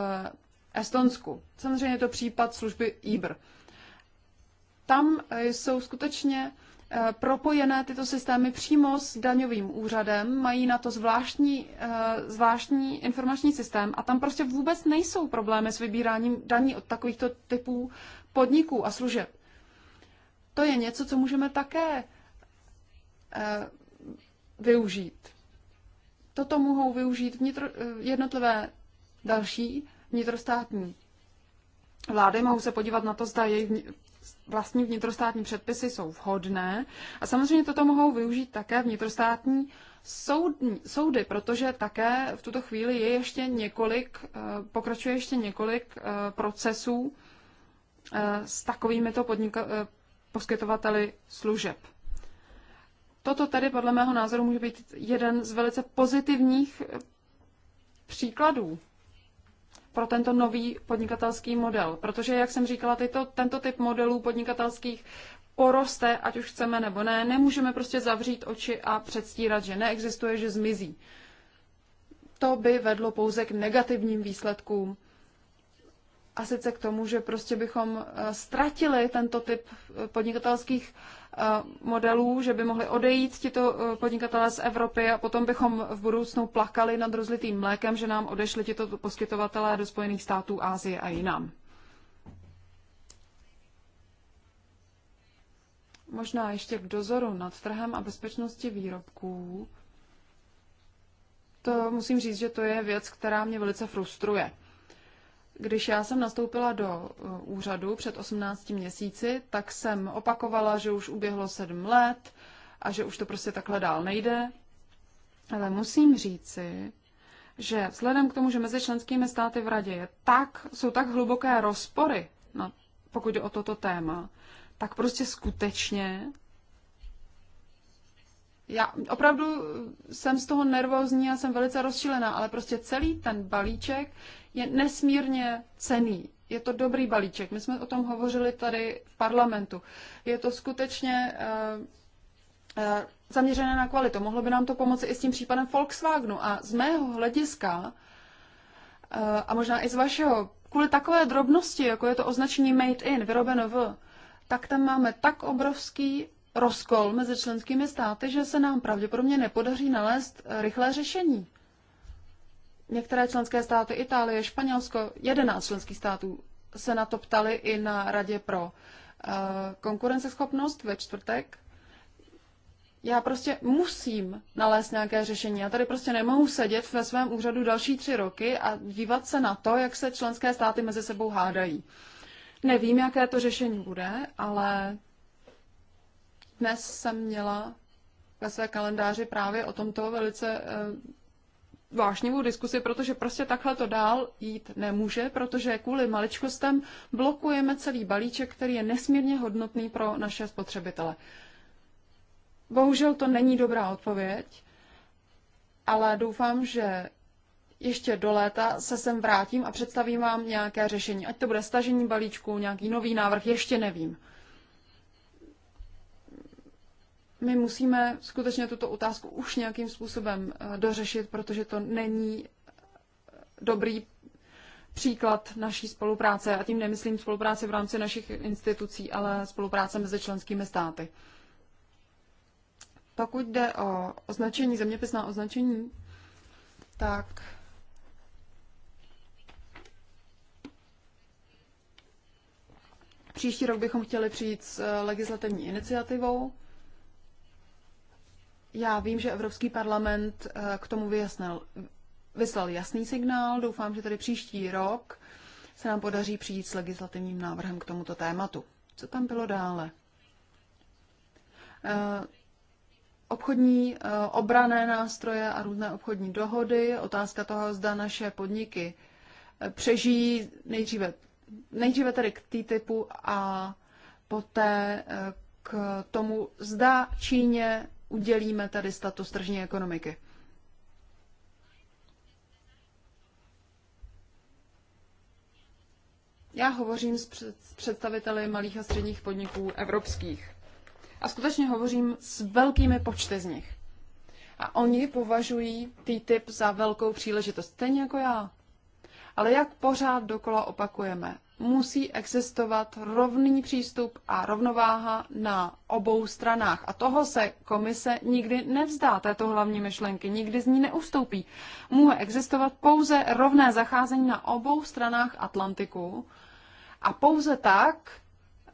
Estonsku. Samozřejmě je to případ služby IBR. Tam jsou skutečně Eh, propojené tyto systémy přímo s daňovým úřadem, mají na to zvláštní, eh, zvláštní informační systém a tam prostě vůbec nejsou problémy s vybíráním daní od takovýchto typů podniků a služeb. To je něco, co můžeme také eh, využít. Toto mohou využít vnitro, jednotlivé další vnitrostátní vlády mohou se podívat na to, zda jejich vlastní vnitrostátní předpisy jsou vhodné. A samozřejmě toto mohou využít také vnitrostátní soudní, soudy, protože také v tuto chvíli je ještě několik, eh, pokračuje ještě několik eh, procesů eh, s takovýmito podnika, poskytovateli služeb. Toto tedy podle mého názoru může být jeden z velice pozitivních příkladů pro tento nový podnikatelský model. Protože, jak jsem říkala, tyto, tento typ modelů podnikatelských poroste, ať už chceme nebo ne. Nemůžeme prostě zavřít oči a předstírat, že neexistuje, že zmizí. To by vedlo pouze k negativním výsledkům a sice k tomu, že prostě bychom eh, ztratili tento typ eh, podnikatelských eh, modelů, že by mohli odejít tito podnikatelé z Evropy a potom bychom v budoucnu plakali nad rozlitým mlékem, že nám odešli tito poskytovatelé do Spojených států, Ázie a jinam. Možná ještě k dozoru nad trhem a bezpečnosti výrobků. To musím říct, že to je věc, která mě velice frustruje když já jsem nastoupila do eh, úřadu před 18 měsíci, tak jsem opakovala, že už uběhlo 7 let a že už to prostě takhle dál nejde. Ale musím říci, že vzhledem k tomu, že mezi členskými státy v radě je tak, jsou tak hluboké rozpory, na, pokud jde o toto téma, tak prostě skutečně já opravdu eh, jsem z toho nervózní a jsem velice rozčilená, ale prostě celý ten balíček je nesmírně cený. Je to dobrý balíček. My jsme o tom hovořili tady v parlamentu. Je to skutečně eh, eh, zaměřené na kvalitu. Mohlo by nám to pomoci i s tím případem Volkswagenu. A z mého hlediska, eh, a možná i z vašeho, kvůli takové drobnosti, jako je to označení made in, vyrobeno v, tak tam máme tak obrovský rozkol mezi členskými státy, že se nám pravděpodobně nepodaří nalézt rychlé řešení. Některé členské státy, Itálie, Španělsko, 11 členských států se na to ptali i na Radě pro eh, konkurenceschopnost ve čtvrtek. Já prostě musím nalézt nějaké řešení. Já tady prostě nemohu sedět ve svém úřadu další tři roky a dívat se na to, jak se členské státy mezi sebou hádají. Nevím, jaké to řešení bude, ale dnes jsem měla ve své kalendáři právě o tomto velice eh, vášnivou diskusi, protože prostě takhle to dál jít nemůže, protože kvůli maličkostem blokujeme celý balíček, který je nesmírně hodnotný pro naše spotřebitele. Bohužel to není dobrá odpověď, ale doufám, že ještě do léta se sem vrátím a představím vám nějaké řešení. Ať to bude stažení balíčku, nějaký nový návrh, ještě nevím. my musíme skutečně tuto otázku už nějakým způsobem eh, dořešit, protože to není eh, dobrý příklad naší spolupráce. A tím nemyslím spolupráci v rámci našich institucí, ale spolupráce mezi členskými státy. Pokud jde o označení, zeměpisná označení, tak příští rok bychom chtěli přijít s eh, legislativní iniciativou, já vím, že Evropský parlament eh, k tomu vyjasnil, vyslal jasný signál. Doufám, že tady příští rok se nám podaří přijít s legislativním návrhem k tomuto tématu. Co tam bylo dále? Eh, obchodní eh, obrané nástroje a různé obchodní dohody. Otázka toho, zda naše podniky přežijí nejdříve, nejdříve tady k TTIPu a poté k tomu, zda Číně udělíme tady status tržní ekonomiky. Já hovořím s představiteli malých a středních podniků evropských. A skutečně hovořím s velkými počty z nich. A oni považují TTIP za velkou příležitost, stejně jako já. Ale jak pořád dokola opakujeme, musí existovat rovný přístup a rovnováha na obou stranách. A toho se komise nikdy nevzdá, této hlavní myšlenky, nikdy z ní neustoupí. Může existovat pouze rovné zacházení na obou stranách Atlantiku a pouze tak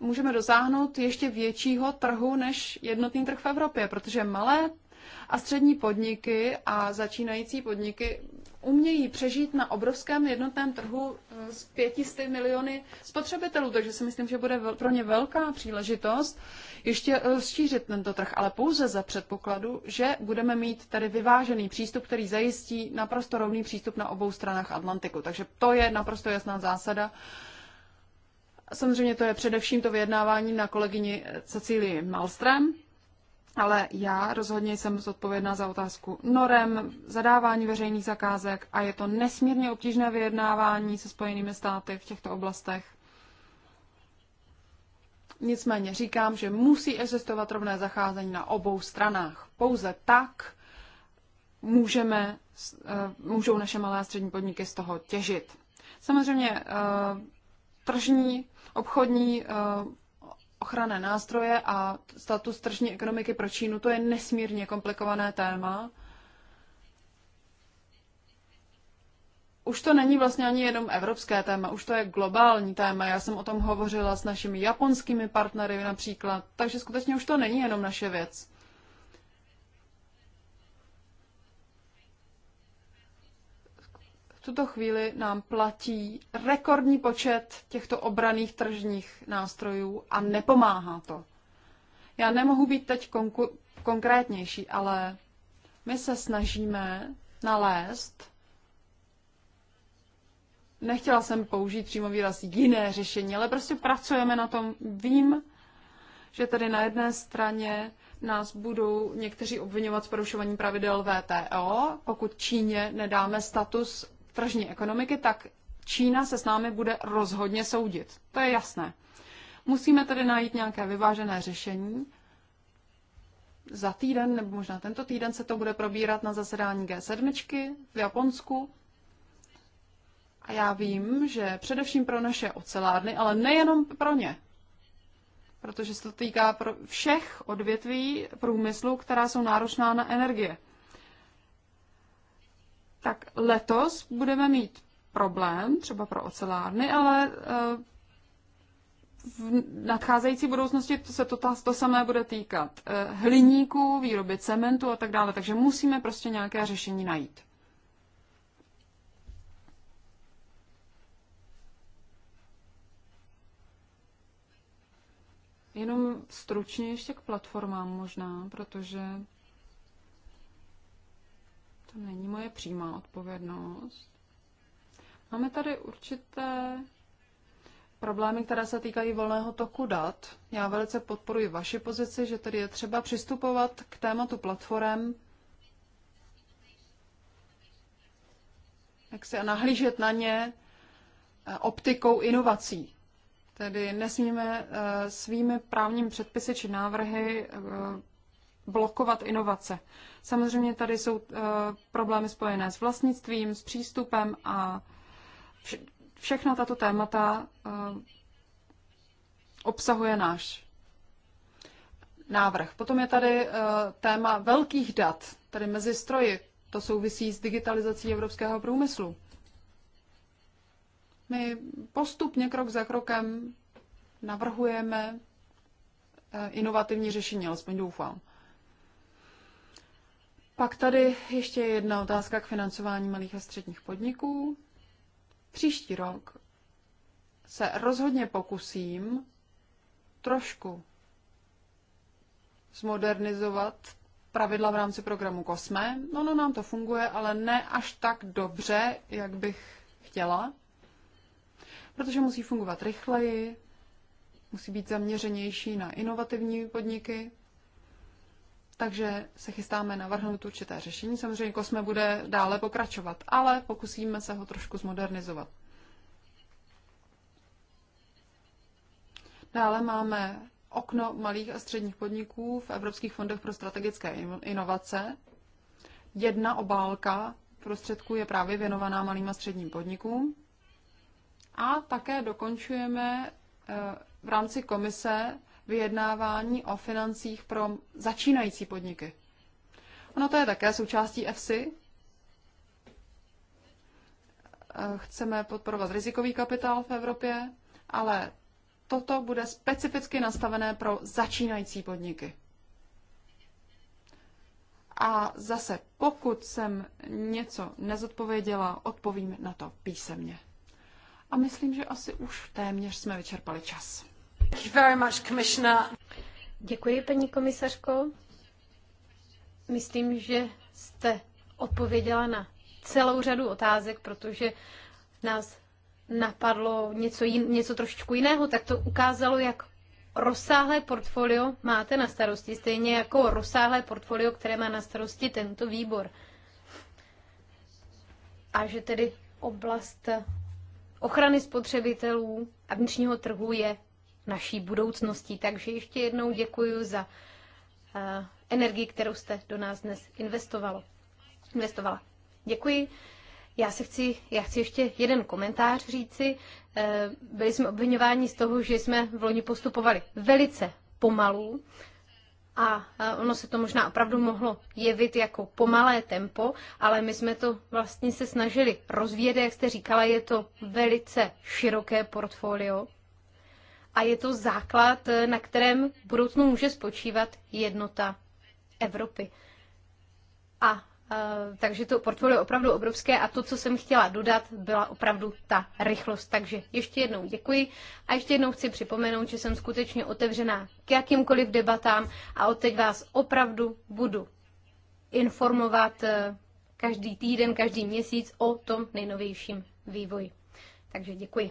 můžeme dosáhnout ještě většího trhu než jednotný trh v Evropě, protože malé a střední podniky a začínající podniky umějí přežít na obrovském jednotném trhu eh, s 500 miliony spotřebitelů, takže si myslím, že bude pro ně velká příležitost ještě eh, rozšířit tento trh, ale pouze za předpokladu, že budeme mít tady vyvážený přístup, který zajistí naprosto rovný přístup na obou stranách Atlantiku. Takže to je naprosto jasná zásada. Samozřejmě to je především to vyjednávání na kolegyni eh, Cecílii Malstrem, ale já rozhodně jsem zodpovědná za otázku norem, zadávání veřejných zakázek a je to nesmírně obtížné vyjednávání se Spojenými státy v těchto oblastech. Nicméně říkám, že musí existovat rovné zacházení na obou stranách. Pouze tak můžeme, eh, můžou naše malé a střední podniky z toho těžit. Samozřejmě eh, tržní, obchodní eh, ochranné nástroje a status tržní ekonomiky pro Čínu, to je nesmírně komplikované téma. Už to není vlastně ani jenom evropské téma, už to je globální téma. Já jsem o tom hovořila s našimi japonskými partnery například, takže skutečně už to není jenom naše věc. tuto chvíli nám platí rekordní počet těchto obraných tržních nástrojů a nepomáhá to. Já nemohu být teď konkrétnější, ale my se snažíme nalézt, nechtěla jsem použít přímo výraz jiné řešení, ale prostě pracujeme na tom. Vím, že tady na jedné straně nás budou někteří obvinovat z porušování pravidel VTO, pokud Číně nedáme status tržní ekonomiky, tak Čína se s námi bude rozhodně soudit. To je jasné. Musíme tedy najít nějaké vyvážené řešení. Za týden, nebo možná tento týden, se to bude probírat na zasedání G7 v Japonsku. A já vím, že především pro naše ocelárny, ale nejenom pro ně, protože se to týká pro všech odvětví průmyslu, která jsou náročná na energie tak letos budeme mít problém, třeba pro ocelárny, ale eh, v nadcházející budoucnosti to se to, to samé bude týkat eh, hliníku, výroby cementu a tak dále, takže musíme prostě nějaké řešení najít. Jenom stručně ještě k platformám možná, protože to není moje přímá odpovědnost. Máme tady určité problémy, které se týkají volného toku dat. Já velice podporuji vaši pozici, že tedy je třeba přistupovat k tématu platform jak se nahlížet na ně eh, optikou inovací. Tedy nesmíme eh, svými právními předpisy či návrhy eh, blokovat inovace. Samozřejmě tady jsou eh, problémy spojené s vlastnictvím, s přístupem a všechna tato témata eh, obsahuje náš návrh. Potom je tady eh, téma velkých dat, Tady mezi stroji. To souvisí s digitalizací evropského průmyslu. My postupně, krok za krokem, navrhujeme inovativní řešení, alespoň doufám. Pak tady ještě jedna otázka k financování malých a středních podniků. Příští rok se rozhodně pokusím trošku zmodernizovat pravidla v rámci programu Kosme. No, no, nám to funguje, ale ne až tak dobře, jak bych chtěla, protože musí fungovat rychleji, musí být zaměřenější na inovativní podniky, takže se chystáme navrhnout určité řešení. Samozřejmě Kosme bude dále pokračovat, ale pokusíme se ho trošku zmodernizovat. Dále máme okno malých a středních podniků v Evropských fondech pro strategické inovace. Jedna obálka prostředků je právě věnovaná malým a středním podnikům. A také dokončujeme eh, v rámci komise vyjednávání o financích pro začínající podniky. Ono to je také součástí EFSI. Eh, chceme podporovat rizikový kapitál v Evropě, ale toto bude specificky nastavené pro začínající podniky. A zase, pokud jsem něco nezodpověděla, odpovím na to písemně. A myslím, že asi už téměř jsme vyčerpali čas. Děkuji, paní komisařko. Myslím, že jste odpověděla na celou řadu otázek, protože nás napadlo něco, jin, něco trošičku jiného, tak to ukázalo, jak rozsáhlé portfolio máte na starosti, stejně jako rozsáhlé portfolio, které má na starosti tento výbor. A že tedy oblast ochrany spotřebitelů a vnitřního trhu je naší budoucností. Takže ještě jednou děkuji za eh, energii, kterou jste do nás dnes investovalo. investovala. Děkuji. Já, se chci, já chci ještě jeden komentář říci. Eh, byli jsme obvinováni z toho, že jsme v loni postupovali velice pomalu a eh, ono se to možná opravdu mohlo jevit jako pomalé tempo, ale my jsme to vlastně se snažili rozvíjet, jak jste říkala, je to velice široké portfolio a je to základ, na kterém v budoucnu může spočívat jednota Evropy. A e, takže to portfolio je opravdu obrovské a to, co jsem chtěla dodat, byla opravdu ta rychlost. Takže ještě jednou děkuji a ještě jednou chci připomenout, že jsem skutečně otevřená k jakýmkoliv debatám a od teď vás opravdu budu informovat e, každý týden, každý měsíc o tom nejnovějším vývoji. Takže děkuji.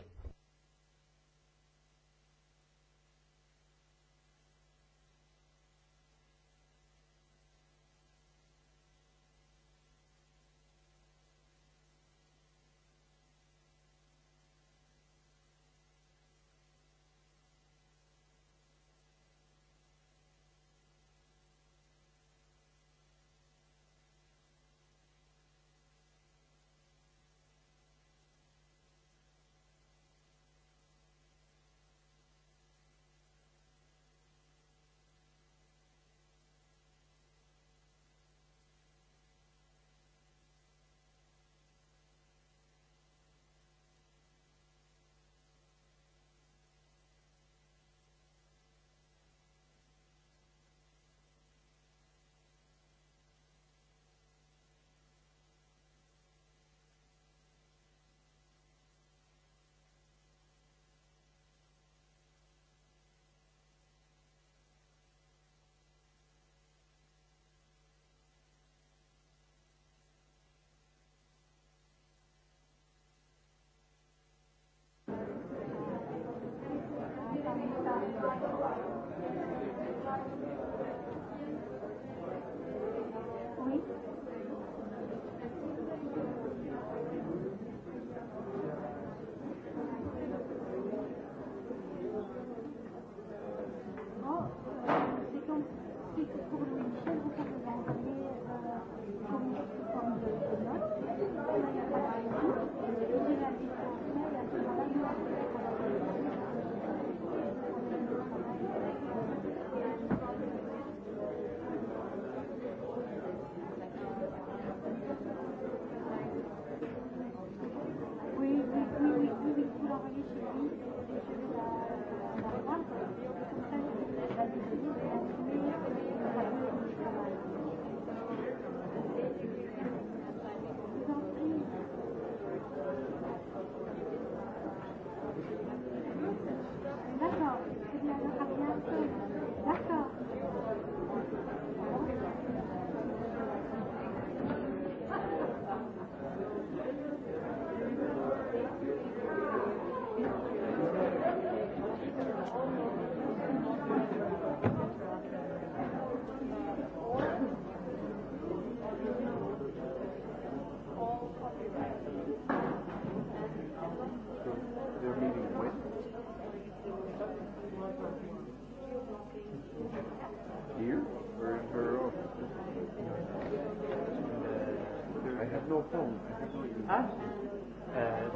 Här?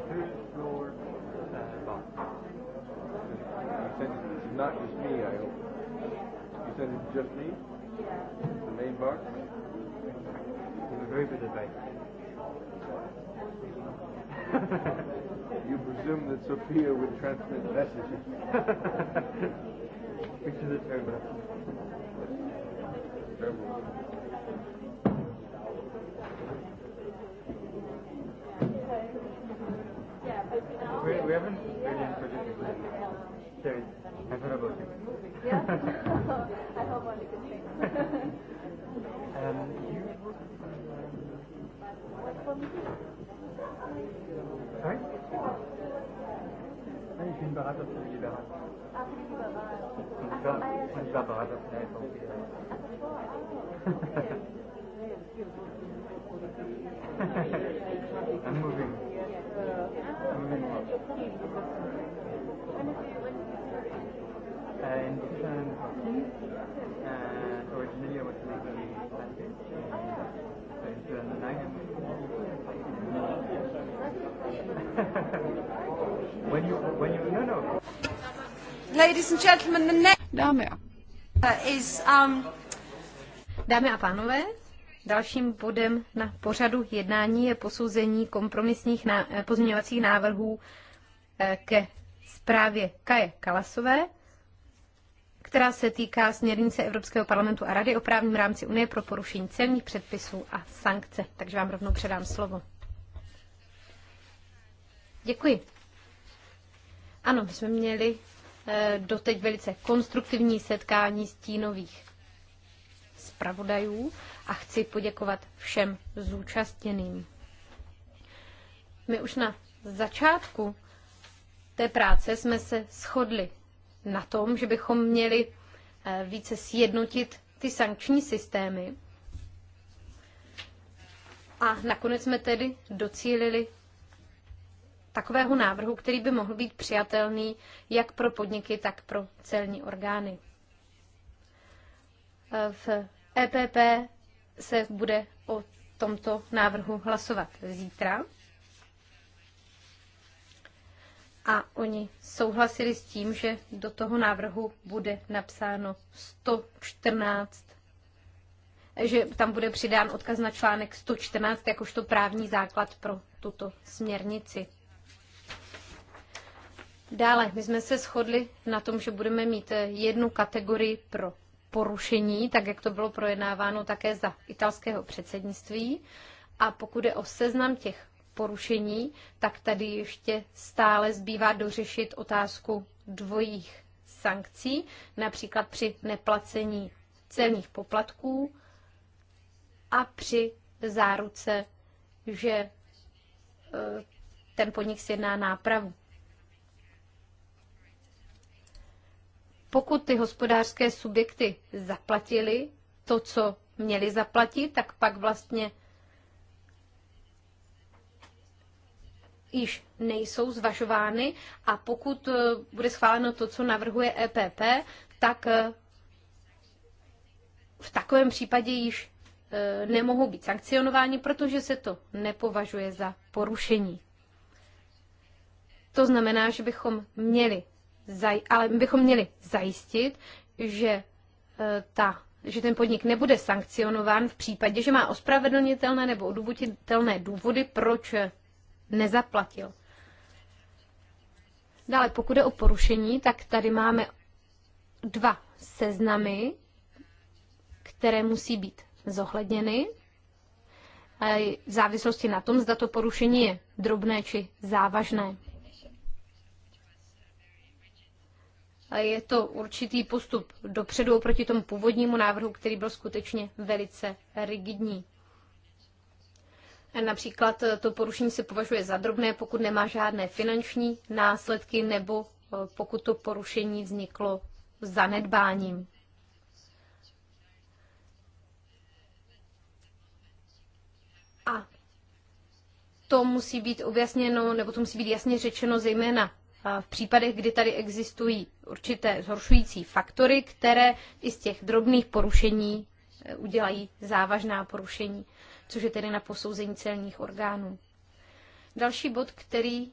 First floor bar. You said it's not just me, I hope. You said it's just me? Yeah. The main bar? It's a very good advice. you presume that Sophia would transmit messages. Which is a terrible. Terrible. We, we haven't really introduced it yet. So I've heard about it. Yeah? [laughs] I hope only good things. [laughs] um, you... Sorry? Nein, ich bin Berater für die Liberal. Ah, für die Liberal. Und ich war, und ich war Berater für die Liberal. Ladies and gentlemen, the next... Dámy a... Is, um... Dámy a pánové, dalším bodem na pořadu jednání je posouzení kompromisních na, eh, pozměňovacích návrhů eh, ke zprávě Kaje Kalasové, která se týká směrnice Evropského parlamentu a Rady o právním rámci Unie pro porušení celních předpisů a sankce. Takže vám rovnou předám slovo. Děkuji. Ano, my jsme měli Eh, doteď velice konstruktivní setkání stínových zpravodajů a chci poděkovat všem zúčastněným. My už na začátku té práce jsme se shodli na tom, že bychom měli eh, více sjednotit ty sankční systémy. A nakonec jsme tedy docílili takového návrhu, který by mohl být přijatelný jak pro podniky, tak pro celní orgány. V EPP se bude o tomto návrhu hlasovat zítra. A oni souhlasili s tím, že do toho návrhu bude napsáno 114, že tam bude přidán odkaz na článek 114 jakožto právní základ pro tuto směrnici. Dále, my jsme se shodli na tom, že budeme mít eh, jednu kategorii pro porušení, tak jak to bylo projednáváno také za italského předsednictví. A pokud je o seznam těch porušení, tak tady ještě stále zbývá dořešit otázku dvojích sankcí, například při neplacení celních poplatků a při záruce, že eh, ten podnik sjedná nápravu. pokud ty hospodářské subjekty zaplatily to, co měli zaplatit, tak pak vlastně již nejsou zvažovány a pokud eh, bude schváleno to, co navrhuje EPP, tak eh, v takovém případě již eh, nemohou být sankcionováni, protože se to nepovažuje za porušení. To znamená, že bychom měli ale my bychom měli zajistit, že e, ta že ten podnik nebude sankcionován v případě, že má ospravedlnitelné nebo odůvodnitelné důvody, proč nezaplatil. Dále, pokud je o porušení, tak tady máme dva seznamy, které musí být zohledněny e, v závislosti na tom, zda to porušení je drobné či závažné. je to určitý postup dopředu oproti tomu původnímu návrhu, který byl skutečně velice rigidní. Například to porušení se považuje za drobné, pokud nemá žádné finanční následky nebo eh, pokud to porušení vzniklo zanedbáním. A to musí být objasněno, nebo to musí být jasně řečeno zejména v případech, kdy tady existují určité zhoršující faktory, které i z těch drobných porušení eh, udělají závažná porušení, což je tedy na posouzení celních orgánů. Další bod, který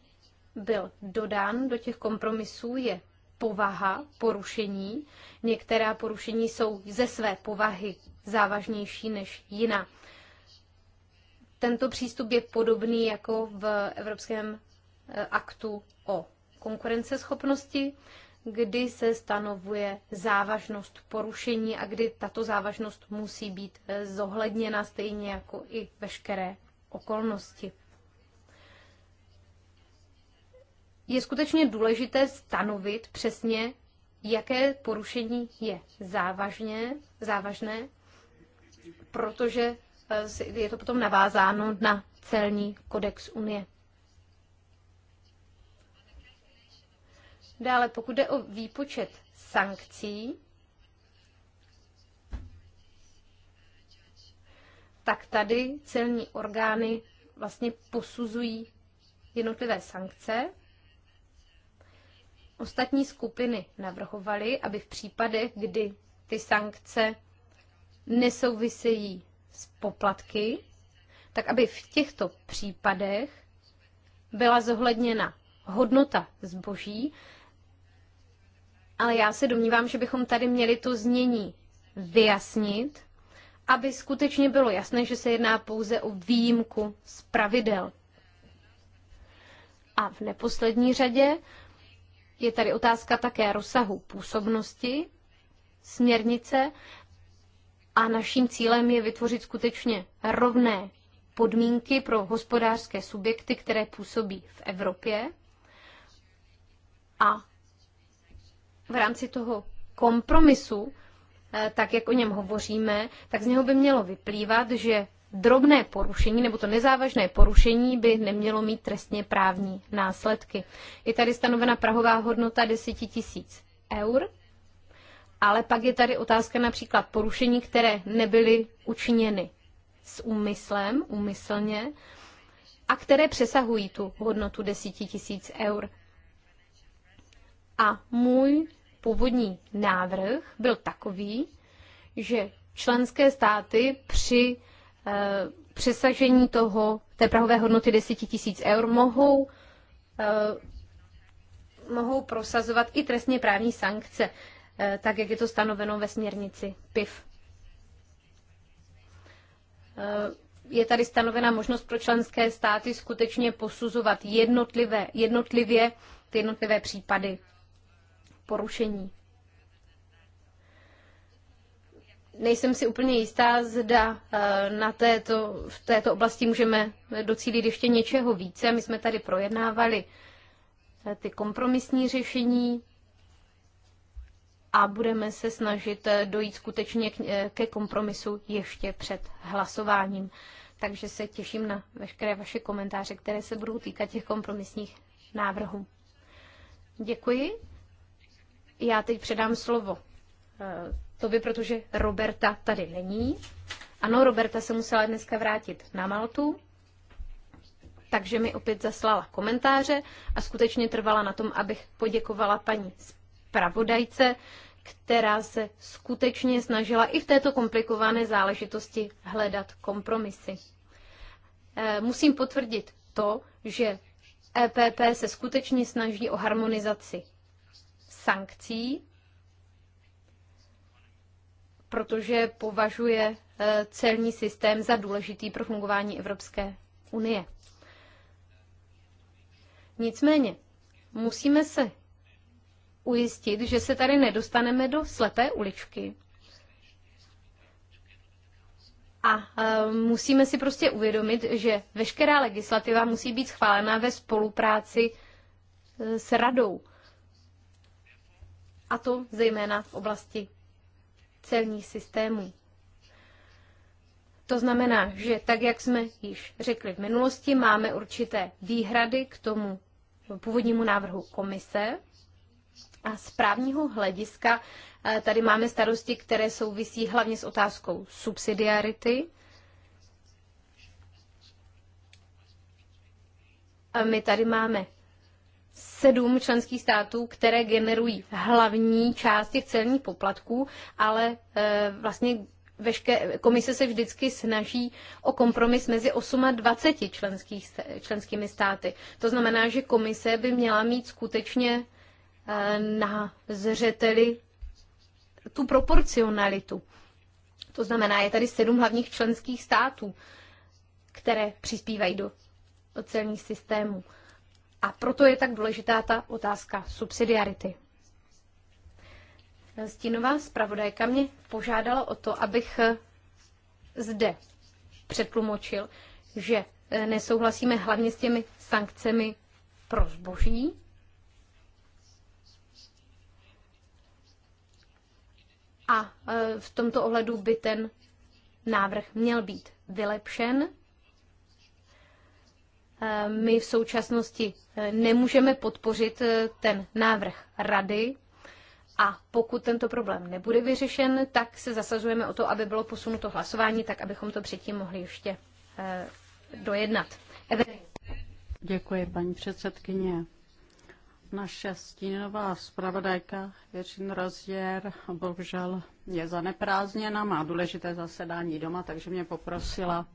byl dodán do těch kompromisů, je povaha porušení. Některá porušení jsou ze své povahy závažnější než jiná. Tento přístup je podobný jako v Evropském eh, aktu o konkurenceschopnosti, kdy se stanovuje závažnost porušení a kdy tato závažnost musí být eh, zohledněna stejně jako i veškeré okolnosti. Je skutečně důležité stanovit přesně, jaké porušení je závažně, závažné, protože eh, je to potom navázáno na celní kodex Unie. Dále, pokud jde o výpočet sankcí, tak tady celní orgány vlastně posuzují jednotlivé sankce. Ostatní skupiny navrhovaly, aby v případech, kdy ty sankce nesouvisejí s poplatky, tak aby v těchto případech byla zohledněna hodnota zboží ale já se domnívám, že bychom tady měli to znění vyjasnit, aby skutečně bylo jasné, že se jedná pouze o výjimku z pravidel. A v neposlední řadě je tady otázka také rozsahu působnosti směrnice a naším cílem je vytvořit skutečně rovné podmínky pro hospodářské subjekty, které působí v Evropě a v rámci toho kompromisu, eh, tak jak o něm hovoříme, tak z něho by mělo vyplývat, že drobné porušení nebo to nezávažné porušení by nemělo mít trestně právní následky. Je tady stanovena prahová hodnota 10 tisíc eur, ale pak je tady otázka například porušení, které nebyly učiněny s úmyslem, úmyslně, a které přesahují tu hodnotu 10 tisíc eur. A můj původní návrh byl takový, že členské státy při e, přesažení toho, té prahové hodnoty 10 tisíc eur mohou, e, mohou prosazovat i trestně právní sankce, e, tak jak je to stanoveno ve směrnici PIF. E, je tady stanovena možnost pro členské státy skutečně posuzovat jednotlivé, jednotlivě ty jednotlivé případy porušení. Nejsem si úplně jistá, zda eh, na této, v této oblasti můžeme docílit ještě něčeho více. My jsme tady projednávali eh, ty kompromisní řešení a budeme se snažit eh, dojít skutečně ke kompromisu ještě před hlasováním. Takže se těším na veškeré vaše komentáře, které se budou týkat těch kompromisních návrhů. Děkuji. Já teď předám slovo eh, tobě, protože Roberta tady není. Ano, Roberta se musela dneska vrátit na Maltu, takže mi opět zaslala komentáře a skutečně trvala na tom, abych poděkovala paní zpravodajce, která se skutečně snažila i v této komplikované záležitosti hledat kompromisy. Eh, musím potvrdit to, že EPP se skutečně snaží o harmonizaci sankcí, protože považuje eh, celní systém za důležitý pro fungování Evropské unie. Nicméně musíme se ujistit, že se tady nedostaneme do slepé uličky. A eh, musíme si prostě uvědomit, že veškerá legislativa musí být schválená ve spolupráci eh, s radou a to zejména v oblasti celních systémů. To znamená, že tak, jak jsme již řekli v minulosti, máme určité výhrady k tomu původnímu návrhu komise. A z právního hlediska eh, tady máme starosti, které souvisí hlavně s otázkou subsidiarity. A my tady máme sedm členských států, které generují hlavní část těch celních poplatků, ale e, vlastně veške, komise se vždycky snaží o kompromis mezi 28 členských, členskými státy. To znamená, že komise by měla mít skutečně e, na zřeteli tu proporcionalitu. To znamená, je tady sedm hlavních členských států, které přispívají do celních systémů. A proto je tak důležitá ta otázka subsidiarity. Stínová zpravodajka mě požádala o to, abych eh, zde přetlumočil, že eh, nesouhlasíme hlavně s těmi sankcemi pro zboží, a eh, v tomto ohledu by ten návrh měl být vylepšen my v současnosti e, nemůžeme podpořit e, ten návrh rady a pokud tento problém nebude vyřešen, tak se zasazujeme o to, aby bylo posunuto hlasování, tak abychom to předtím mohli ještě e, dojednat. Děkuji, paní předsedkyně. Naše stínová zpravodajka Věřin Rozděr bohužel je zaneprázdněna, má důležité zasedání doma, takže mě poprosila,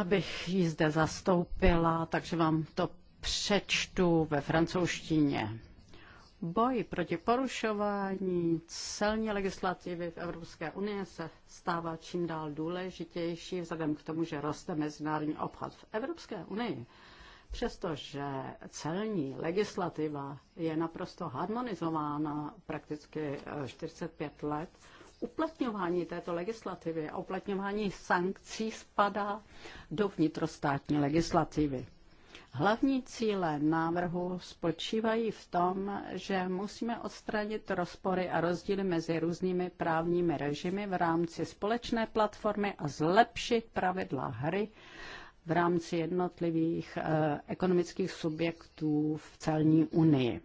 abych ji zde zastoupila, takže vám to přečtu ve francouzštině. Boj proti porušování celní legislativy v Evropské unii se stává čím dál důležitější vzhledem k tomu, že roste mezinárodní obchod v Evropské unii. Přestože celní legislativa je naprosto harmonizována prakticky 45 let, uplatňování této legislativy a uplatňování sankcí spadá do vnitrostátní legislativy. Hlavní cíle návrhu spočívají v tom, že musíme odstranit rozpory a rozdíly mezi různými právními režimy v rámci společné platformy a zlepšit pravidla hry v rámci jednotlivých eh, ekonomických subjektů v celní unii.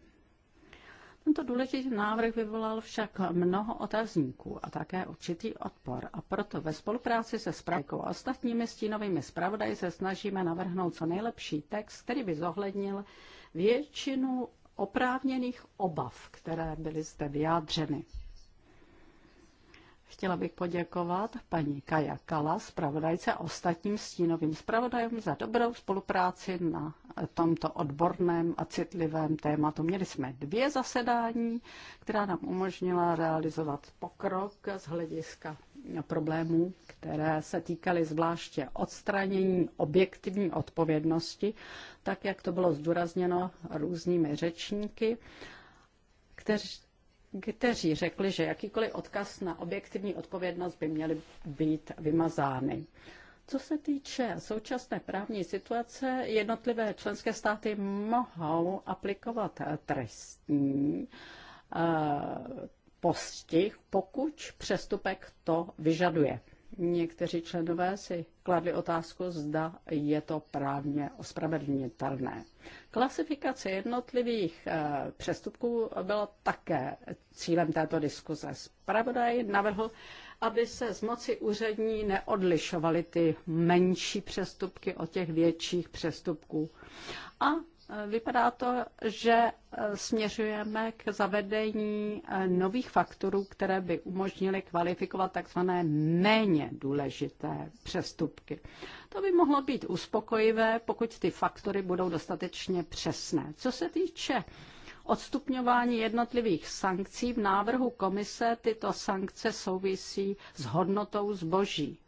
Tento důležitý návrh vyvolal však mnoho otazníků a také určitý odpor a proto ve spolupráci se zpravodajkou a ostatními stínovými zpravodaji se snažíme navrhnout co nejlepší text, který by zohlednil většinu oprávněných obav, které byly zde vyjádřeny. Chtěla bych poděkovat paní Kaja Kala, zpravodajce a ostatním stínovým zpravodajům za dobrou spolupráci na tomto odborném a citlivém tématu. Měli jsme dvě zasedání, která nám umožnila realizovat pokrok z hlediska problémů, které se týkaly zvláště odstranění objektivní odpovědnosti, tak jak to bylo zdůrazněno různými řečníky kteří kteří řekli, že jakýkoliv odkaz na objektivní odpovědnost by měly být vymazány. Co se týče současné právní situace, jednotlivé členské státy mohou aplikovat trestní eh, postih, pokud přestupek to vyžaduje. Někteří členové si kladli otázku, zda je to právně ospravedlnitelné. Klasifikace jednotlivých eh, přestupků byla také cílem této diskuze. Spravodaj navrhl, aby se z moci úřední neodlišovaly ty menší přestupky od těch větších přestupků. A Vypadá to, že e, směřujeme k zavedení e, nových faktorů, které by umožnily kvalifikovat takzvané méně důležité přestupky. To by mohlo být uspokojivé, pokud ty faktory budou dostatečně přesné. Co se týče odstupňování jednotlivých sankcí, v návrhu komise tyto sankce souvisí s hodnotou zboží.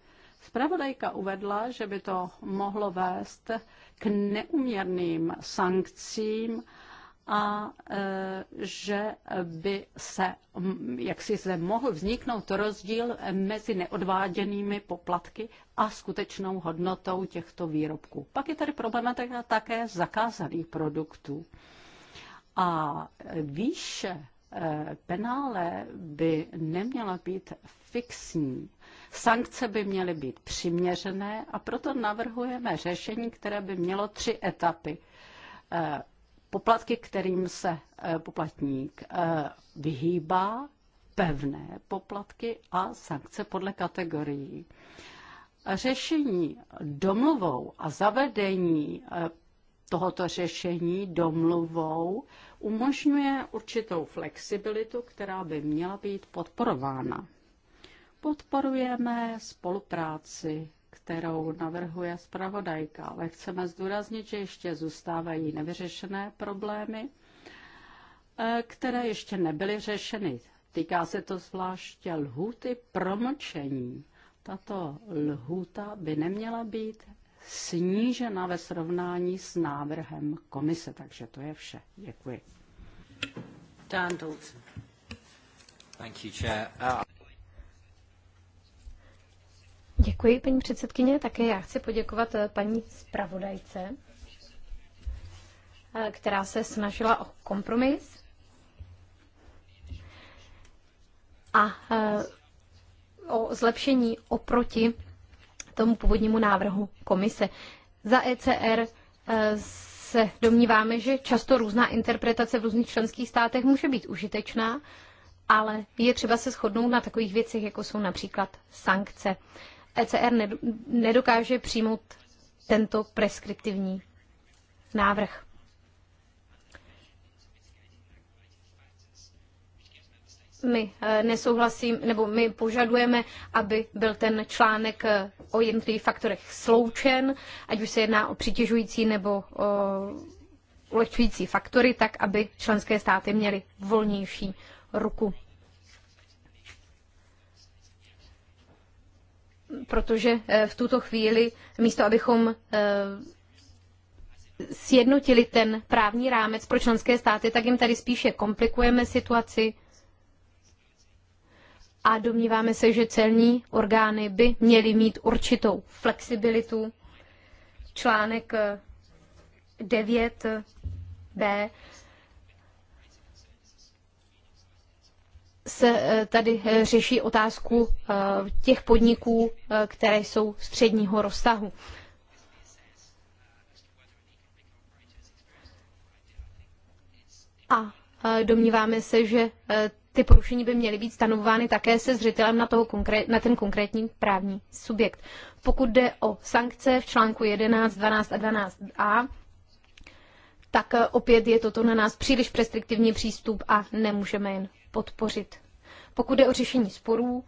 Spravodajka uvedla, že by to mohlo vést k neuměrným sankcím a e, že by se, jak si se mohl vzniknout rozdíl mezi neodváděnými poplatky a skutečnou hodnotou těchto výrobků. Pak je tady problematika také zakázaných produktů. A výše e, penále by neměla být fixní. Sankce by měly být přiměřené a proto navrhujeme řešení, které by mělo tři etapy. Eh, poplatky, kterým se eh, poplatník eh, vyhýbá, pevné poplatky a sankce podle kategorií. Řešení domluvou a zavedení tohoto řešení domluvou umožňuje určitou flexibilitu, která by měla být podporována. Podporujeme spolupráci, kterou navrhuje zpravodajka, ale chceme zdůraznit, že ještě zůstávají nevyřešené problémy, eh, které ještě nebyly řešeny. Týká se to zvláště lhuty promlčení. Tato lhuta by neměla být snížena ve srovnání s návrhem komise. Takže to je vše. Děkuji. Dan Dalton. Thank you, Chair. Uh... Děkuji, paní předsedkyně. Také já chci poděkovat eh, paní zpravodajce, eh, která se snažila o kompromis. A eh, o zlepšení oproti tomu původnímu návrhu komise. Za ECR se domníváme, že často různá interpretace v různých členských státech může být užitečná, ale je třeba se shodnout na takových věcech, jako jsou například sankce. ECR nedokáže přijmout tento preskriptivní návrh. My eh, nesouhlasím, nebo my požadujeme, aby byl ten článek eh, o jednotlivých faktorech sloučen, ať už se jedná o přitěžující nebo o eh, ulehčující faktory, tak aby členské státy měly volnější ruku. protože eh, v tuto chvíli místo, abychom eh, sjednotili ten právní rámec pro členské státy, tak jim tady spíše komplikujeme situaci a domníváme se, že celní orgány by měly mít určitou flexibilitu. Článek 9b eh, se eh, tady eh, řeší otázku eh, těch podniků, které jsou středního rozsahu. A domníváme se, že ty porušení by měly být stanovovány také se zřetelem na, toho na ten konkrétní právní subjekt. Pokud jde o sankce v článku 11, 12 a 12a, tak opět je toto na nás příliš restriktivní přístup a nemůžeme jen podpořit. Pokud je o řešení sporů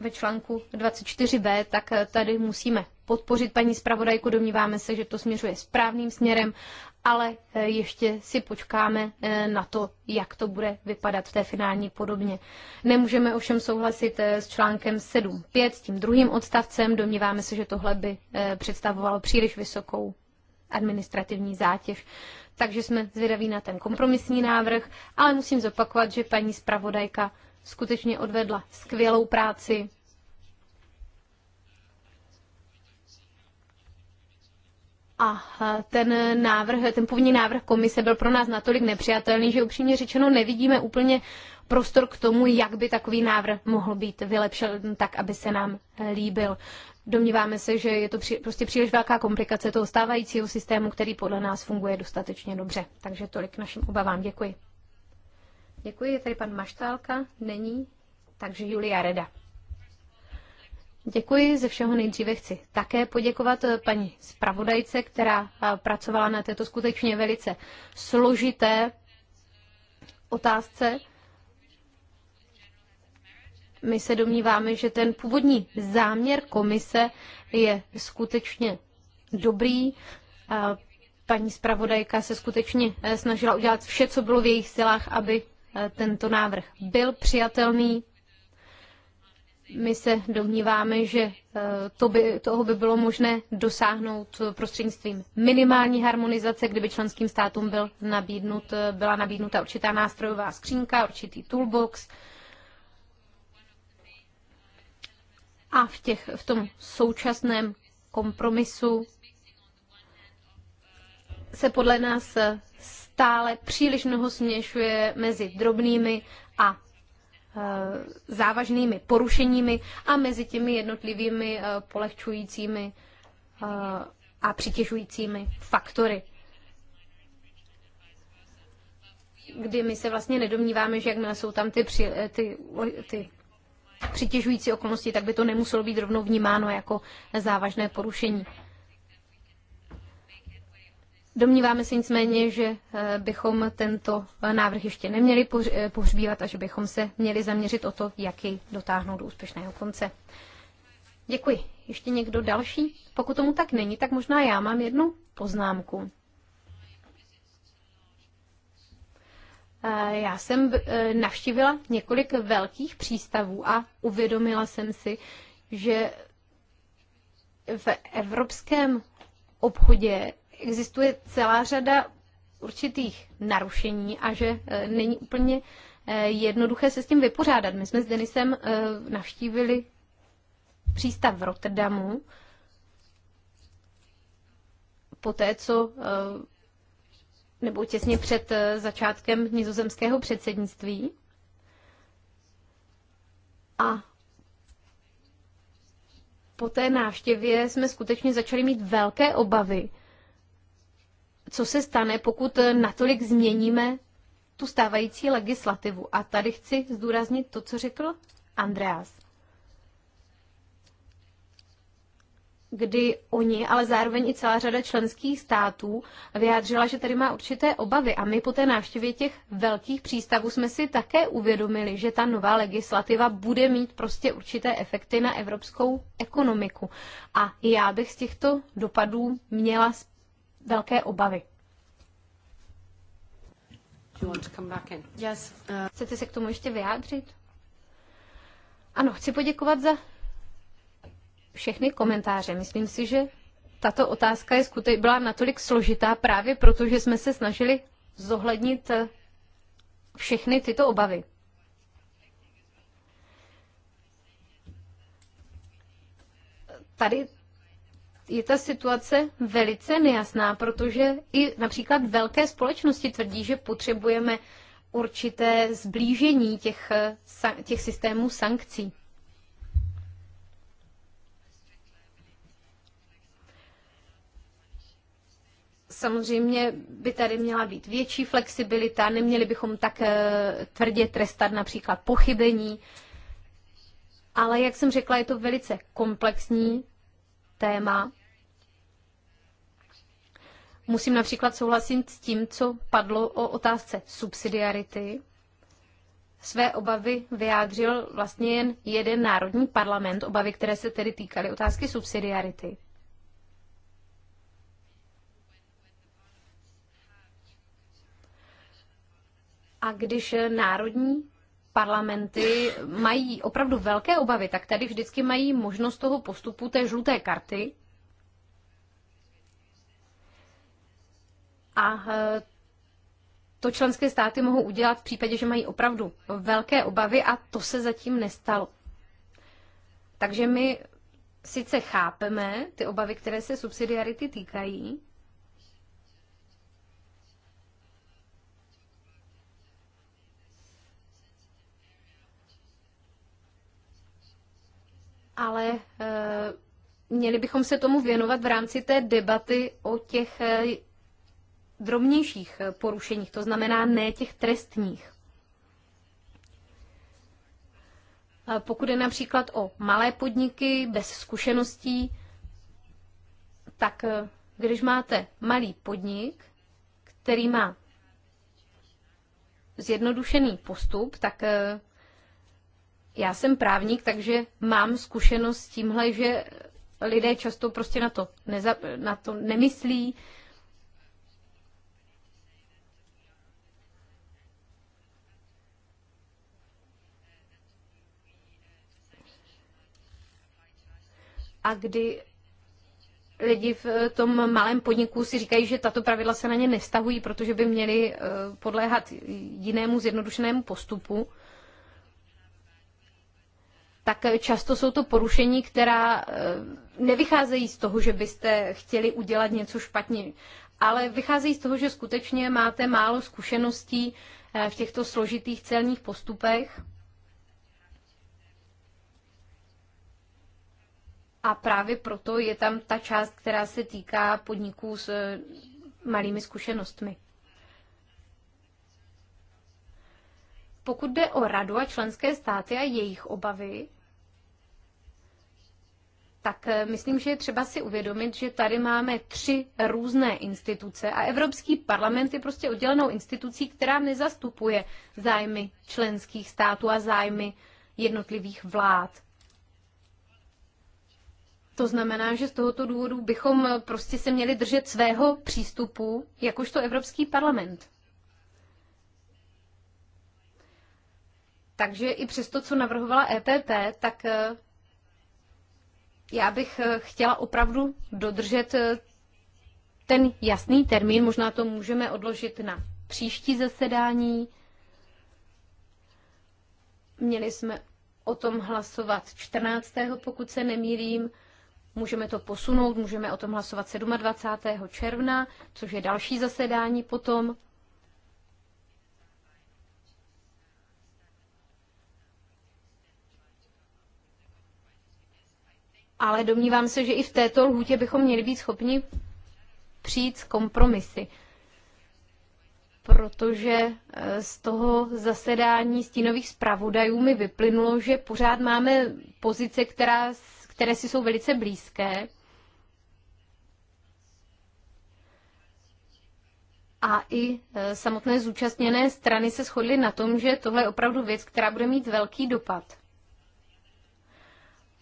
ve článku 24b, tak eh, tady musíme podpořit paní zpravodajku. Domníváme se, že to směřuje správným směrem, ale eh, ještě si počkáme eh, na to, jak to bude vypadat v té finální podobně. Nemůžeme ovšem souhlasit s článkem 7.5, s tím druhým odstavcem. Domníváme se, že tohle by představovalo příliš vysokou administrativní zátěž. Takže jsme zvědaví na ten kompromisní návrh, ale musím zopakovat, že paní zpravodajka skutečně odvedla skvělou práci A ten návrh, ten původní návrh komise byl pro nás natolik nepřijatelný, že upřímně řečeno nevidíme úplně prostor k tomu, jak by takový návrh mohl být vylepšen tak, aby se nám líbil. Domníváme se, že je to při, prostě příliš velká komplikace toho stávajícího systému, který podle nás funguje dostatečně dobře. Takže tolik našim obavám. Děkuji. Děkuji. Je tady pan Maštálka? Není. Takže Julia Reda. Děkuji, ze všeho nejdříve chci také poděkovat eh, paní zpravodajce, která eh, pracovala na této skutečně velice složité otázce. My se domníváme, že ten původní záměr komise je skutečně dobrý. Paní zpravodajka se skutečně eh, snažila udělat vše, co bylo v jejich silách, aby tento návrh byl přijatelný my se domníváme, že eh, to by, toho by bylo možné dosáhnout prostřednictvím minimální harmonizace, kdyby členským státům byl nabídnut, eh, byla nabídnuta určitá nástrojová skřínka, určitý toolbox. A v, těch, v tom současném kompromisu se podle nás eh, stále příliš mnoho směšuje mezi drobnými a Eh, závažnými porušeními a mezi těmi jednotlivými eh, polehčujícími eh, a přitěžujícími faktory. Kdy my se vlastně nedomníváme, že jakmile jsou tam ty, při, ty, ty přitěžující okolnosti, tak by to nemuselo být rovnou vnímáno jako závažné porušení. Domníváme se nicméně, že eh, bychom tento eh, návrh ještě neměli eh, pohřbívat a že bychom se měli zaměřit o to, jak ji dotáhnout do úspěšného konce. Děkuji. Ještě někdo další? Pokud tomu tak není, tak možná já mám jednu poznámku. Já jsem navštívila několik velkých přístavů a uvědomila jsem si, že v evropském obchodě existuje celá řada určitých narušení a že e, není úplně e, jednoduché se s tím vypořádat. My jsme s Denisem e, navštívili přístav v Rotterdamu, po té, co nebo těsně před začátkem nizozemského předsednictví. A po té návštěvě jsme skutečně začali mít velké obavy, co se stane, pokud natolik změníme tu stávající legislativu. A tady chci zdůraznit to, co řekl Andreas. kdy oni, ale zároveň i celá řada členských států vyjádřila, že tady má určité obavy. A my po té návštěvě těch velkých přístavů jsme si také uvědomili, že ta nová legislativa bude mít prostě určité efekty na evropskou ekonomiku. A já bych z těchto dopadů měla velké obavy. Uh, Chcete se k tomu ještě vyjádřit? Ano, chci poděkovat za všechny komentáře. Myslím si, že tato otázka je skutečně byla natolik složitá právě proto, že jsme se snažili zohlednit eh, všechny tyto obavy. Tady je ta situace velice nejasná, protože i například velké společnosti tvrdí, že potřebujeme určité zblížení těch, eh, těch systémů sankcí. Samozřejmě by tady měla být větší flexibilita, neměli bychom tak eh, tvrdě trestat například pochybení, ale jak jsem řekla, je to velice komplexní téma. Musím například souhlasit s tím, co padlo o otázce subsidiarity. Své obavy vyjádřil vlastně jen jeden národní parlament, obavy, které se tedy týkaly otázky subsidiarity. A když národní parlamenty mají opravdu velké obavy, tak tady vždycky mají možnost toho postupu té žluté karty. A e, to členské státy mohou udělat v případě, že mají opravdu velké obavy a to se zatím nestalo. Takže my sice chápeme ty obavy, které se subsidiarity týkají, měli bychom se tomu věnovat v rámci té debaty o těch eh, drobnějších eh, porušeních, to znamená ne těch trestních. Pokud je například o malé podniky bez zkušeností, tak eh, když máte malý podnik, který má zjednodušený postup, tak já jsem právník, takže mám zkušenost s tímhle, že lidé často prostě na to, neza, na to nemyslí. A kdy lidi v tom malém podniku si říkají, že tato pravidla se na ně nestahují, protože by měli eh, podléhat jinému zjednodušenému postupu, tak často jsou to porušení, která eh, nevycházejí z toho, že byste chtěli udělat něco špatně, ale vycházejí z toho, že skutečně máte málo zkušeností eh, v těchto složitých celních postupech. A právě proto je tam ta část, která se týká podniků s eh, malými zkušenostmi. pokud jde o radu a členské státy a jejich obavy, tak eh, myslím, že je třeba si uvědomit, že tady máme tři různé instituce a Evropský parlament je prostě oddělenou institucí, která nezastupuje zájmy členských států a zájmy jednotlivých vlád. To znamená, že z tohoto důvodu bychom eh, prostě se měli držet svého přístupu jakožto Evropský parlament. Takže i přes to, co navrhovala EPP, tak eh, já bych eh, chtěla opravdu dodržet eh, ten jasný termín. Možná to můžeme odložit na příští zasedání. Měli jsme o tom hlasovat 14. pokud se nemýlím. Můžeme to posunout, můžeme o tom hlasovat 27. června, což je další zasedání potom. ale domnívám se, že i v této lhůtě bychom měli být schopni přijít s kompromisy. Protože e, z toho zasedání stínových zpravodajů mi vyplynulo, že pořád máme pozice, která, které si jsou velice blízké. A i e, samotné zúčastněné strany se shodly na tom, že tohle je opravdu věc, která bude mít velký dopad.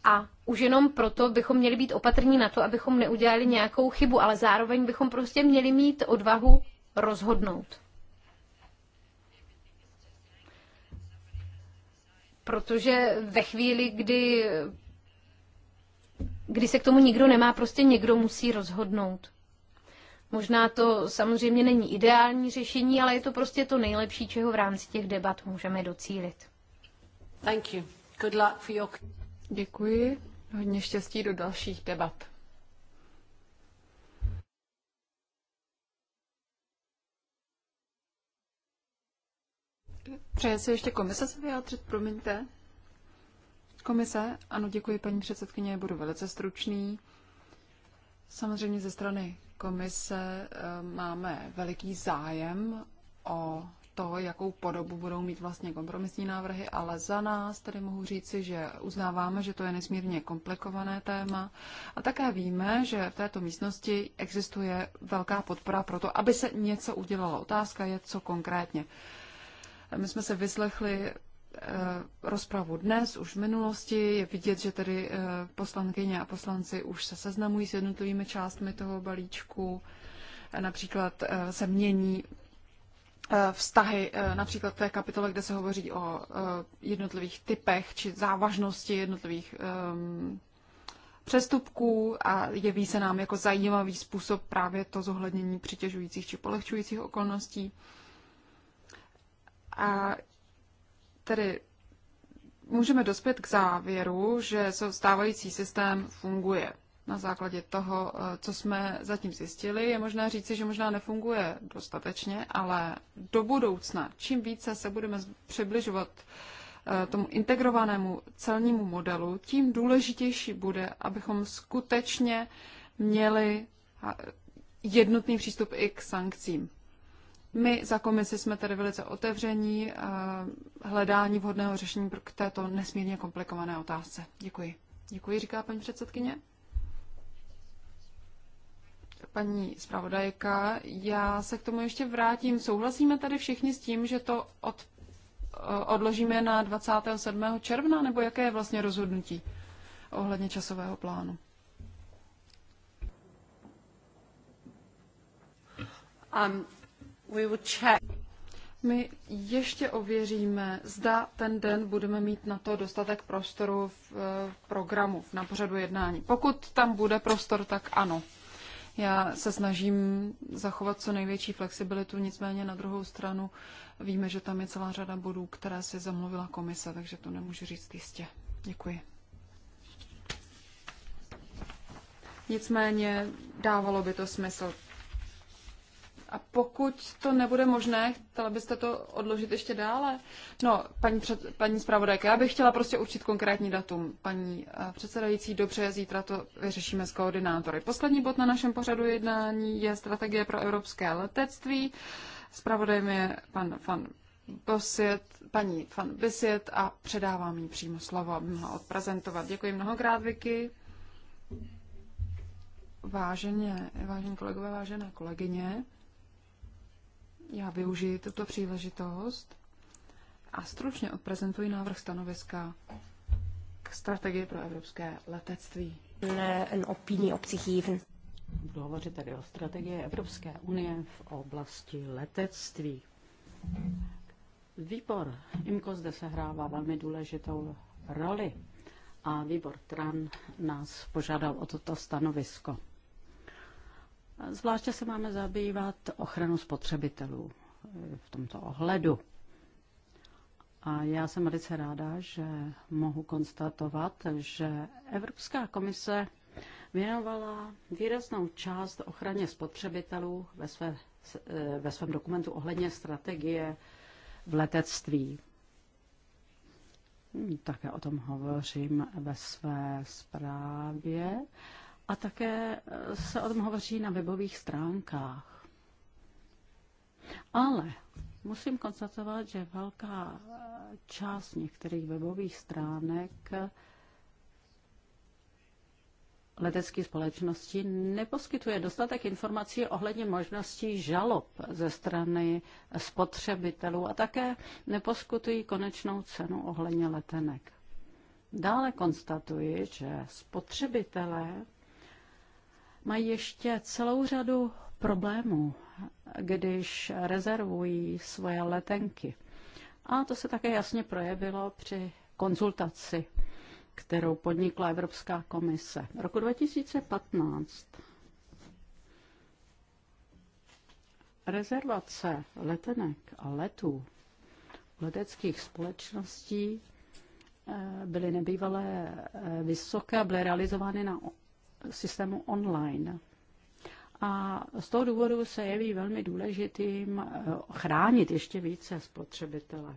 A už jenom proto bychom měli být opatrní na to, abychom neudělali nějakou chybu, ale zároveň bychom prostě měli mít odvahu rozhodnout. Protože ve chvíli, kdy, kdy se k tomu nikdo nemá, prostě někdo musí rozhodnout. Možná to samozřejmě není ideální řešení, ale je to prostě to nejlepší, čeho v rámci těch debat můžeme docílit. Thank you. Good luck for your... Děkuji. Hodně štěstí do dalších debat. Přeje se ještě komise se vyjádřit, promiňte. Komise, ano, děkuji paní předsedkyně, budu velice stručný. Samozřejmě ze strany komise eh, máme veliký zájem o to, jakou podobu budou mít vlastně kompromisní návrhy, ale za nás tady mohu říci, že uznáváme, že to je nesmírně komplikované téma a také víme, že v této místnosti existuje velká podpora pro to, aby se něco udělalo. Otázka je, co konkrétně. My jsme se vyslechli eh, rozpravu dnes, už v minulosti. Je vidět, že tedy eh, poslankyně a poslanci už se seznamují s jednotlivými částmi toho balíčku. Například eh, se mění Eh, vztahy, eh, například té kapitole, kde se hovoří o eh, jednotlivých typech či závažnosti jednotlivých ehm, přestupků a jeví se nám jako zajímavý způsob právě to zohlednění přitěžujících či polehčujících okolností. A tedy můžeme dospět k závěru, že stávající systém funguje na základě toho, eh, co jsme zatím zjistili, je možné říci, že možná nefunguje dostatečně, ale do budoucna, čím více se budeme přibližovat eh, tomu integrovanému celnímu modelu, tím důležitější bude, abychom skutečně měli eh, jednotný přístup i k sankcím. My za komisi jsme tady velice otevření hledání vhodného řešení k této nesmírně komplikované otázce. Děkuji. Děkuji, říká paní předsedkyně paní zpravodajka. Já se k tomu ještě vrátím. Souhlasíme tady všichni s tím, že to od, eh, odložíme na 27. června, nebo jaké je vlastně rozhodnutí ohledně časového plánu? Um, we will check. My ještě ověříme, zda ten den budeme mít na to dostatek prostoru v eh, programu, na pořadu jednání. Pokud tam bude prostor, tak ano. Já se snažím zachovat co největší flexibilitu, nicméně na druhou stranu víme, že tam je celá řada bodů, které si zamluvila komise, takže to nemůžu říct jistě. Děkuji. Nicméně dávalo by to smysl a pokud to nebude možné, chtěla byste to odložit ještě dále? No, paní, před, paní zpravodajka, já bych chtěla prostě určit konkrétní datum. Paní eh, předsedající, dobře, zítra to vyřešíme s koordinátory. Poslední bod na našem pořadu jednání je strategie pro evropské letectví. Zpravodajem je pan Fan Bosiet, paní Van Bisiet a předávám jí přímo slovo, aby mohla odprezentovat. Děkuji mnohokrát, Vicky. Váženě, vážení kolegové, vážené kolegyně, já využiji tuto příležitost a stručně odprezentuji návrh stanoviska k strategii pro evropské letectví. An opinii obzichíven. Budu hovořit tady o strategii Evropské unie v oblasti letectví. Výbor IMCO zde sehrává velmi důležitou roli a výbor TRAN nás požádal o toto stanovisko. Zvláště se máme zabývat ochranu spotřebitelů eh, v tomto ohledu. A já jsem velice ráda, že mohu konstatovat, že Evropská komise věnovala výraznou část ochraně spotřebitelů ve, své, eh, ve svém dokumentu ohledně strategie v letectví. Také o tom hovořím ve své zprávě. A také eh, se o tom hovoří na webových stránkách. Ale musím konstatovat, že velká eh, část některých webových stránek eh, letecké společnosti neposkytuje dostatek informací ohledně možností žalob ze strany spotřebitelů a také neposkytují konečnou cenu ohledně letenek. Dále konstatuji, že spotřebitelé mají ještě celou řadu problémů, když rezervují svoje letenky. A to se také jasně projevilo při konzultaci, kterou podnikla Evropská komise. V roku 2015 rezervace letenek a letů leteckých společností eh, byly nebývalé eh, vysoké a byly realizovány na systému online. A z toho důvodu se jeví velmi důležitým eh, chránit ještě více spotřebitele.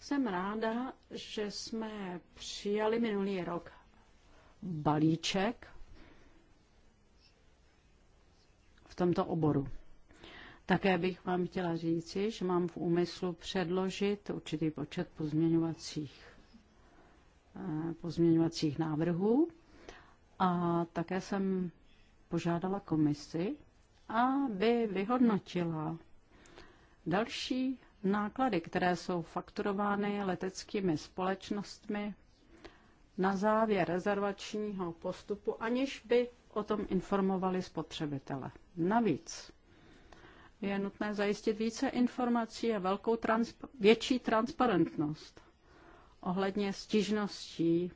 Jsem ráda, že jsme přijali minulý rok balíček v tomto oboru. Také bych vám chtěla říci, že mám v úmyslu předložit určitý počet pozměňovacích, eh, pozměňovacích návrhů a také jsem požádala komisi, aby vyhodnotila další náklady, které jsou fakturovány leteckými společnostmi na závěr rezervačního postupu, aniž by o tom informovali spotřebitele. Navíc je nutné zajistit více informací a velkou transpa- větší transparentnost ohledně stížností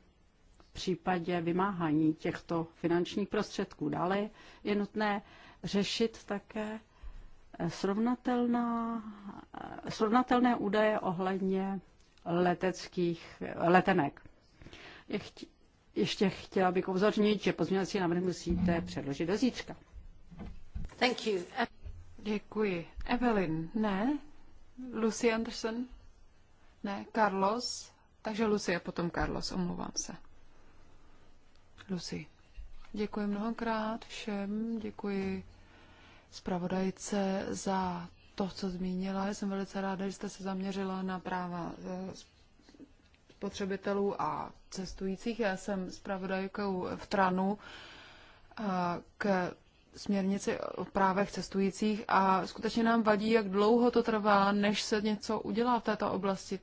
případě vymáhání těchto finančních prostředků. Dále je nutné řešit také eh, srovnatelná, eh, srovnatelné údaje ohledně leteckých eh, letenek. Ještě chtěla bych upozornit, že pozměňovací návrh musíte předložit do zítřka. Thank you. Děkuji. Evelyn, ne? Lucy Anderson? Ne, Carlos? Takže Lucy a potom Carlos, omlouvám se. Lucy. Děkuji mnohokrát všem, děkuji zpravodajce za to, co zmínila. Já jsem velice ráda, že jste se zaměřila na práva eh, spotřebitelů a cestujících. Já jsem zpravodajkou v Tranu eh, k směrnici o právech cestujících a skutečně nám vadí, jak dlouho to trvá, než se něco udělá v této oblasti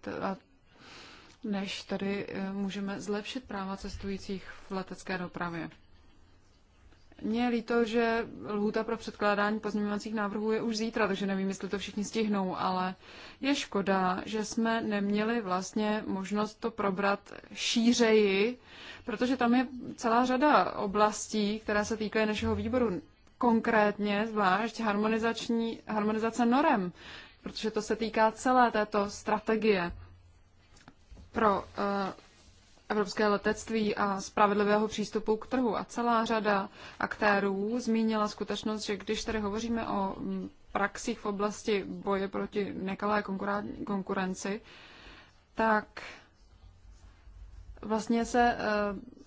než tady eh, můžeme zlepšit práva cestujících v letecké dopravě. Mně je líto, že lhůta pro předkládání pozměňovacích návrhů je už zítra, takže nevím, jestli to všichni stihnou, ale je škoda, že jsme neměli vlastně možnost to probrat šířeji, protože tam je celá řada oblastí, která se týkají našeho výboru. Konkrétně zvlášť harmonizační, harmonizace norem, protože to se týká celé této strategie pro eh, evropské letectví a spravedlivého přístupu k trhu. A celá řada aktérů zmínila skutečnost, že když tady hovoříme o mm, praxích v oblasti boje proti nekalé konkurenci, tak vlastně se eh,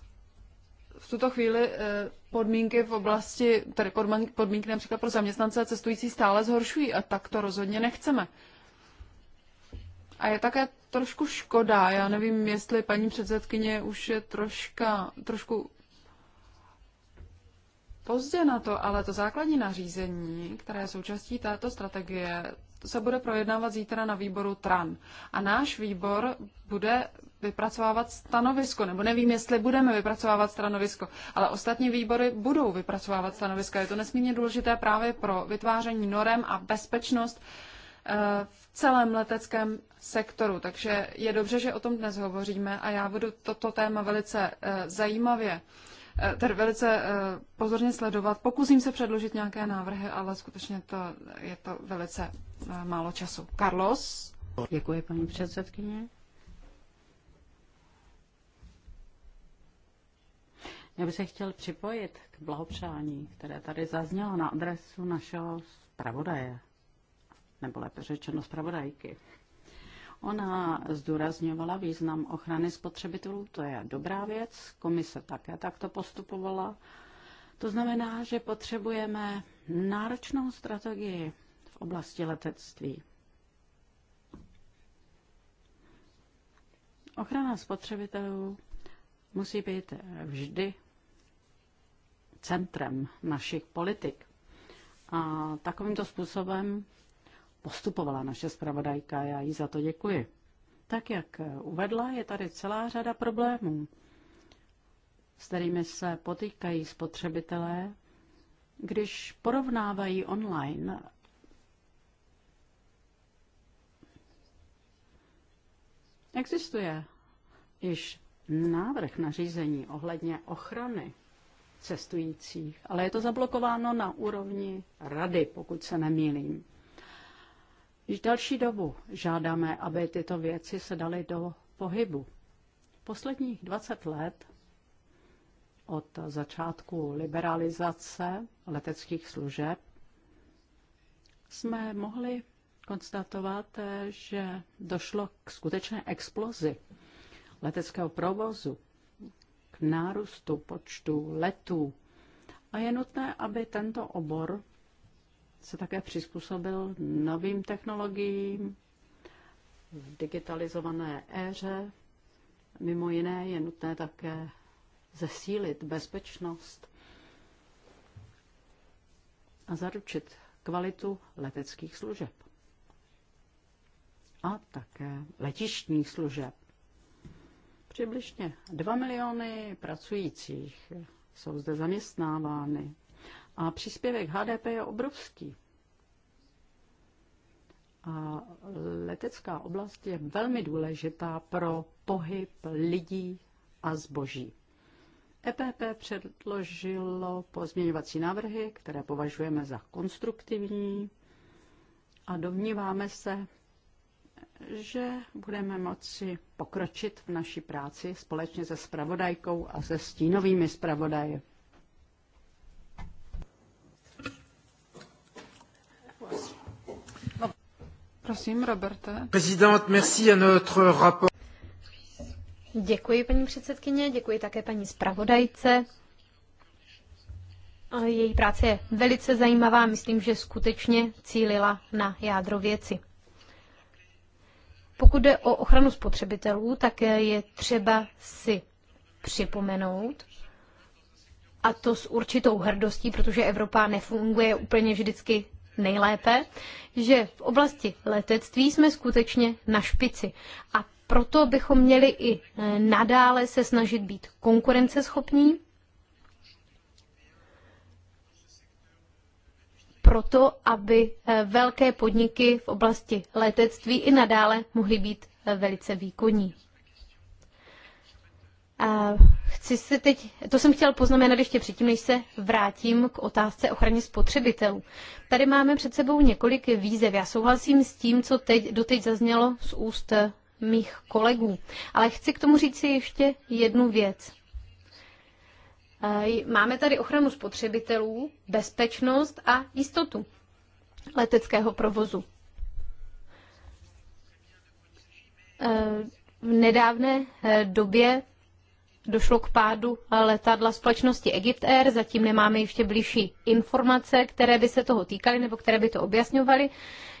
v tuto chvíli eh, podmínky v oblasti, tedy podmínky například pro zaměstnance a cestující stále zhoršují a tak to rozhodně nechceme. A je také trošku škoda, já nevím, jestli paní předsedkyně už je troška, trošku pozdě na to, ale to základní nařízení, které je součástí této strategie, to se bude projednávat zítra na výboru TRAN. A náš výbor bude vypracovávat stanovisko, nebo nevím, jestli budeme vypracovávat stanovisko, ale ostatní výbory budou vypracovávat stanoviska. Je to nesmírně důležité právě pro vytváření norem a bezpečnost v eh, celém leteckém sektoru. Takže je dobře, že o tom dnes hovoříme a já budu toto téma velice eh, zajímavě eh, tedy velice eh, pozorně sledovat. Pokusím se předložit nějaké návrhy, ale skutečně to, je to velice málo času. Carlos? Děkuji, paní předsedkyně. Já bych se chtěl připojit k blahopřání, které tady zaznělo na adresu našeho zpravodaje nebo lépe řečeno zpravodajky. Ona zdůrazňovala význam ochrany spotřebitelů, to je dobrá věc, komise také takto postupovala. To znamená, že potřebujeme náročnou strategii v oblasti letectví. Ochrana spotřebitelů musí být vždy centrem našich politik. A takovýmto způsobem postupovala naše zpravodajka. Já jí za to děkuji. Tak, jak uvedla, je tady celá řada problémů, s kterými se potýkají spotřebitelé, když porovnávají online Existuje již návrh na řízení ohledně ochrany cestujících, ale je to zablokováno na úrovni rady, pokud se nemýlím. Již další dobu žádáme, aby tyto věci se daly do pohybu. Posledních 20 let od začátku liberalizace leteckých služeb jsme mohli konstatovat, že došlo k skutečné explozi leteckého provozu, k nárůstu počtu letů. A je nutné, aby tento obor se také přizpůsobil novým technologiím v digitalizované éře. Mimo jiné je nutné také zesílit bezpečnost a zaručit kvalitu leteckých služeb a také letištních služeb. Přibližně 2 miliony pracujících jsou zde zaměstnávány. A příspěvek HDP je obrovský. A letecká oblast je velmi důležitá pro pohyb lidí a zboží. EPP předložilo pozměňovací návrhy, které považujeme za konstruktivní a domníváme se, že budeme moci pokročit v naší práci společně se spravodajkou a se stínovými spravodaji. Prosím, Roberte. Prezident, merci notre rapport. Děkuji, paní předsedkyně, děkuji také paní zpravodajce. Její práce je velice zajímavá, myslím, že skutečně cílila na jádro věci. Pokud jde o ochranu spotřebitelů, tak je třeba si připomenout, a to s určitou hrdostí, protože Evropa nefunguje úplně vždycky nejlépe, že v oblasti letectví jsme skutečně na špici. A proto bychom měli i eh, nadále se snažit být konkurenceschopní. Proto, aby eh, velké podniky v oblasti letectví i nadále mohly být eh, velice výkonní chci se teď, to jsem chtěl poznamenat ještě předtím, než se vrátím k otázce ochraně spotřebitelů. Tady máme před sebou několik výzev. Já souhlasím s tím, co teď, doteď zaznělo z úst mých kolegů. Ale chci k tomu říct si ještě jednu věc. Máme tady ochranu spotřebitelů, bezpečnost a jistotu leteckého provozu. V nedávné eh, době došlo k pádu letadla společnosti Egypt Air. Zatím nemáme ještě blížší informace, které by se toho týkaly nebo které by to objasňovaly.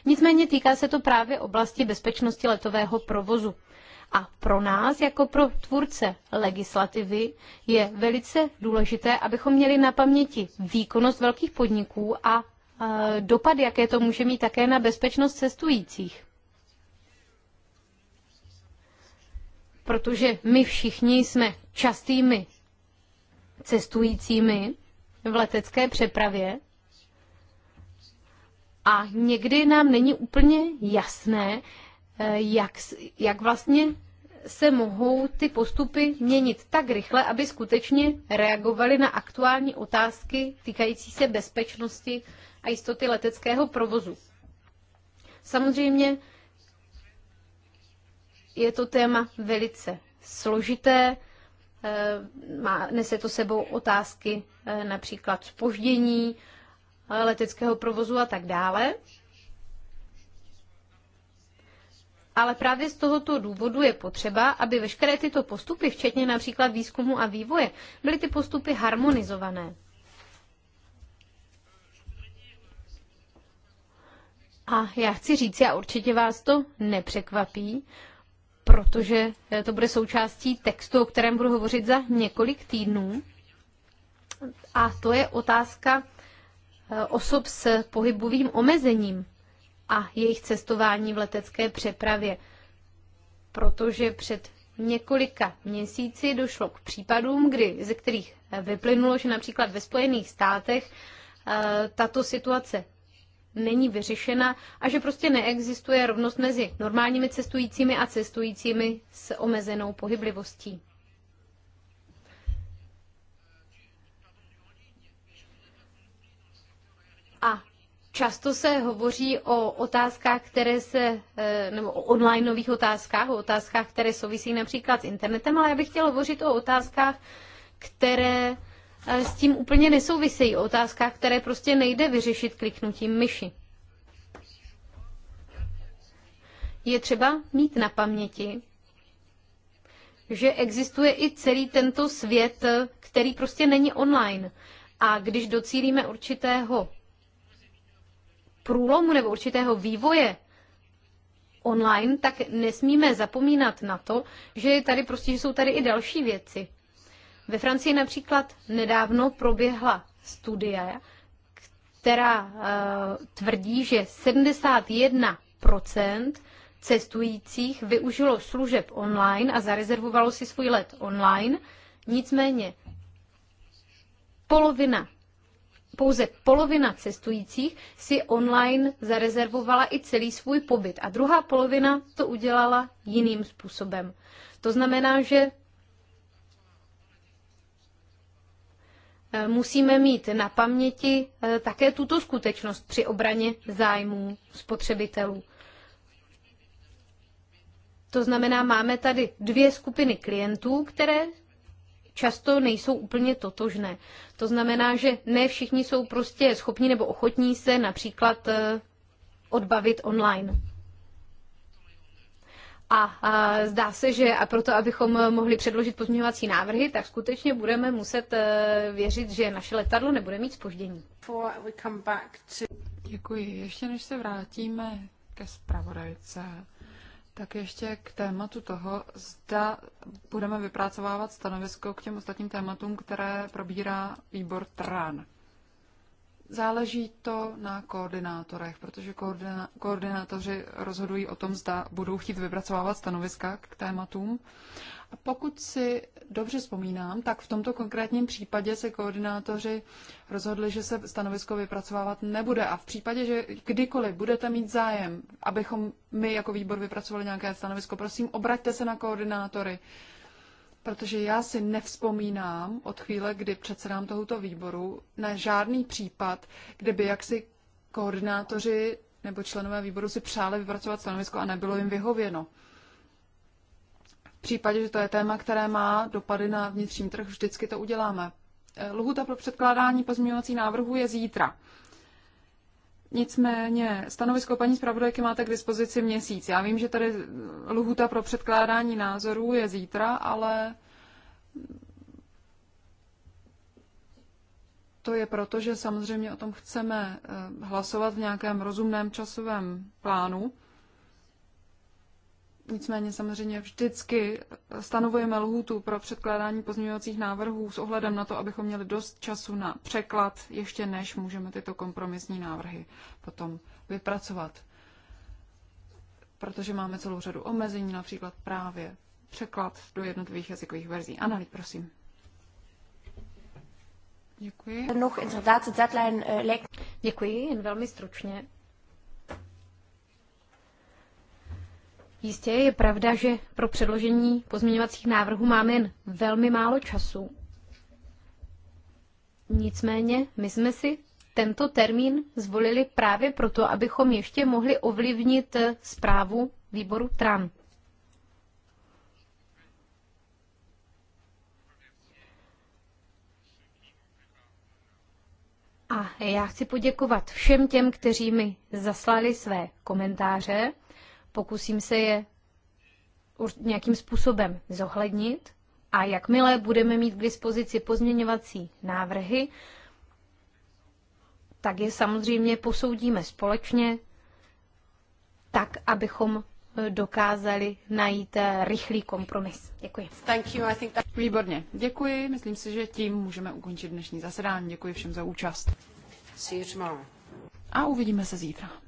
Nicméně týká se to právě oblasti bezpečnosti letového provozu. A pro nás, jako pro tvůrce legislativy, je velice důležité, abychom měli na paměti výkonnost velkých podniků a e, dopad, jaké to může mít také na bezpečnost cestujících. protože my všichni jsme častými cestujícími v letecké přepravě a někdy nám není úplně jasné, eh, jak, jak vlastně se mohou ty postupy měnit tak rychle, aby skutečně reagovaly na aktuální otázky týkající se bezpečnosti a jistoty leteckého provozu. Samozřejmě je to téma velice složité, Eh, má, nese to sebou otázky eh, například spoždění eh, leteckého provozu a tak dále. Ale právě z tohoto důvodu je potřeba, aby veškeré tyto postupy, včetně například výzkumu a vývoje, byly ty postupy harmonizované. A já chci říct, já určitě vás to nepřekvapí, protože eh, to bude součástí textu, o kterém budu hovořit za několik týdnů. A to je otázka eh, osob s pohybovým omezením a jejich cestování v letecké přepravě. Protože před několika měsíci došlo k případům, kdy, ze kterých eh, vyplynulo, že například ve Spojených státech tato situace není vyřešena a že prostě neexistuje rovnost mezi normálními cestujícími a cestujícími s omezenou pohyblivostí. A často se hovoří o otázkách, které se, eh, nebo o online nových otázkách, o otázkách, které souvisí například s internetem, ale já bych chtěla hovořit o otázkách, které Eh, s tím úplně nesouvisejí. Otázka, které prostě nejde vyřešit kliknutím myši. Je třeba mít na paměti, že existuje i celý tento svět, eh, který prostě není online. A když docílíme určitého průlomu nebo určitého vývoje online, tak nesmíme zapomínat na to, že, tady prostě, že jsou tady i další věci. Ve Francii například nedávno proběhla studie, která eh, tvrdí, že 71 cestujících využilo služeb online a zarezervovalo si svůj let online. Nicméně polovina, pouze polovina cestujících si online zarezervovala i celý svůj pobyt a druhá polovina to udělala jiným způsobem. To znamená, že Eh, musíme mít na paměti eh, také tuto skutečnost při obraně zájmů spotřebitelů. To znamená, máme tady dvě skupiny klientů, které často nejsou úplně totožné. To znamená, že ne všichni jsou prostě schopni nebo ochotní se například eh, odbavit online. A, a zdá se, že a proto, abychom mohli předložit pozměňovací návrhy, tak skutečně budeme muset e, věřit, že naše letadlo nebude mít spoždění. Děkuji. Ještě než se vrátíme ke zpravodajce, tak ještě k tématu toho, zda budeme vypracovávat stanovisko k těm ostatním tématům, které probírá výbor TRAN. Záleží to na koordinátorech, protože koordina- koordinátoři rozhodují o tom, zda budou chtít vypracovávat stanoviska k tématům. A pokud si dobře vzpomínám, tak v tomto konkrétním případě se koordinátoři rozhodli, že se stanovisko vypracovávat nebude. A v případě, že kdykoliv budete mít zájem, abychom my jako výbor vypracovali nějaké stanovisko, prosím, obraťte se na koordinátory. Uh, protože já si nevzpomínám od chvíle, kdy předsedám tohoto výboru, na žádný případ, kde by jaksi koordinátoři nebo členové výboru si přáli vypracovat stanovisko a nebylo jim vyhověno. V případě, že to je téma, které má dopady na vnitřní trh, vždycky to uděláme. Eh, Lhuta pro předkládání pozměňovacích návrhů je zítra. Nicméně stanovisko paní zpravodajky máte k dispozici měsíc. Já vím, že tady lhuta pro předkládání názorů je zítra, ale to je proto, že samozřejmě o tom chceme eh, hlasovat v nějakém rozumném časovém plánu. Nicméně samozřejmě vždycky stanovujeme lhůtu pro předkládání pozměňovacích návrhů s ohledem na to, abychom měli dost času na překlad, ještě než můžeme tyto kompromisní návrhy potom vypracovat. Protože máme celou řadu omezení, například právě překlad do jednotlivých jazykových verzí. Analý, prosím. Děkuji. Äh, Děkuji, jen velmi stručně. Jistě je pravda, že pro předložení pozměňovacích návrhů máme jen velmi málo času. Nicméně my jsme si tento termín zvolili právě proto, abychom ještě mohli ovlivnit eh, zprávu výboru TRAN. A já chci poděkovat všem těm, kteří mi zaslali své komentáře. Pokusím se je nějakým způsobem zohlednit a jakmile budeme mít k dispozici pozměňovací návrhy, tak je samozřejmě posoudíme společně, tak, abychom e, dokázali najít e, rychlý kompromis. Děkuji. Thank you. I think that... Výborně. Děkuji. Myslím si, že tím můžeme ukončit dnešní zasedání. Děkuji všem za účast. See you tomorrow. A uvidíme se zítra.